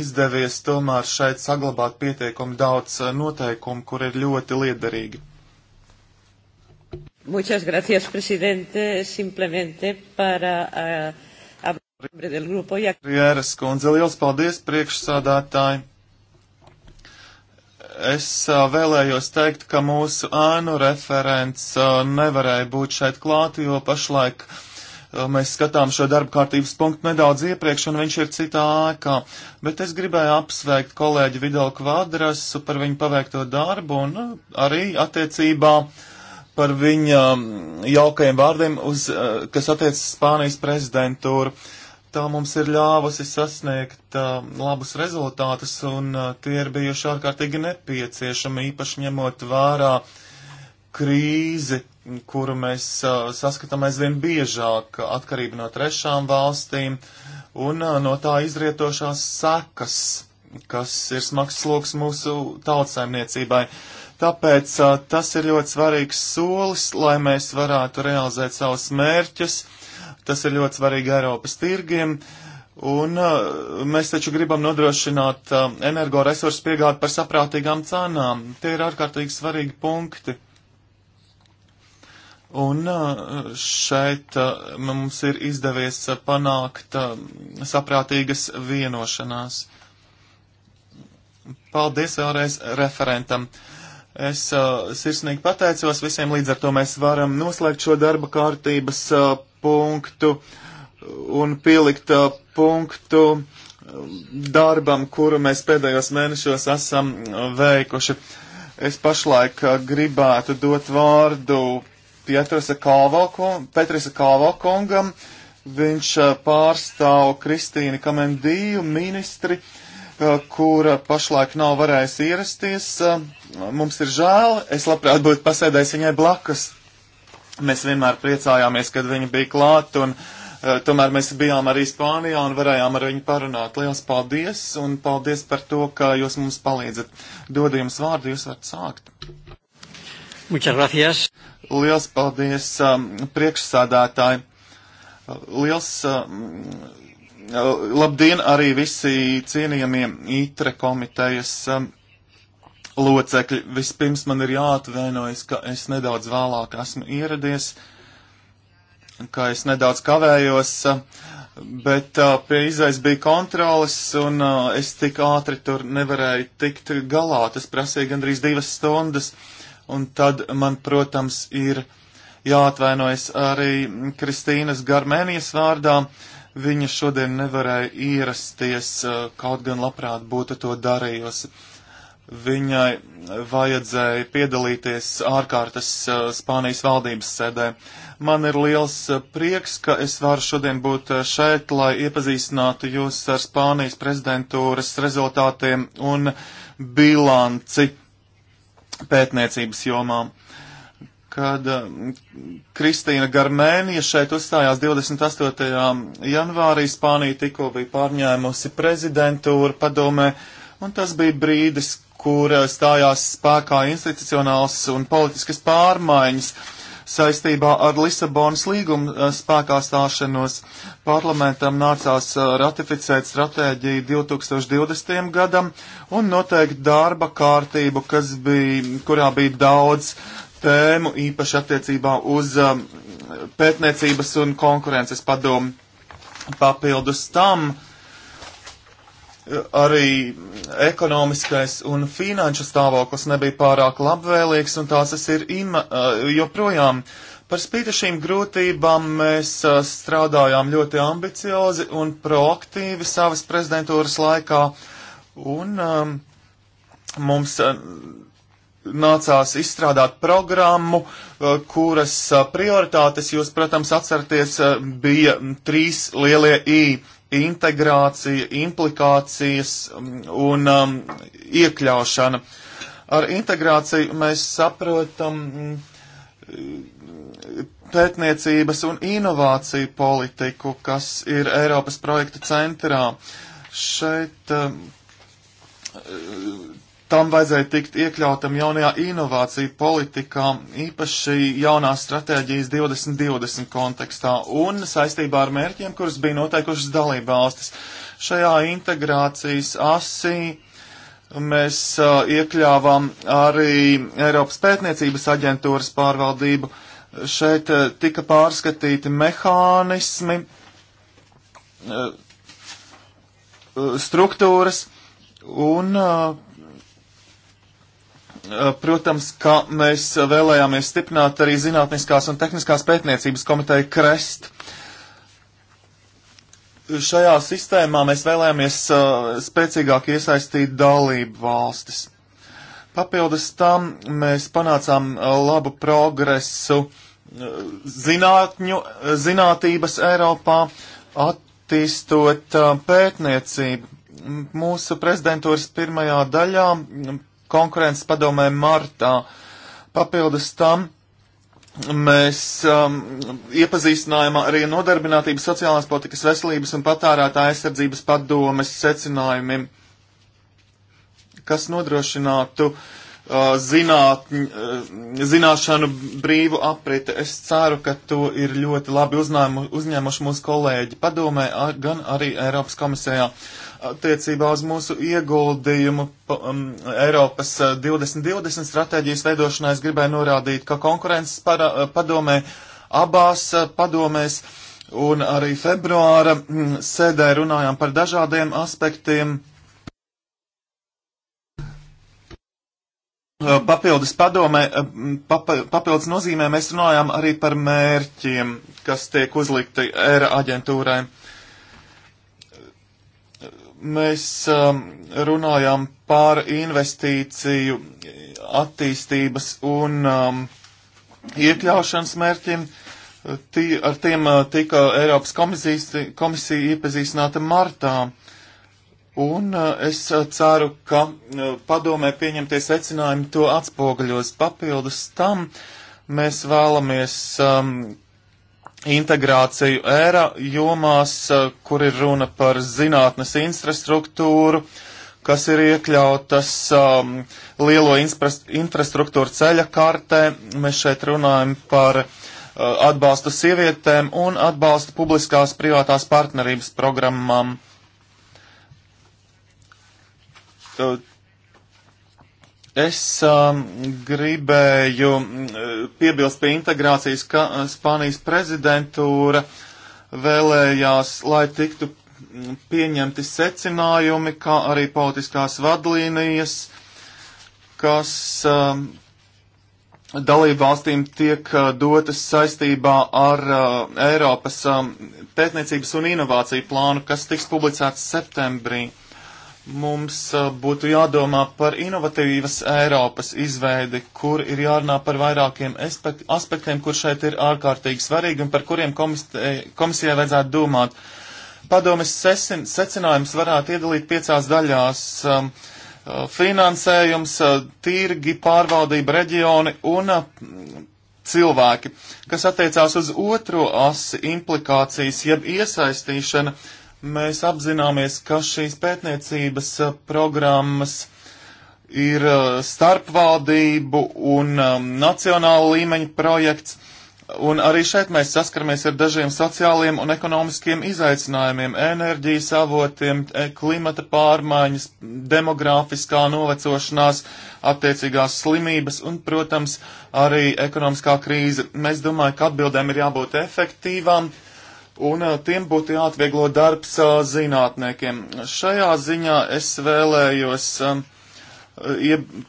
izdevies tomēr šeit saglabāt pietiekami daudz e, noteikumu, kur ir ļoti liederīgi.
Muchas gracias, presidente. Simplemente para. Uh, Rieras
kundze, liels paldies priekšsādātāji! Es vēlējos teikt, ka mūsu ēnu referents nevarēja būt šeit klāt, jo pašlaik mēs skatām šo darba kārtības punktu nedaudz iepriekš, un viņš ir citā ēkā. Bet es gribēju apsveikt kolēģi Vidal Kvadrasu par viņu paveikto darbu un arī attiecībā par viņa jaukajiem vārdiem, uz, kas attiecas Spānijas prezidentūru. Uh, Tā mums ir ļāvusi sasniegt uh, labus rezultātus, un uh, tie ir bijuši ārkārtīgi nepieciešami, īpaši ņemot vērā krīzi, kuru mēs uh, saskatām aizvien biežāk, atkarību no trešām valstīm un uh, no tā izrietošās sekas, kas ir smags sloks mūsu tautsaimniecībai. Tāpēc a, tas ir ļoti svarīgs solis, lai mēs varētu realizēt savus mērķus Tas ir ļoti svarīgi Eiropas tirgiem. Un uh, mēs taču gribam nodrošināt uh, energoresursu piegādi par saprātīgām cenām. Tie ir ārkārtīgi svarīgi punkti. Un uh, šeit mums ir izdevies panākt saprātīgas vienošanās. Paldies vēlreiz referentam. Es uh, sirsnīgi pateicos visiem, līdz ar to mēs varam noslēgt šo darba kārtības uh, punktu un pielikt uh, punktu um, darbam, kuru mēs pēdējos mēnešos esam uh, veikuši. Es pašlaik uh, gribētu dot vārdu Pietrasa Kāvo kungam. Viņš pārstāv Kristīnu Kamendiju ministri, kura pašlaik nav varējusi ierasties. Mums ir žēl, es labprāt būtu pasēdējis viņai blakus. Mēs vienmēr priecājāmies, kad viņi bija klāt, un uh, tomēr mēs bijām arī Spānijā un varējām ar viņu parunāt. Liels paldies, un paldies par to, ka jūs mums palīdzat. Dodu jums vārdu, jūs varat sākt. Muchas gracias. Liels paldies, um, priekšsādātāji. Liels um, labdien arī visi cienījamie ITRE komitejas. Um, locekļi. Vispirms man ir jāatvainojas, ka es nedaudz vēlāk esmu ieradies, ka es nedaudz kavējos, bet pie izais bija kontrolas un es tik ātri tur nevarēju tikt galā. Tas prasīja gandrīz divas stundas. Un tad man, protams, ir jāatvainojas arī Kristīnas Garmēnijas vārdā. Viņa šodien nevarēja ierasties, kaut gan labprāt būtu to darījusi. Uh, viņai vajadzēja piedalīties ārkārtas eh, Spānijas valdības sēdē. Man ir liels eh, prieks, ka es varu šodien būt eh, šeit, lai iepazīstinātu jūs ar Spānijas prezidentūras rezultātiem un bilanci pētniecības jomām. Kad Kristīna Garmēnija šeit uzstājās 28. janvārī, Spānija tikko bija pārņēmusi prezidentūru padomē, un tas bija brīdis, kur eh, stājās spēkā institucionāls un politiskas pārmaiņas saistībā ar Lisabonas līgumu eh, spēkā stāšanos. Parlamentam nācās eh, ratificēt stratēģiju 2020. gadam un noteikt darba kārtību, bija, kurā bija daudz tēmu, īpaši attiecībā uz pētniecības un konkurences padomu. Papildus tam, uh, arī ekonomiskais un finanšu stāvoklis nebija pārāk labvēlīgs, un tās tas ir ima, joprojām. Par spīti šīm grūtībām mēs strādājām ļoti ambiciozi un proaktīvi savas prezidentūras laikā, un um, mums nācās izstrādāt programmu, kuras prioritātes jūs, protams, atcerties, bija trīs lielie īņi integrācija, implikācijas mm, un um, iekļaušana. Ar integrāciju mēs saprotam mm, pētniecības un inovāciju politiku, kas ir Eiropas projekta centrā. Šeit um, Tam vajadzēja tikt iekļautam jaunajā inovāciju politikā, īpaši jaunās stratēģijas 2020 kontekstā un saistībā ar mērķiem, kurus bija noteikušas dalībvalstis. Šajā integrācijas asī mēs uh, iekļāvām arī Eiropas pētniecības aģentūras pārvaldību. Šeit uh, tika pārskatīti mehānismi, uh, struktūras un uh, Eh, protams, ka mēs vēlējāmies stiprināt arī Zinātniskās un tehniskās pētniecības komiteju Krest. Šajā sistēmā mēs vēlējāmies eh, spēcīgāk iesaistīt dalību valstis. Papildus tam mēs panācām eh, labu progresu zinātņu, zinātības Eiropā, attīstot pētniecību. Mūsu prezidentūras pirmajā daļā konkurences padomē martā. Papildus tam mēs um, iepazīstinājām arī nodarbinātības sociālās politikas veselības un patārētā aizsardzības padomes secinājumiem, kas nodrošinātu uh, zināt, uh, zināšanu brīvu apriti. Es ceru, ka to ir ļoti labi uznājumu, uzņēmuši mūsu kolēģi padomē, ar, gan arī Eiropas komisijā. Uh, attiecībā uz mūsu ieguldījumu um, Eiropas 2020 uh, stratēģijas veidošanā es gribēju norādīt, ka konkurences para, uh, padomē abās uh, padomēs un arī februāra mm, sēdē runājām par dažādiem aspektiem. Papildus padomē, papa, papildus nozīmē mēs runājām arī par mērķiem, kas tiek uzlikti ERA aģentūrai. Uh, mēs um, runājām par investīciju attīstības un um, iekļaušanas mērķiem. Tī, ar tiem uh, tika Eiropas komisijas, komisija iepazīstināta martā. Un uh, es uh, ceru, ka uh, padomē pieņemtie secinājumi to atspoguļos papildus tam. Mēs vēlamies um, integrāciju ērā jomās, eh, kur ir runa par zinātnes infrastruktūru, kas ir iekļautas um, lielo infrastruktūru ceļa kartē. Mēs šeit runājam par uh, atbalstu sievietēm un atbalstu publiskās privātās partnerības programmām. Uh, Es um, gribēju mm, eh, piebilst pie integrācijas, ka eh, Spānijas prezidentūra vēlējās, lai tiktu mm, pieņemti secinājumi, kā arī politiskās vadlīnijas, kas um, dalību valstīm tiek eh, dotas saistībā ar uh, Eiropas um, pētniecības un inovāciju plānu, kas tiks publicēts septembrī. Uh, Mums būtu jādomā par inovatīvas Eiropas izveidi, kur ir jārunā par vairākiem aspektiem, kur šeit ir ārkārtīgi svarīgi un par kuriem komisijai vajadzētu domāt. Padomis secinājums varētu iedalīt piecās daļās - finansējums, tirgi, pārvaldība, reģioni un cilvēki. Kas attiecās uz otro asi - implikācijas jeb iesaistīšana Mēs apzināmies, ka šīs pētniecības eh, programmas ir eh, starpvaldību un um, nacionāla līmeņa projekts, un arī šeit mēs saskaramies ar dažiem sociāliem un ekonomiskiem izaicinājumiem - enerģijas avotiem, e, klimata pārmaiņas, demogrāfiskā novecošanās, attiecīgās slimības un, protams, arī ekonomiskā krīze. Mēs domājam, ka atbildēm ir jābūt efektīvām un tiem būtu jāatvieglo darbs zinātniekiem. Šajā ziņā es vēlējos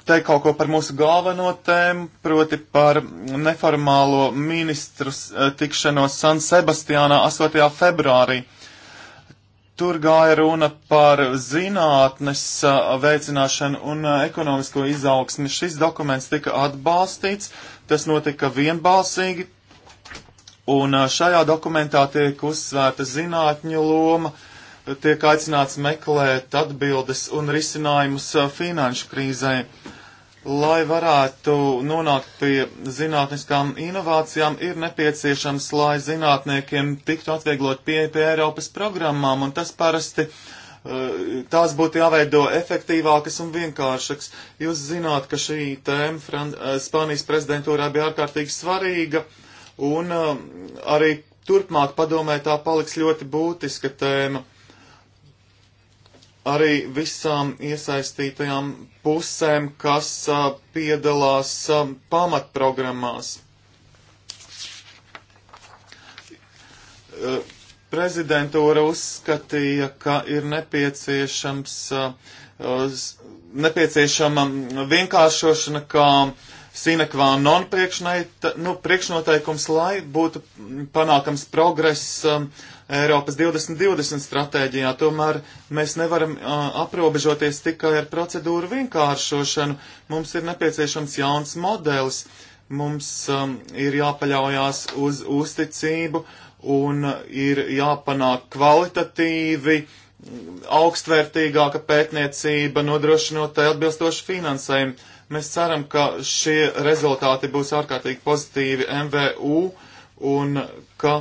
teikt kaut ko par mūsu galveno tēmu, proti par neformālo ministru tikšanos San Sebastiānā 8. februārī. Tur gāja runa par zinātnes veicināšanu un ekonomisko izaugsmi. Šis dokuments tika atbalstīts, tas notika vienbalsīgi, Un šajā dokumentā tiek uzsvērta zinātņu loma, tiek aicināts meklēt atbildes un risinājumus finanšu krīzē, lai varētu nonākt pie zinātniskām inovācijām, ir nepieciešams, lai zinātniekiem tiktu atvieglot pieeja pie Eiropas programmām, un tas parasti tās būtu jāveido efektīvākas un vienkāršākas. Jūs zināt, ka šī tēma Fran Spānijas prezidentūrā bija ārkārtīgi svarīga. Uh, Un um, arī turpmāk padomē tā paliks ļoti būtiska tēma. Arī visām iesaistītajām pusēm, kas uh, piedalās um, pamatprogrammās. Uh, prezidentūra uzskatīja, ka ir nepieciešams, uh, nepieciešama vienkāršošana, kā sinekvā non nu, priekšnoteikums, lai būtu panākams progress um, Eiropas 2020 stratēģijā. Tomēr mēs nevaram uh, aprobežoties tikai ar procedūru vienkāršošanu. Mums ir nepieciešams jauns modelis. Mums um, ir jāpaļaujās uz uzticību un ir jāpanāk kvalitatīvi augstvērtīgāka pētniecība, nodrošinot tai atbilstošu finansējumu Mēs ceram, ka šie rezultāti būs ārkārtīgi pozitīvi MVU un ka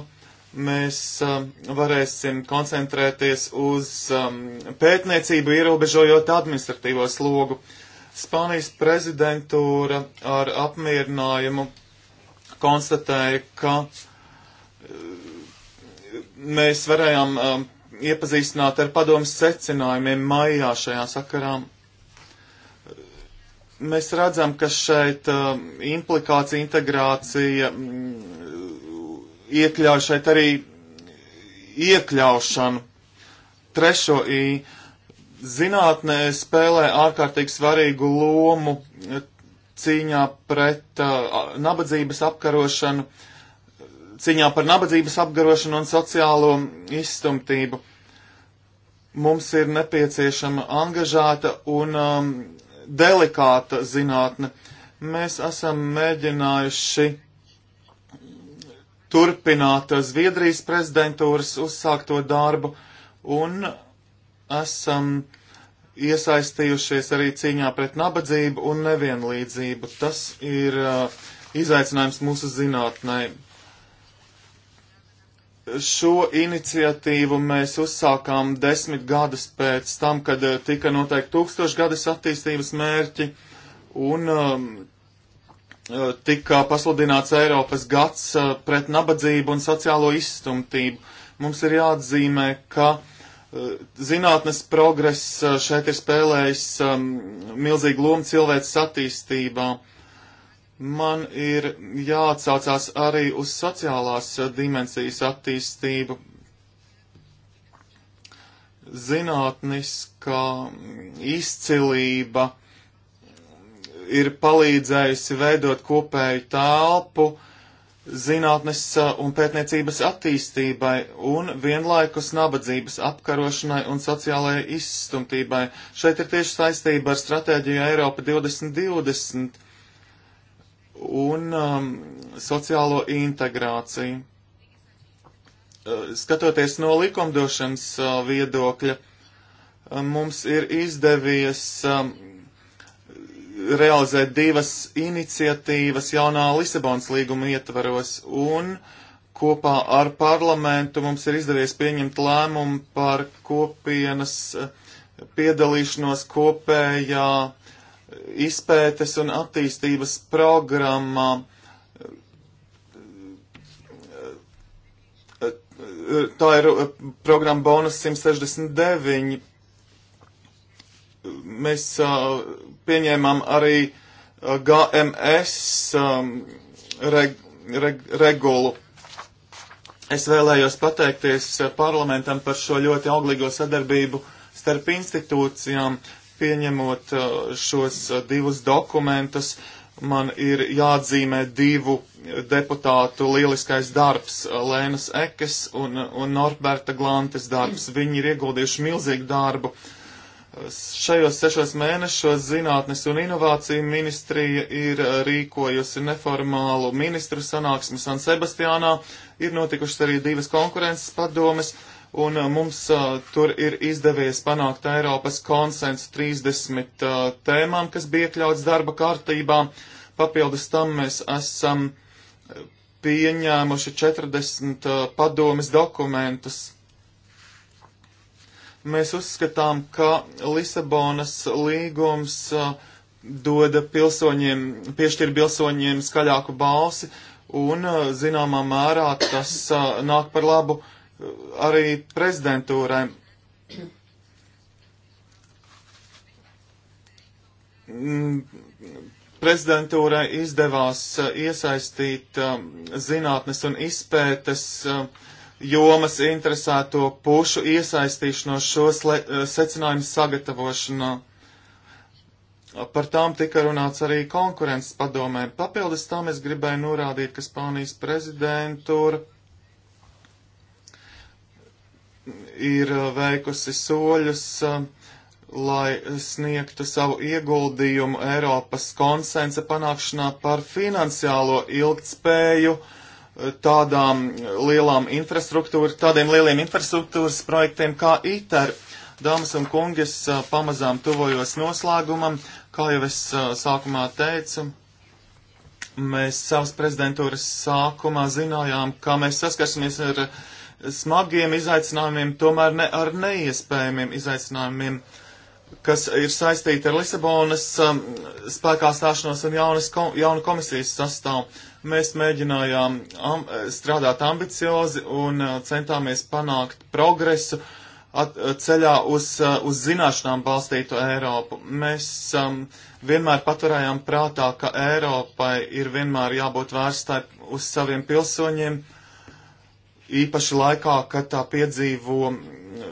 mēs um, varēsim koncentrēties uz um, pētniecību, ierobežojot administratīvo slogu. Spānijas prezidentūra ar apmierinājumu konstatēja, ka uh, mēs varējām um, iepazīstināt ar padomus secinājumiem maijā šajā sakarā mēs redzam, ka šeit uh, implikācija, integrācija mm, iekļauj šeit arī iekļaušanu. Trešo i zinātnē spēlē ārkārtīgi svarīgu lomu cīņā pret uh, nabadzības apkarošanu, cīņā par nabadzības apkarošanu un sociālo izstumtību. Mums ir nepieciešama angažēta un um, delikāta zinātne. Mēs esam mēģinājuši turpināt Zviedrijas prezidentūras uzsākto darbu un esam iesaistījušies arī cīņā pret nabadzību un nevienlīdzību. Tas ir uh, izaicinājums mūsu zinātnē. Šo iniciatīvu mēs uzsākām desmit gadus pēc tam, kad eh, tika noteikti tūkstošgadas attīstības mērķi un um, eh, tika pasludināts Eiropas gads eh, pret nabadzību un sociālo izstumtību. Mums ir jāatzīmē, ka uh, zinātnes progress šeit ir spēlējis um, milzīgu lomu cilvēces attīstībā. Uh, Man ir jāatsaucās arī uz sociālās dimensijas attīstību. Zinātniska izcilība ir palīdzējusi veidot kopēju telpu zinātnes un pētniecības attīstībai un vienlaikus nabadzības apkarošanai un sociālajai izstumtībai. Šeit ir tieši saistība ar stratēģiju Eiropa 2020 un um, sociālo integrāciju. Uh, skatoties no likumdošanas uh, viedokļa, um, mums ir izdevies um, realizēt divas iniciatīvas jaunā Lisabonas līguma ietvaros, un kopā ar parlamentu mums ir izdevies pieņemt lēmumu par kopienas uh, piedalīšanos kopējā uh, izpētes un attīstības programmā tā ir uh, programma bonus 169. Mēs uh, pieņēmām arī uh, GMS um, reg, reg, regulu. Es vēlējos pateikties uh, parlamentam par šo ļoti auglīgo sadarbību starp institūcijām pieņemot uh, šos uh, divus dokumentus, man ir jāatzīmē divu deputātu lieliskais darbs uh, - Lēnas Ekes un, un Norberta Glantes darbs. Viņi ir ieguldījuši milzīgu darbu. Šajos sešos mēnešos zinātnes un inovāciju ministrija ir rīkojusi neformālu ministru sanāksmi San Sebastiānā, ir notikušas arī divas konkurences padomes un uh, mums uh, tur ir izdevies panākt Eiropas konsensu 30 uh, tēmām, kas bija iekļauts darba kārtībā. Papildus tam mēs esam uh, pieņēmuši 40 uh, padomis dokumentus. Mēs uzskatām, ka Lisabonas līgums uh, doda pilsoņiem, piešķir pilsoņiem skaļāku balsi, un zināmā mērā tas nāk par labu uh, arī prezidentūrai prezidentūrai izdevās uh, iesaistīt um, zinātnes un izpētes uh, jomas interesēto pušu iesaistīšanos šo uh, secinājumu sagatavošanā. Par tām tika runāts arī konkurences padomē. Papildus tam es gribēju norādīt, ka Spānijas prezidentūra ir eh, veikusi soļus, eh, lai sniegtu savu ieguldījumu Eiropas konsensa panākšanā par finansiālo ilgtspēju eh, tādām lielām infrastruktūra, tādiem lieliem infrastruktūras projektiem kā ITER. Dāmas un kungi, es pamazām tuvojos noslēgumam, kā jau es sākumā teicu mēs savas prezidentūras sākumā zinājām, ka mēs saskarsimies ar smagiem izaicinājumiem, tomēr ne ar neiespējamiem izaicinājumiem, kas ir saistīti ar Lisabonas um, spēkā stāšanos un jaunas, kom, jaunu komisijas sastāvu. Mēs mēģinājām am, um, strādāt ambiciozi un uh, centāmies panākt progresu at, uh, ceļā uz, uh, uz zināšanām balstītu Eiropu. Mēs um, vienmēr paturējām prātā, ka Eiropai ir vienmēr jābūt vērstai uz saviem pilsoņiem īpaši laikā, kad tā piedzīvo mm,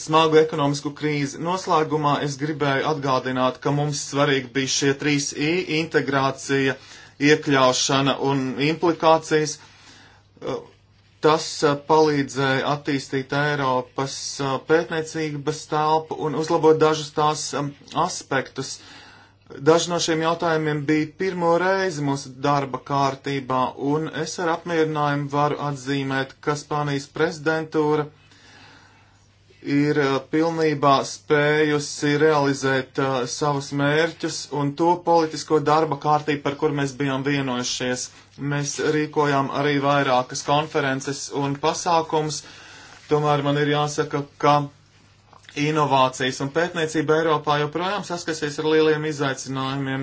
smagu ekonomisku krīzi. Noslēgumā es gribēju atgādināt, ka mums svarīgi bija šie trīs I - integrācija, iekļaušana un implikācijas. Tas eh, palīdzēja attīstīt Eiropas eh, pētniecības telpu un uzlabot dažus tās eh, aspektus. Uh, Daži no šiem jautājumiem bija pirmo reizi mūsu darba kārtībā, un es ar apmierinājumu varu atzīmēt, ka Spānijas prezidentūra ir eh, pilnībā spējusi realizēt uh, savus mērķus un to politisko darba kārtību, par kur mēs bijām vienojušies. Mēs rīkojām arī vairākas konferences un pasākums. Tomēr man ir jāsaka, ka Inovācijas un pētniecība Eiropā joprojām saskasies ar lieliem izaicinājumiem.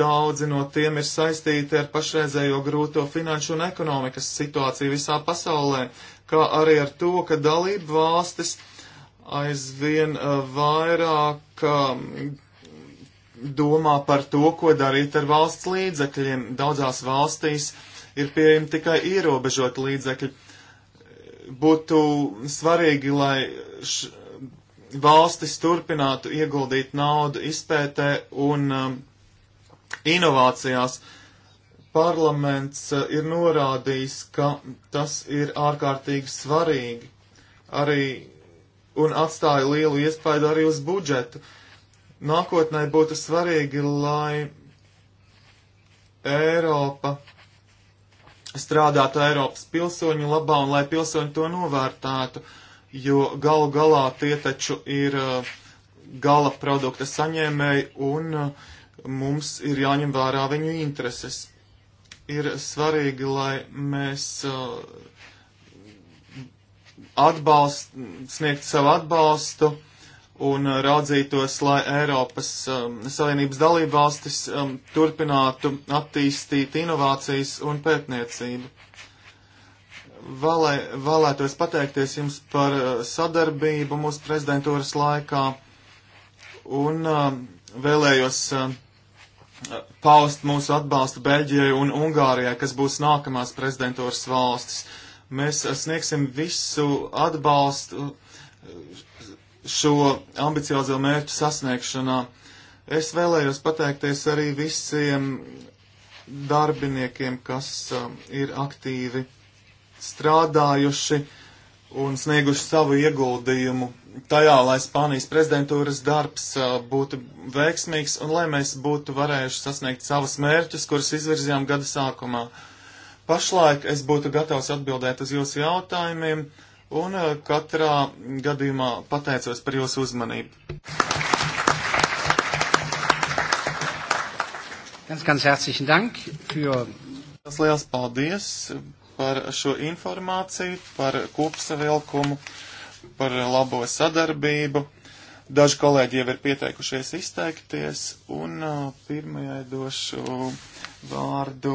Daudzi no tiem ir saistīti ar pašreizējo grūto finanšu un ekonomikas situāciju visā pasaulē, kā arī ar to, ka dalību valstis aizvien eh, vairāk eh, domā par to, ko darīt ar valsts līdzekļiem. Daudzās valstīs ir pieejami tikai ierobežot līdzekļi. Būtu svarīgi, lai š valstis turpinātu ieguldīt naudu izpētē un um, inovācijās. Parlaments uh, ir norādījis, ka tas ir ārkārtīgi svarīgi arī un atstāja lielu iespaidu arī uz budžetu. Nākotnē būtu svarīgi, lai Eiropa strādātu Eiropas pilsoņu labā un lai pilsoņi to novērtētu. Uh, jo galu galā tie taču ir uh, gala produkta saņēmēji un uh, mums ir jāņem vērā viņu intereses. Ir svarīgi, lai mēs uh, atbalst, sniegtu savu atbalstu un raudzītos, lai Eiropas um, Savienības dalībvalstis um, turpinātu attīstīt inovācijas un pētniecību valē, vēlētos pateikties jums par uh, sadarbību mūsu prezidentūras laikā un uh, vēlējos uh, paust mūsu atbalstu Beļģijai un Ungārijai, kas būs nākamās prezidentūras valstis. Mēs sniegsim visu atbalstu šo ambiciozo mērķu sasniegšanā. Es vēlējos pateikties arī visiem darbiniekiem, kas ir aktīvi strādājuši un snieguši savu ieguldījumu tajā, lai Spānijas prezidentūras darbs uh, būtu veiksmīgs un lai mēs būtu varējuši sasniegt savus mērķus, kurus izvirzījām gada sākumā. Pašlaik es būtu gatavs atbildēt uz jūsu jautājumiem un uh, katrā gadījumā pateicos par jūsu uzmanību. Ganz, ganz herzlichen Dank für. Das liels paldies par šo informāciju, par kopsavilkumu, par labo sadarbību. Daži kolēģi jau ir pieteikušies izteikties, un uh, pirmajai došu
vārdu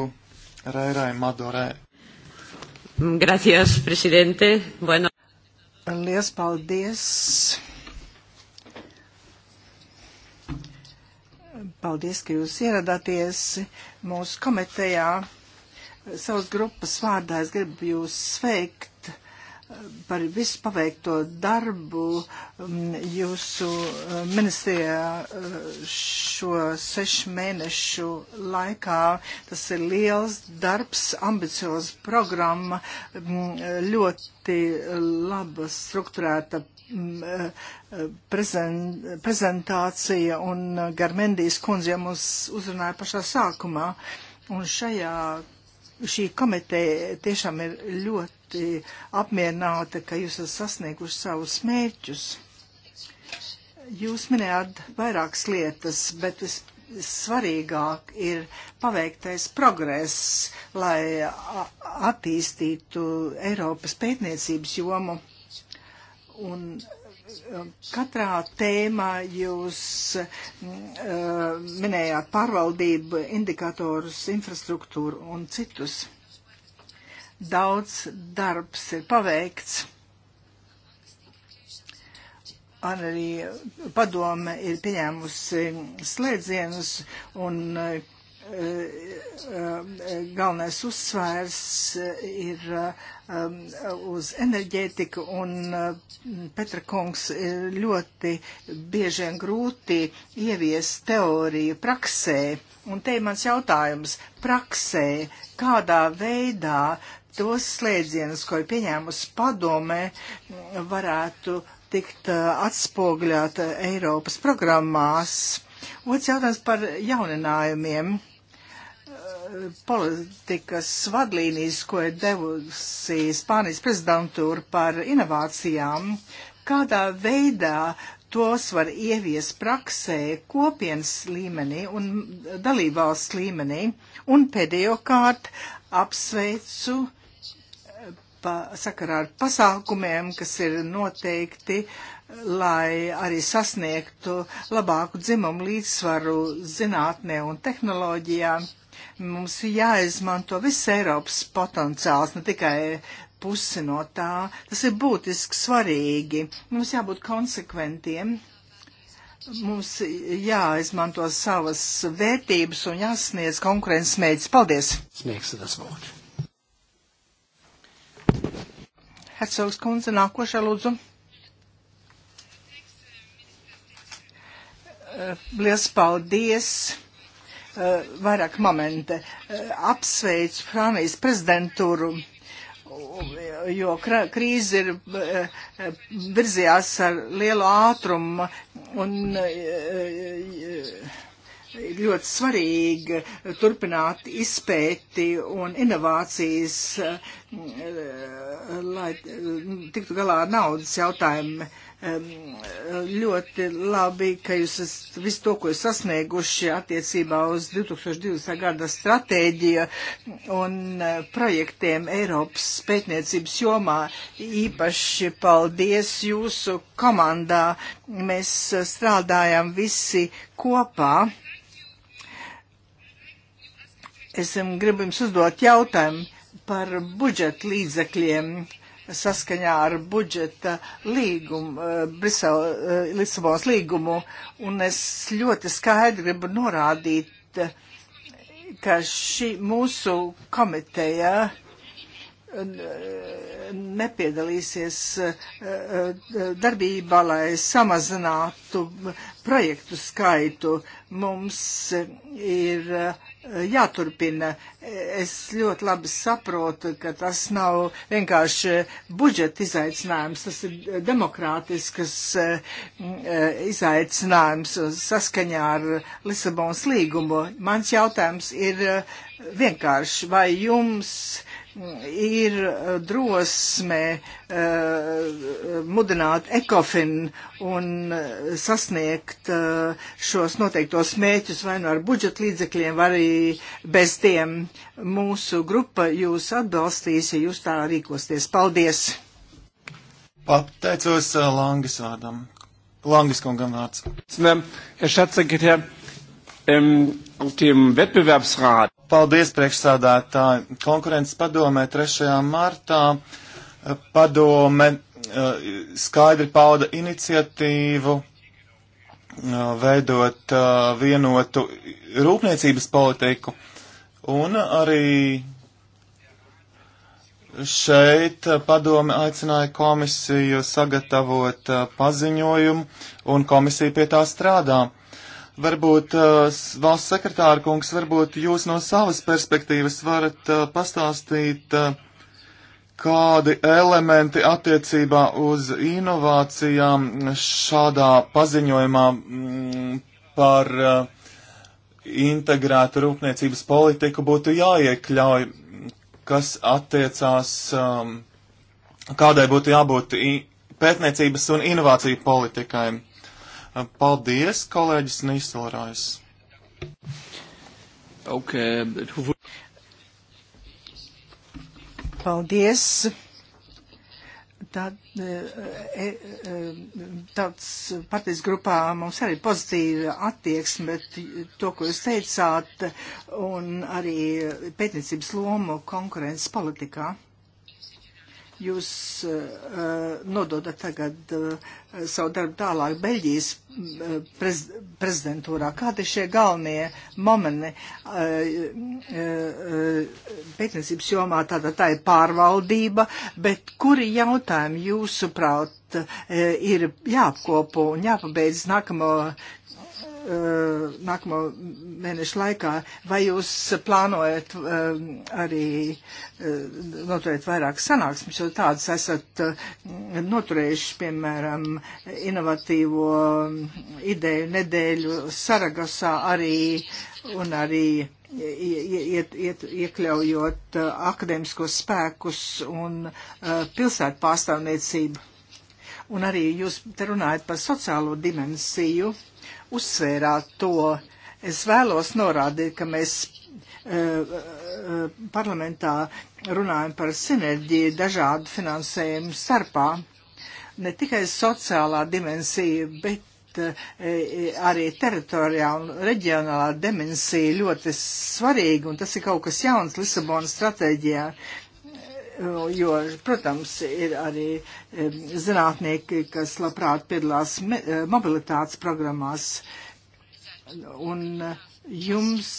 Rairai Madorē. Gracias,
presidente. Bueno. Lies paldies. Paldies, ka jūs ieradāties mūsu komitejā savas grupas vārdā es gribu jūs sveikt eh, par visu paveikto darbu mm, jūsu eh, ministrijā eh, šo sešu mēnešu laikā. Tas ir liels darbs, ambiciozs programma, mm, ļoti laba strukturēta mm, prezen, prezentācija un Garmendijas kundze jau mums uzrunāja pašā sākumā. Un šajā šī komiteja tiešām ir ļoti apmierināta, ka jūs esat sasnieguši savus mērķus. Jūs minējāt vairākas lietas, bet es svarīgāk ir paveiktais progress, lai attīstītu Eiropas pētniecības jomu. Un Katrā tēmā jūs mm, eh, minējāt pārvaldību, indikatorus, infrastruktūru un citus. Daudz darbs ir paveikts. Arī padome ir pieņēmusi slēdzienus un eh, Eh, eh, eh, galvenais uzsvērs ir um, uz enerģētiku un Petra Kungs ļoti bieži un grūti ievies teoriju praksē. Un te ir mans jautājums praksē, kādā veidā tos slēdzienus, ko ir pieņēmusi padome, varētu tikt atspogļot Eiropas programmās. Otrs jautājums par jauninājumiem politikas vadlīnijas, ko ir devusi Spānijas prezidentūra par inovācijām, kādā veidā tos var ievies praksē kopienas līmenī un dalībvalsts līmenī. Un pēdējo kārt apsveicu pa, sakarā ar pasākumiem, kas ir noteikti, lai arī sasniegtu labāku dzimumu līdzsvaru zinātnē un tehnoloģijā. Mums jāizmanto viss Eiropas potenciāls, ne tikai pusi no tā. Tas ir būtiski svarīgi. Mums jābūt konsekventiem. Mums jāizmanto savas vērtības un jāsniedz konkurences mēģis. Paldies! Sniegsim tas vārds. Hercogs kundze, nākošā lūdzu. Liels paldies! Eh, vairāk momenti. Eh, apsveicu Francijas prezidentūru jo krīze ir eh, virzījās ar lielu ātrumu un ir ļoti svarīgi turpināt izpēti un inovācijas, lai tiktu galā ar naudas jautājumu ļoti labi, ka jūs visu to, ko jūs sasnieguši attiecībā uz 2020. gada stratēģiju un e, projektiem Eiropas pētniecības jomā. Īpaši paldies jūsu komandā. Mēs e, strādājam visi kopā. Es gribu jums uzdot jautājumu par budžeta līdzekļiem saskaņā ar budžeta līgumu, eh, Brisel, eh, Lisabons līgumu, un es ļoti skaidri gribu norādīt, eh, ka šī mūsu komiteja uh, nepiedalīsies eh, eh, darbībā, lai samazinātu projektu skaitu. Mums ir eh, jāturpina. Es ļoti labi saprotu, ka tas nav vienkārši budžeta izaicinājums, tas ir demokrātiskas izaicinājums saskaņā ar Lisabonas līgumu. Mans jautājums ir vienkārši, vai jums ir eh, drosme uh, mudināt ekofin un eh, sasniegt uh, šos noteiktos mēķus vai nu ar budžeta līdzekļiem, vai arī bez tiem. Mūsu grupa jūs atbalstīs, ja jūs tā rīkosties. Paldies!
Pateicos uh, Langas vārdam. Langas kungam vārds. Herr Staatssekretär, ähm, auf dem Wettbewerbsrat Paldies, priekšsādātāji. Konkurences padomē 3. martā eh, padome eh, skaidri pauda iniciatīvu eh, veidot vienotu rūpniecības politiku. Un arī šeit padome aicināja komisiju sagatavot paziņojumu, un komisija pie tā strādā. Varbūt uh, valsts sekretāra kungs, varbūt jūs no savas perspektīvas varat uh, pastāstīt, uh, kādi elementi attiecībā uz inovācijām šādā paziņojumā mm, par uh, integrētu rūpniecības politiku būtu jāiekļauj, kas attiecās, um, kādai būtu jābūt pētniecības un inovāciju politikai. Paldies, kolēģis Nīstelrājs.
Okay, but... Paldies. Tad, eh, eh, eh, tāds partijas grupā mums arī pozitīva attieksme, bet to, ko jūs teicāt, un arī pētniecības lomu konkurences politikā. Jūs uh, nododat tagad uh, savu darbu tālāk Beļģijas prez, prezidentūrā. Kādi šie galvenie momenti pētniecības jomā tāda tā ir pārvaldība, bet kuri jautājumi jūsuprāt ir jāapkopo un jāpabeidz nākamo Eh, nākamo mēnešu laikā, vai jūs plānojat eh, arī eh, noturēt vairāk sanāksmes, jo tādas esat noturējuši, piemēram, inovatīvo ideju nedēļu Saragasā arī un arī iet, iet, iekļaujot akadēmiskos spēkus un pilsētu pārstāvniecību. Un arī jūs te runājat par sociālo dimensiju. Uh, uzsvērāt to. Es vēlos norādīt, ka mēs eh, eh, parlamentā runājam par sinerģiju dažādu finansējumu starpā. Ne tikai sociālā dimensija, bet eh, arī teritorijā un reģionālā dimensija ļoti svarīga, un tas ir kaut kas jauns Lisabonas stratēģijā jo, protams, ir arī eh, zinātnieki, kas labprāt piedalās eh, mobilitātes programmās. Un eh, jums,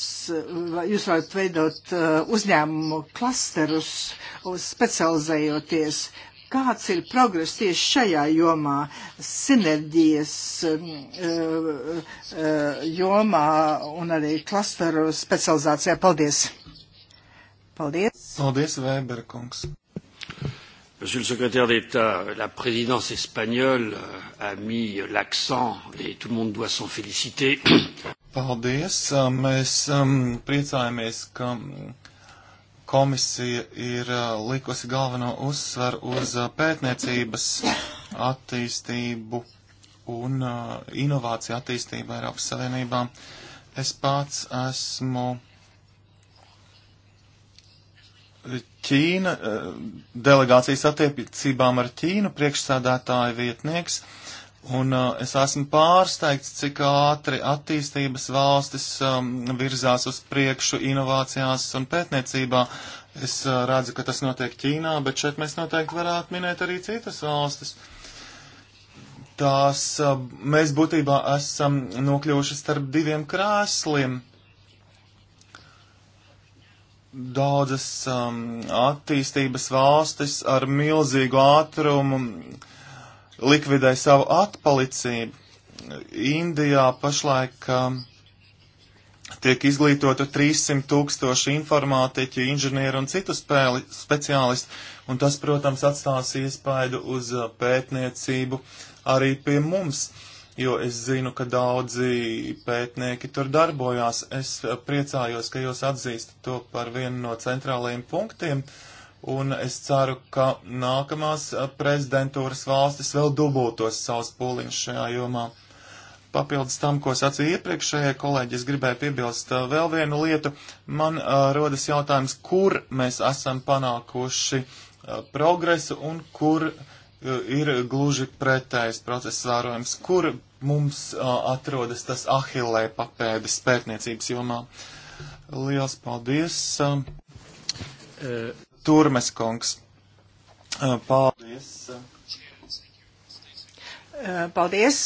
jūs varat veidot uzņēmumu klasterus, specializējoties kāds ir progress tieši šajā jomā, sinerģijas uh, uh, jomā un arī klasteru specializācijā. Paldies! Paldies!
Paldies, Vēbera kungs!
Monsieur le secrétaire d'État, la présidence espagnole a mis l'accent et tout le monde doit s'en féliciter.
Paldies! Um, mēs um, priecājamies, ka komisija ir uh, likusi galveno uzsvaru uz uh, pētniecības attīstību un uh, inovāciju attīstību Eiropas Savienībā. Es pats esmu Ķīna, eh, delegācijas attiecībām ar Ķīnu priekšsādātāja vietnieks, un eh, es esmu pārsteigts, cik ātri attīstības valstis um, virzās uz priekšu inovācijās un pētniecībā. Es eh, redzu, ka tas notiek Ķīnā, bet šeit mēs noteikti varētu minēt arī citas valstis tās mēs būtībā esam nokļuvuši starp diviem krēsliem. Daudzas um, attīstības valstis ar milzīgu ātrumu likvidē savu atpalicību. Indijā pašlaik um, tiek izglītota 300 tūkstoši informātiķu, inženieru un citu spēli, speciālistu, un tas, protams, atstās iespaidu uz uh, pētniecību arī pie mums. Uh, jo es zinu, ka daudzi pētnieki tur darbojās. Es eh, priecājos, ka jūs atzīstat to par vienu no centrālajiem punktiem, un es ceru, ka nākamās eh, prezidentūras valstis vēl dubultos savus pūliņus šajā jomā. Papildus tam, ko sacīja iepriekšējie kolēģi, es gribēju piebilst eh, vēl vienu lietu. Man uh, rodas jautājums, kur mēs esam panākuši uh, progresu un kur uh, Eh, ir gluži pretējs process vērojams, kur mums a, eh, atrodas tas ahilē papēdes pētniecības jomā. Liels paldies! Eh, Turmes kungs. Paldies!
Paldies!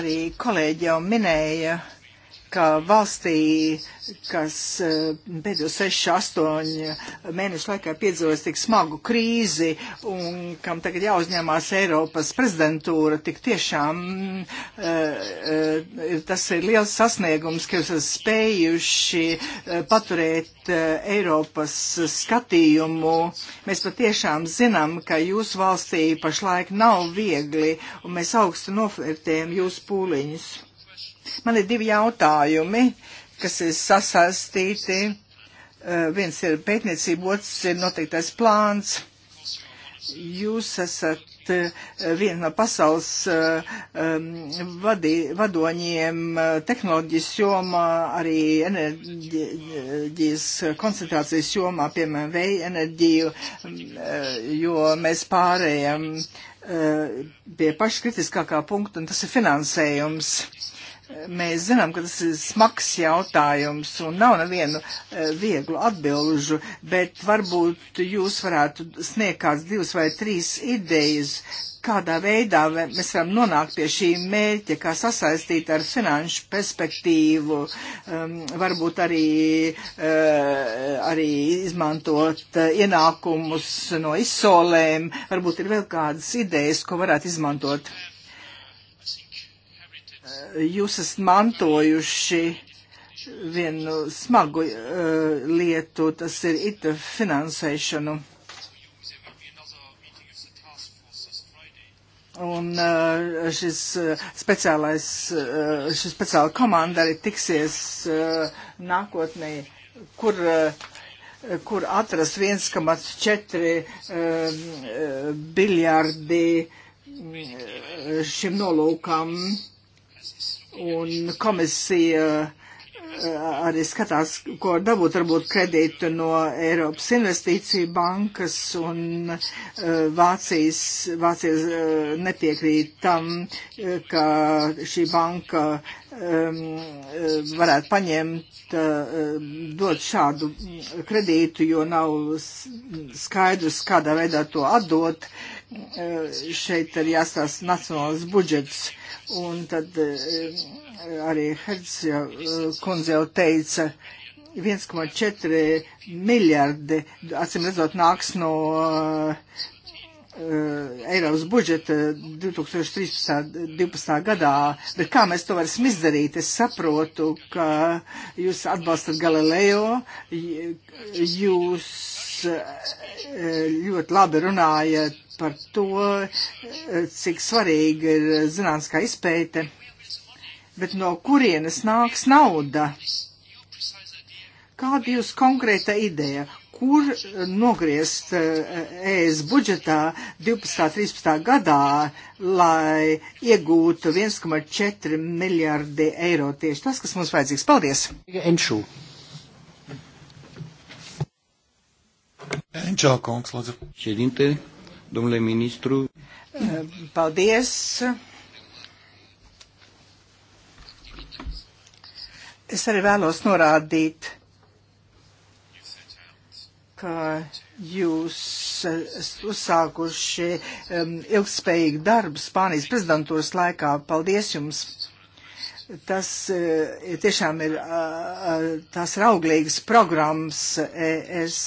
Arī kolēģi jau minēja ka valstī, kas eh, pēdējo 6-8 mēnešu laikā piedzīvojas tik smagu krīzi un kam tagad jāuzņemās Eiropas prezidentūra, tik tiešām eh, eh, tas ir liels sasniegums, ka jūs esat spējuši paturēt Eiropas skatījumu. Mēs patiešām zinām, ka jūsu valstī pašlaik nav viegli un mēs augstu novērtējam jūsu pūliņus. Man ir divi jautājumi, kas ir sasaistīti. Eh, viens ir pētniecība, otrs ir noteiktais plāns. Jūs esat eh, viena no pasaules um, vadī, vadoņiem tehnoloģijas jomā, arī enerģijas koncentrācijas jomā, piemēram, vēja enerģiju, jo mēs pārējām uh, pie paškritiskākā punkta, un tas ir finansējums. Mēs zinām, ka tas ir smags jautājums un nav nevienu e, vieglu atbilžu, bet varbūt jūs varētu sniegt kāds divas vai trīs idejas, kādā veidā mēs varam nonākt pie šī mērķa, kā sasaistīt ar finanšu perspektīvu, um, varbūt arī, uh, arī izmantot e, ienākumus no izsolēm, varbūt ir vēl kādas idejas, ko varētu izmantot jūs esat mantojuši vienu smagu uh, lietu, tas ir IT finansēšanu. Un uh, šis eh, speciālais, uh, šī speciāla komanda arī tiksies uh, nākotnē, kur, uh, kur atrast 1,4 uh, biljārdi šim nolūkam. Uh, un komisija eh, arī skatās, ko dabūt varbūt kredītu no Eiropas investīciju bankas un eh, Vācijas, Vācijas eh, nepiekrīt tam, ka šī banka ehm, varētu paņemt, dot šādu kredītu, jo nav skaidrs, kādā veidā to atdot, Eh, šeit ir jāstās nacionāls budžets, un tad eh, arī Herz jau, eh, kundze jau teica, 1,4 miljardi, acīm redzot, nāks no uh, Eiropas budžeta 2013. gadā, bet kā mēs to varam izdarīt? Es saprotu, ka jūs atbalstat Galileo, jūs Eh, ļoti labi runāja par to, eh, cik svarīga ir zinātniskā izpēte, bet no kurienes nāks nauda? Kāda jūs konkrēta ideja? Kur nogriezt ES eh, budžetā 12. 13. gadā, lai iegūtu 1,4 miljārdi eiro tieši tas, kas mums vajadzīgs? Paldies! Enšu.
Enčā kungs, lūdzu. Šedinte, domnule ministru.
Paldies. Es arī vēlos norādīt, ka jūs uzsākuši um, ilgspējīgu darbu Spānijas prezidentūras laikā. Paldies jums! Tas uh, tiešām ir, uh, tās ir auglīgas programmas. Es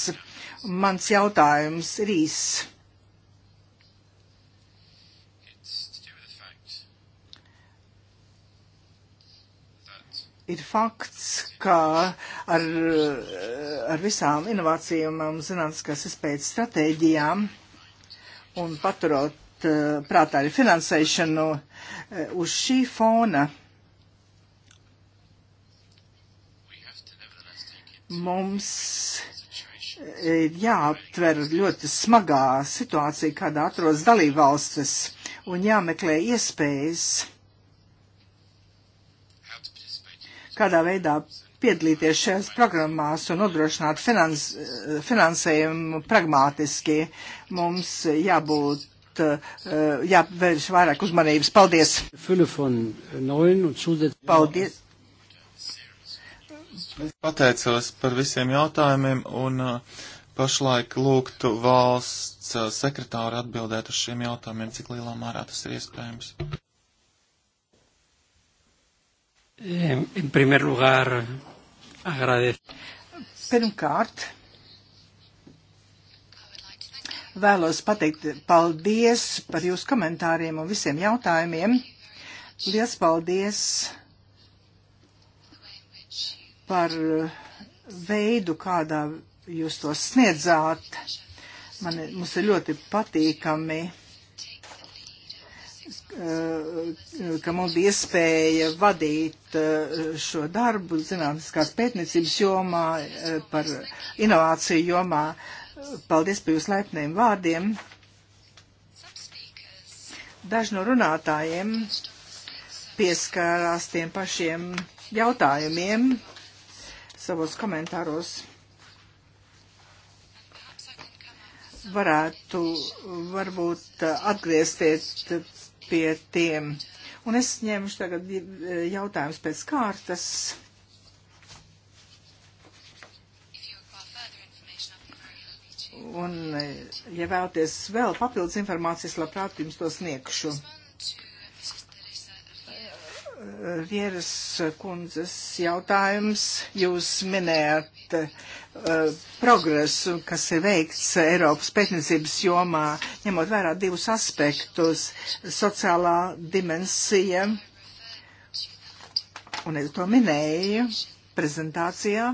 Mans jautājums ir īss. ir fakts, ka ar, ar visām inovācijām un zinātniskās izpētes stratēģijām un paturot eh, prātā arī finansēšanu eh, uz šī fona mums ir e, jāaptver ļoti smagā situācija, kādā atrodas dalībvalstis, un jāmeklē iespējas, kādā veidā piedalīties šajās programmās un nodrošināt finans, e, finansējumu pragmātiski. Mums jābūt, e, jāvērš vairāk uzmanības. Paldies! Paldies! Es
pateicos par visiem jautājumiem un uh, pašlaik lūgtu valsts uh, sekretāru atbildēt uz šiem jautājumiem, cik lielā mērā tas ir iespējams.
Lugar,
Pirmkārt, vēlos pateikt paldies par jūsu komentāriem un visiem jautājumiem. Liels paldies! par eh, veidu, kādā jūs to sniedzāt. Man, mums ir ļoti patīkami, eh, ka mums bija iespēja vadīt eh, šo darbu zinātniskās pētniecības jomā, par inovāciju jomā. Paldies par jūsu laipniem vārdiem. Daži no runātājiem pieskārās tiem pašiem jautājumiem, savos komentāros varētu varbūt atgriezties pie tiem. Un es ņemšu tagad jautājumus pēc kārtas. Un, ja vēlaties vēl papildus informācijas, labprāt jums to sniegšu. Rieras kundzes jautājums. Jūs minējat uh, progresu, kas ir veikts Eiropas pētniecības jomā, ņemot vērā divus aspektus - sociālā dimensija, un es to minēju prezentācijā.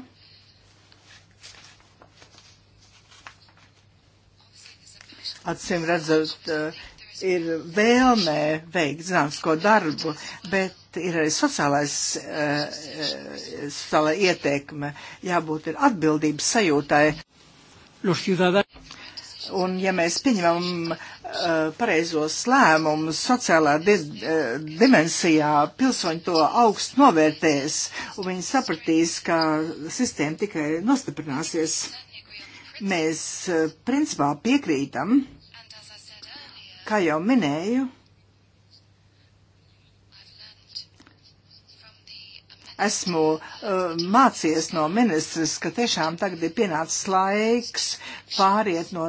Atcīm redzot, uh, ir vēlmē veikt zinātnisko darbu, bet ir arī sociālais, eh, eh, sociālā ieteikme, jābūt ir atbildības sajūtai. Un ja mēs pieņemam uh, pareizos lēmumus sociālā di uh, dimensijā, pilsoņi to augstu novērtēs, un viņi sapratīs, ka sistēma tikai nostiprināsies. Mēs uh, principā piekrītam uh, Kā jau minēju, esmu uh, mācies no ministrs, ka tiešām tagad ir pienācis laiks pāriet no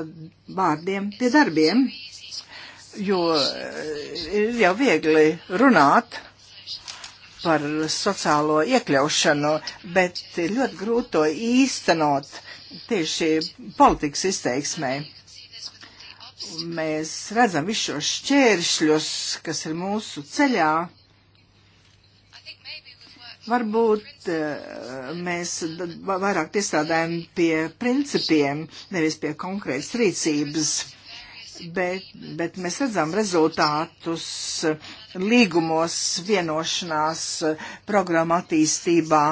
vārdiem pie darbiem, jo uh, ir jau viegli runāt par sociālo iekļaušanu, bet ir ļoti grūti to īstenot tieši politikas izteiksmē mēs redzam visu šos šķēršļus, kas ir mūsu ceļā, varbūt eh, mēs vairāk piestādājam pie principiem, nevis pie konkrētas rīcības bet, bet mēs redzam rezultātus līgumos, vienošanās, programma attīstībā,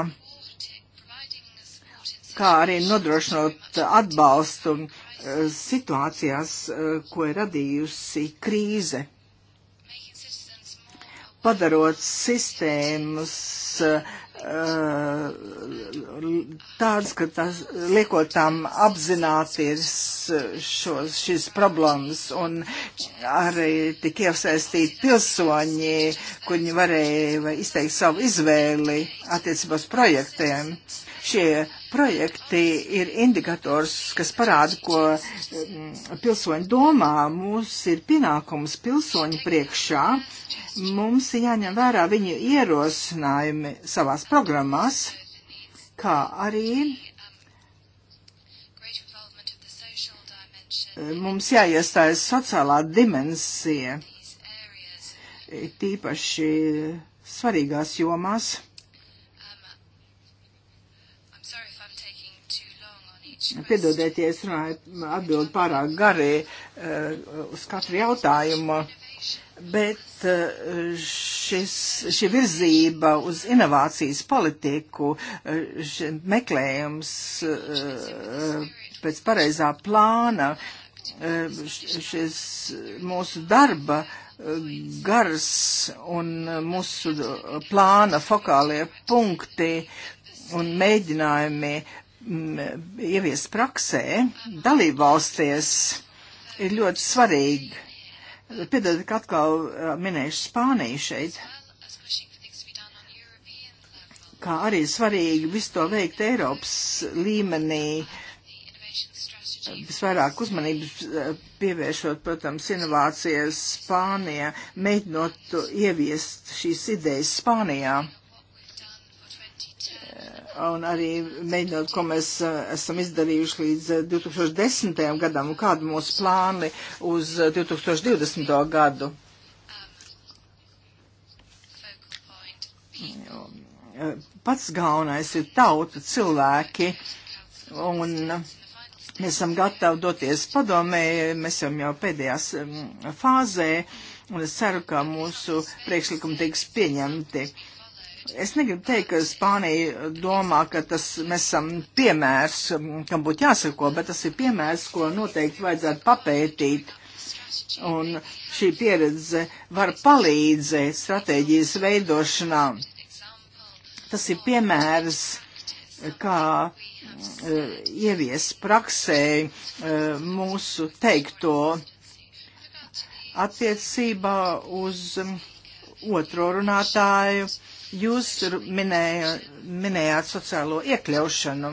kā arī nodrošinot atbalstu situācijās, eh, ko ir radījusi krīze. Padarot sistēmas eh, tāds, ka tas liekot tām apzināties eh, šos, šīs problēmas un arī tik iesaistīt pilsoņi, kuri varēja izteikt savu izvēli attiecībās projektiem. Šie projekti ir indikators, kas parāda, ko mm, pilsoņi domā. Mums ir pienākums pilsoņu priekšā. Mums ir jāņem vērā viņu ierosinājumi savās programmās, kā arī mums jāiestājas sociālā dimensija, tīpaši svarīgās jomās. Piedodieties, runāju atbildi pārāk garī eh, uz katru jautājumu, bet eh, šis, šī virzība uz inovācijas politiku, eh, meklējums pēc pareizā plāna, šis mūsu darba gars un mūsu plāna fokālie punkti un mēģinājumi ieviest praksē, dalībvalstīs, ir ļoti svarīgi. Piedodiet, ka atkal uh, minēšu Spāniju šeit, kā arī svarīgi visu to veikt Eiropas līmenī, visvairāk uzmanības uh, pievēršot, protams, inovācijas Spānijā, mēģinot ieviest šīs idejas Spānijā un arī mēģinot, ko mēs e, esam izdarījuši līdz 2010. E, gadam un kādu mūsu plāni uz 2020. E, gadu. Pats galvenais ir tauta, cilvēki, un mēs esam gatavi doties padomē, mēs esam jau pēdējās fāzē, un es ceru, ka mūsu priekšlikumi tiks pieņemti. Uh, Es negribu teikt, ka Spānija domā, ka tas mēs esam piemērs, um, kam būtu jāsako, bet tas ir piemērs, ko noteikti vajadzētu papētīt. Un šī pieredze var palīdzēt stratēģijas veidošanā. Tas ir piemērs, kā uh, ievies praksē uh, mūsu teikto attiecībā uz um, otro runātāju. Uh, Jūs minēja, minējāt sociālo iekļaušanu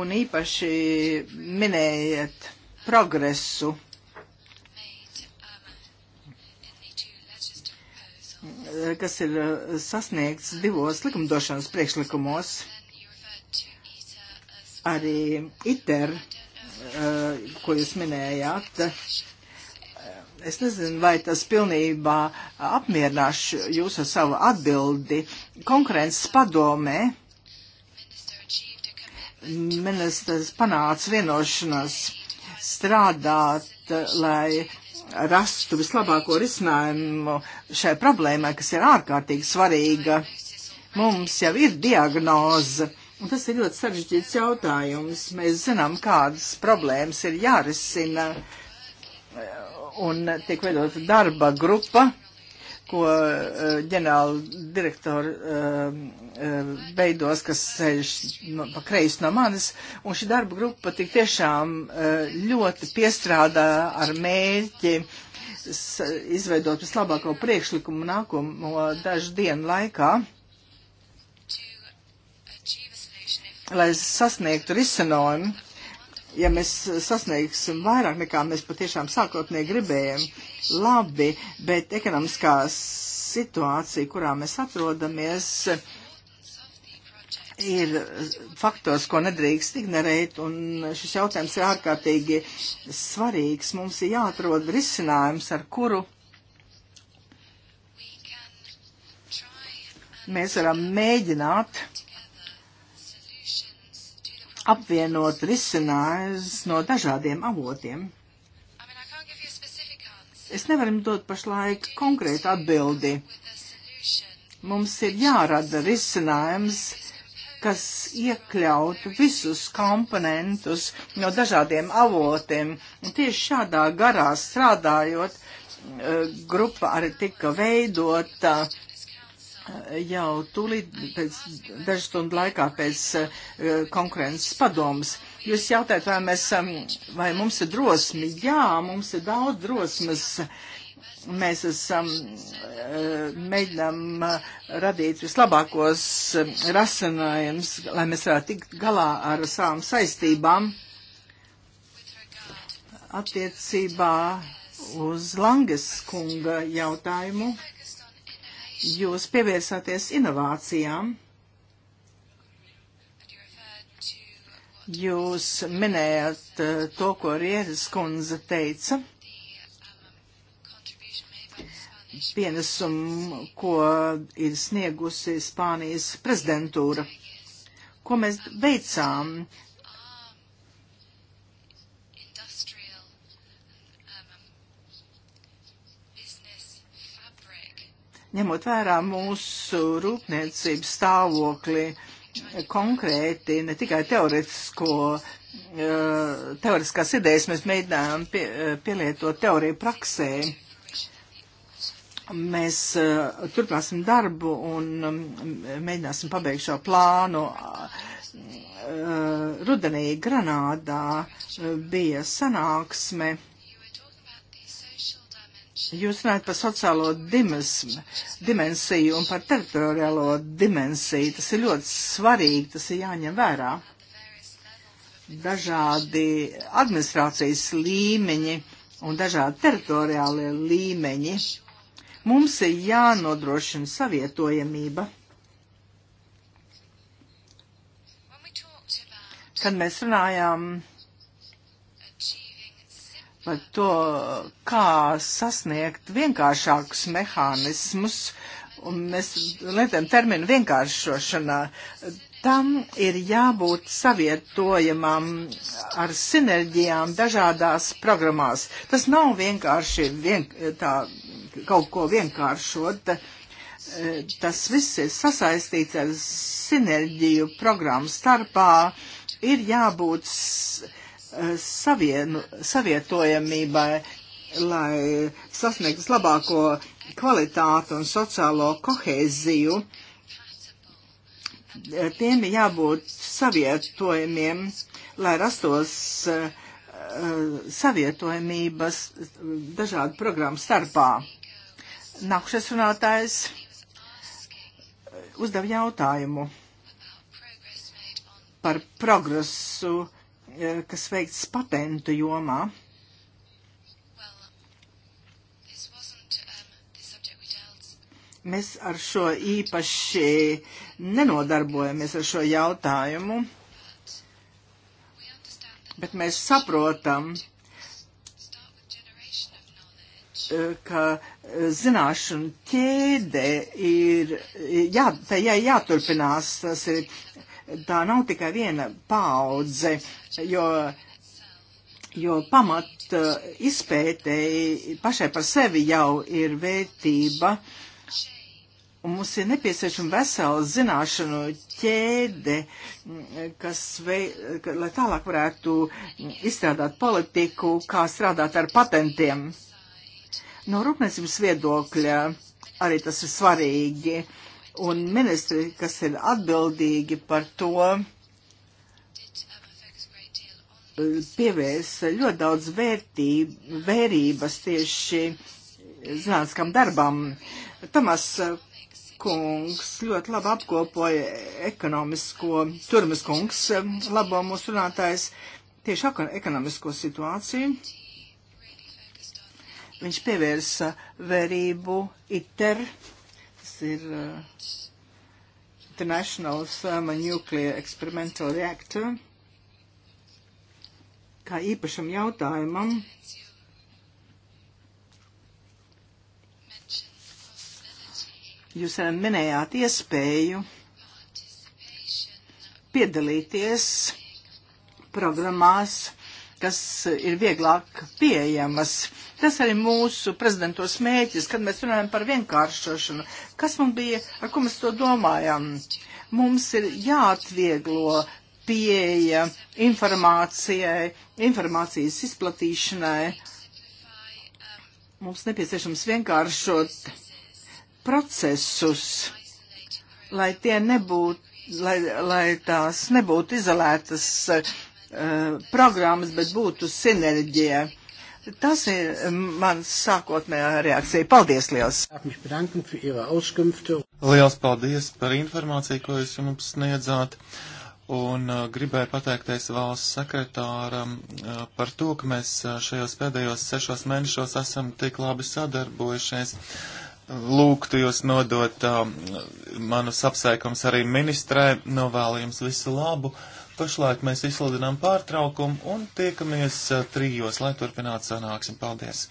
un īpaši minējāt progresu. kas ir eh, sasniegts divos likumdošanas priekšlikumos. Arī ITER, eh, ko jūs minējāt, Es nezinu, vai tas pilnībā apmierinās jūs ar savu atbildi. Konkurences padomē ministrs panāca vienošanos strādāt, lai rastu vislabāko risinājumu šai problēmai, kas ir ārkārtīgi svarīga. Mums jau ir diagnoze, un tas ir ļoti sarežģīts jautājums. Mēs zinām, kādas problēmas ir jārisina un tiek veidot darba grupa, ko uh, ģenerāla direktora uh, eh, uh, eh, beidos, kas sēž no, pa kreisi no manis, un šī darba grupa tik tiešām uh, ļoti piestrādā ar mērķi izveidot vislabāko priekšlikumu nākamo dažu dienu laikā, lai sasniegtu risinājumu ja mēs sasniegsim vairāk nekā mēs patiešām sākotnēji gribējam, labi, bet ekonomiskā situācija, kurā mēs atrodamies, ir faktors, ko nedrīkst ignorēt, un šis jautājums ir ārkārtīgi svarīgs. Mums ir jāatrod risinājums, ar kuru mēs varam mēģināt apvienot risinājumus no dažādiem avotiem. Es nevaru jums dot pašlaik konkrētu atbildi. Mums ir jārada risinājums, kas iekļautu visus komponentus no dažādiem avotiem. Un tieši šādā garā strādājot, eh, grupa arī tika veidota jau tūlīt pēc dažu stundu laikā pēc uh, konkurences padomas. Jūs jautājat, vai, mēs, um, vai mums ir drosmi? Jā, mums ir daudz drosmes. Mēs esam, uh, mēģinām uh, radīt vislabākos rasinājumus, lai mēs varētu tikt galā ar savām saistībām attiecībā uz Langes kunga jautājumu jūs pievērsāties inovācijām. Jūs minējāt eh, to, ko Rietas kundze teica. Pienesumu, ko ir sniegusi Spānijas prezidentūra. Ko mēs veicām ņemot vērā mūsu rūpniecības stāvokli konkrēti, ne tikai teoretisko, eh, teoretiskās idejas, mēs mēģinājām pie, eh, pielietot teoriju praksē. Mēs eh, turpināsim darbu un mm, mēģināsim pabeigt šo plānu rudenī Granādā bija sanāksme Jūs runājat par sociālo dimesmi, dimensiju un par teritoriālo dimensiju. Tas ir ļoti svarīgi, tas ir jāņem vērā. Dažādi administrācijas līmeņi un dažādi teritoriālie līmeņi. Mums ir jānodrošina savietojamība. Kad mēs runājām par to, kā sasniegt vienkāršākus mehānismus, un mēs lietojam terminu vienkāršošanā. Tam ir jābūt savietojamam ar sinerģijām dažādās programmās. Tas nav vienkārši vien, tā, kaut ko vienkāršot. Tas viss ir sasaistīts ar sinerģiju programmu starpā. Ir jābūt savien, savietojamībai, lai sasniegtu labāko kvalitāti un sociālo kohēziju. Tiem ir jābūt savietojamiem, lai rastos uh, savietojamības dažādu programmu starpā. Nākušais runātājs uzdeva jautājumu par progresu Eh, kas veikts patentu jomā. Mēs ar šo īpaši nenodarbojamies ar šo jautājumu, bet mēs saprotam, eh, ka zināšanu ķēde ir jā, jā, jāturpinās, tas ir tā nav tikai viena paudze, jo, jo pamat eh, izpētēji pašai par sevi jau ir vērtība. Un mums ir nepieciešama vesela zināšanu ķēde, mm, kas, vei, ka, lai tālāk varētu izstrādāt politiku, kā strādāt ar patentiem. No rūpniecības viedokļa arī tas ir svarīgi. Uh, un ministri, kas ir atbildīgi par to, pievērsa ļoti daudz vērtība, vērības tieši zinātniskam darbam. Tomas kungs ļoti labi apkopoja ekonomisko, turmas kungs, labo mūsu runātājs, tieši ekonomisko situāciju. Viņš pievērsa vērību ITER ir uh, International Thermonuclear Experimental Reactor kā īpašam jautājumam. Jūs uh, minējāt iespēju piedalīties programmās, kas ir vieglāk pieejamas Tas arī mūsu prezidentos mēķis, kad mēs runājam par vienkāršošanu. Kas mums bija, ar ko mēs to domājam? Mums ir jāatvieglo pieeja informācijai, informācijas izplatīšanai. Mums nepieciešams vienkāršot procesus, lai tie nebūtu, lai, lai tās nebūtu izolētas uh, programmas, bet būtu sinerģija. Uh, Tas ir um, mans sākotnējā reakcija. Paldies liels!
Liels paldies par informāciju, ko jūs mums sniedzāt. Un uh, gribēju pateikties valsts sekretāram uh, par to, ka mēs uh, šajos pēdējos sešos mēnešos esam tik labi sadarbojušies. Lūgtu jūs nodot uh, manus apsveikums arī ministrē, novēlu jums visu labu. Uh, Pašlaik mēs izsludinām pārtraukumu un tiekamies eh, trijos, lai turpinātu sanāksim. Paldies!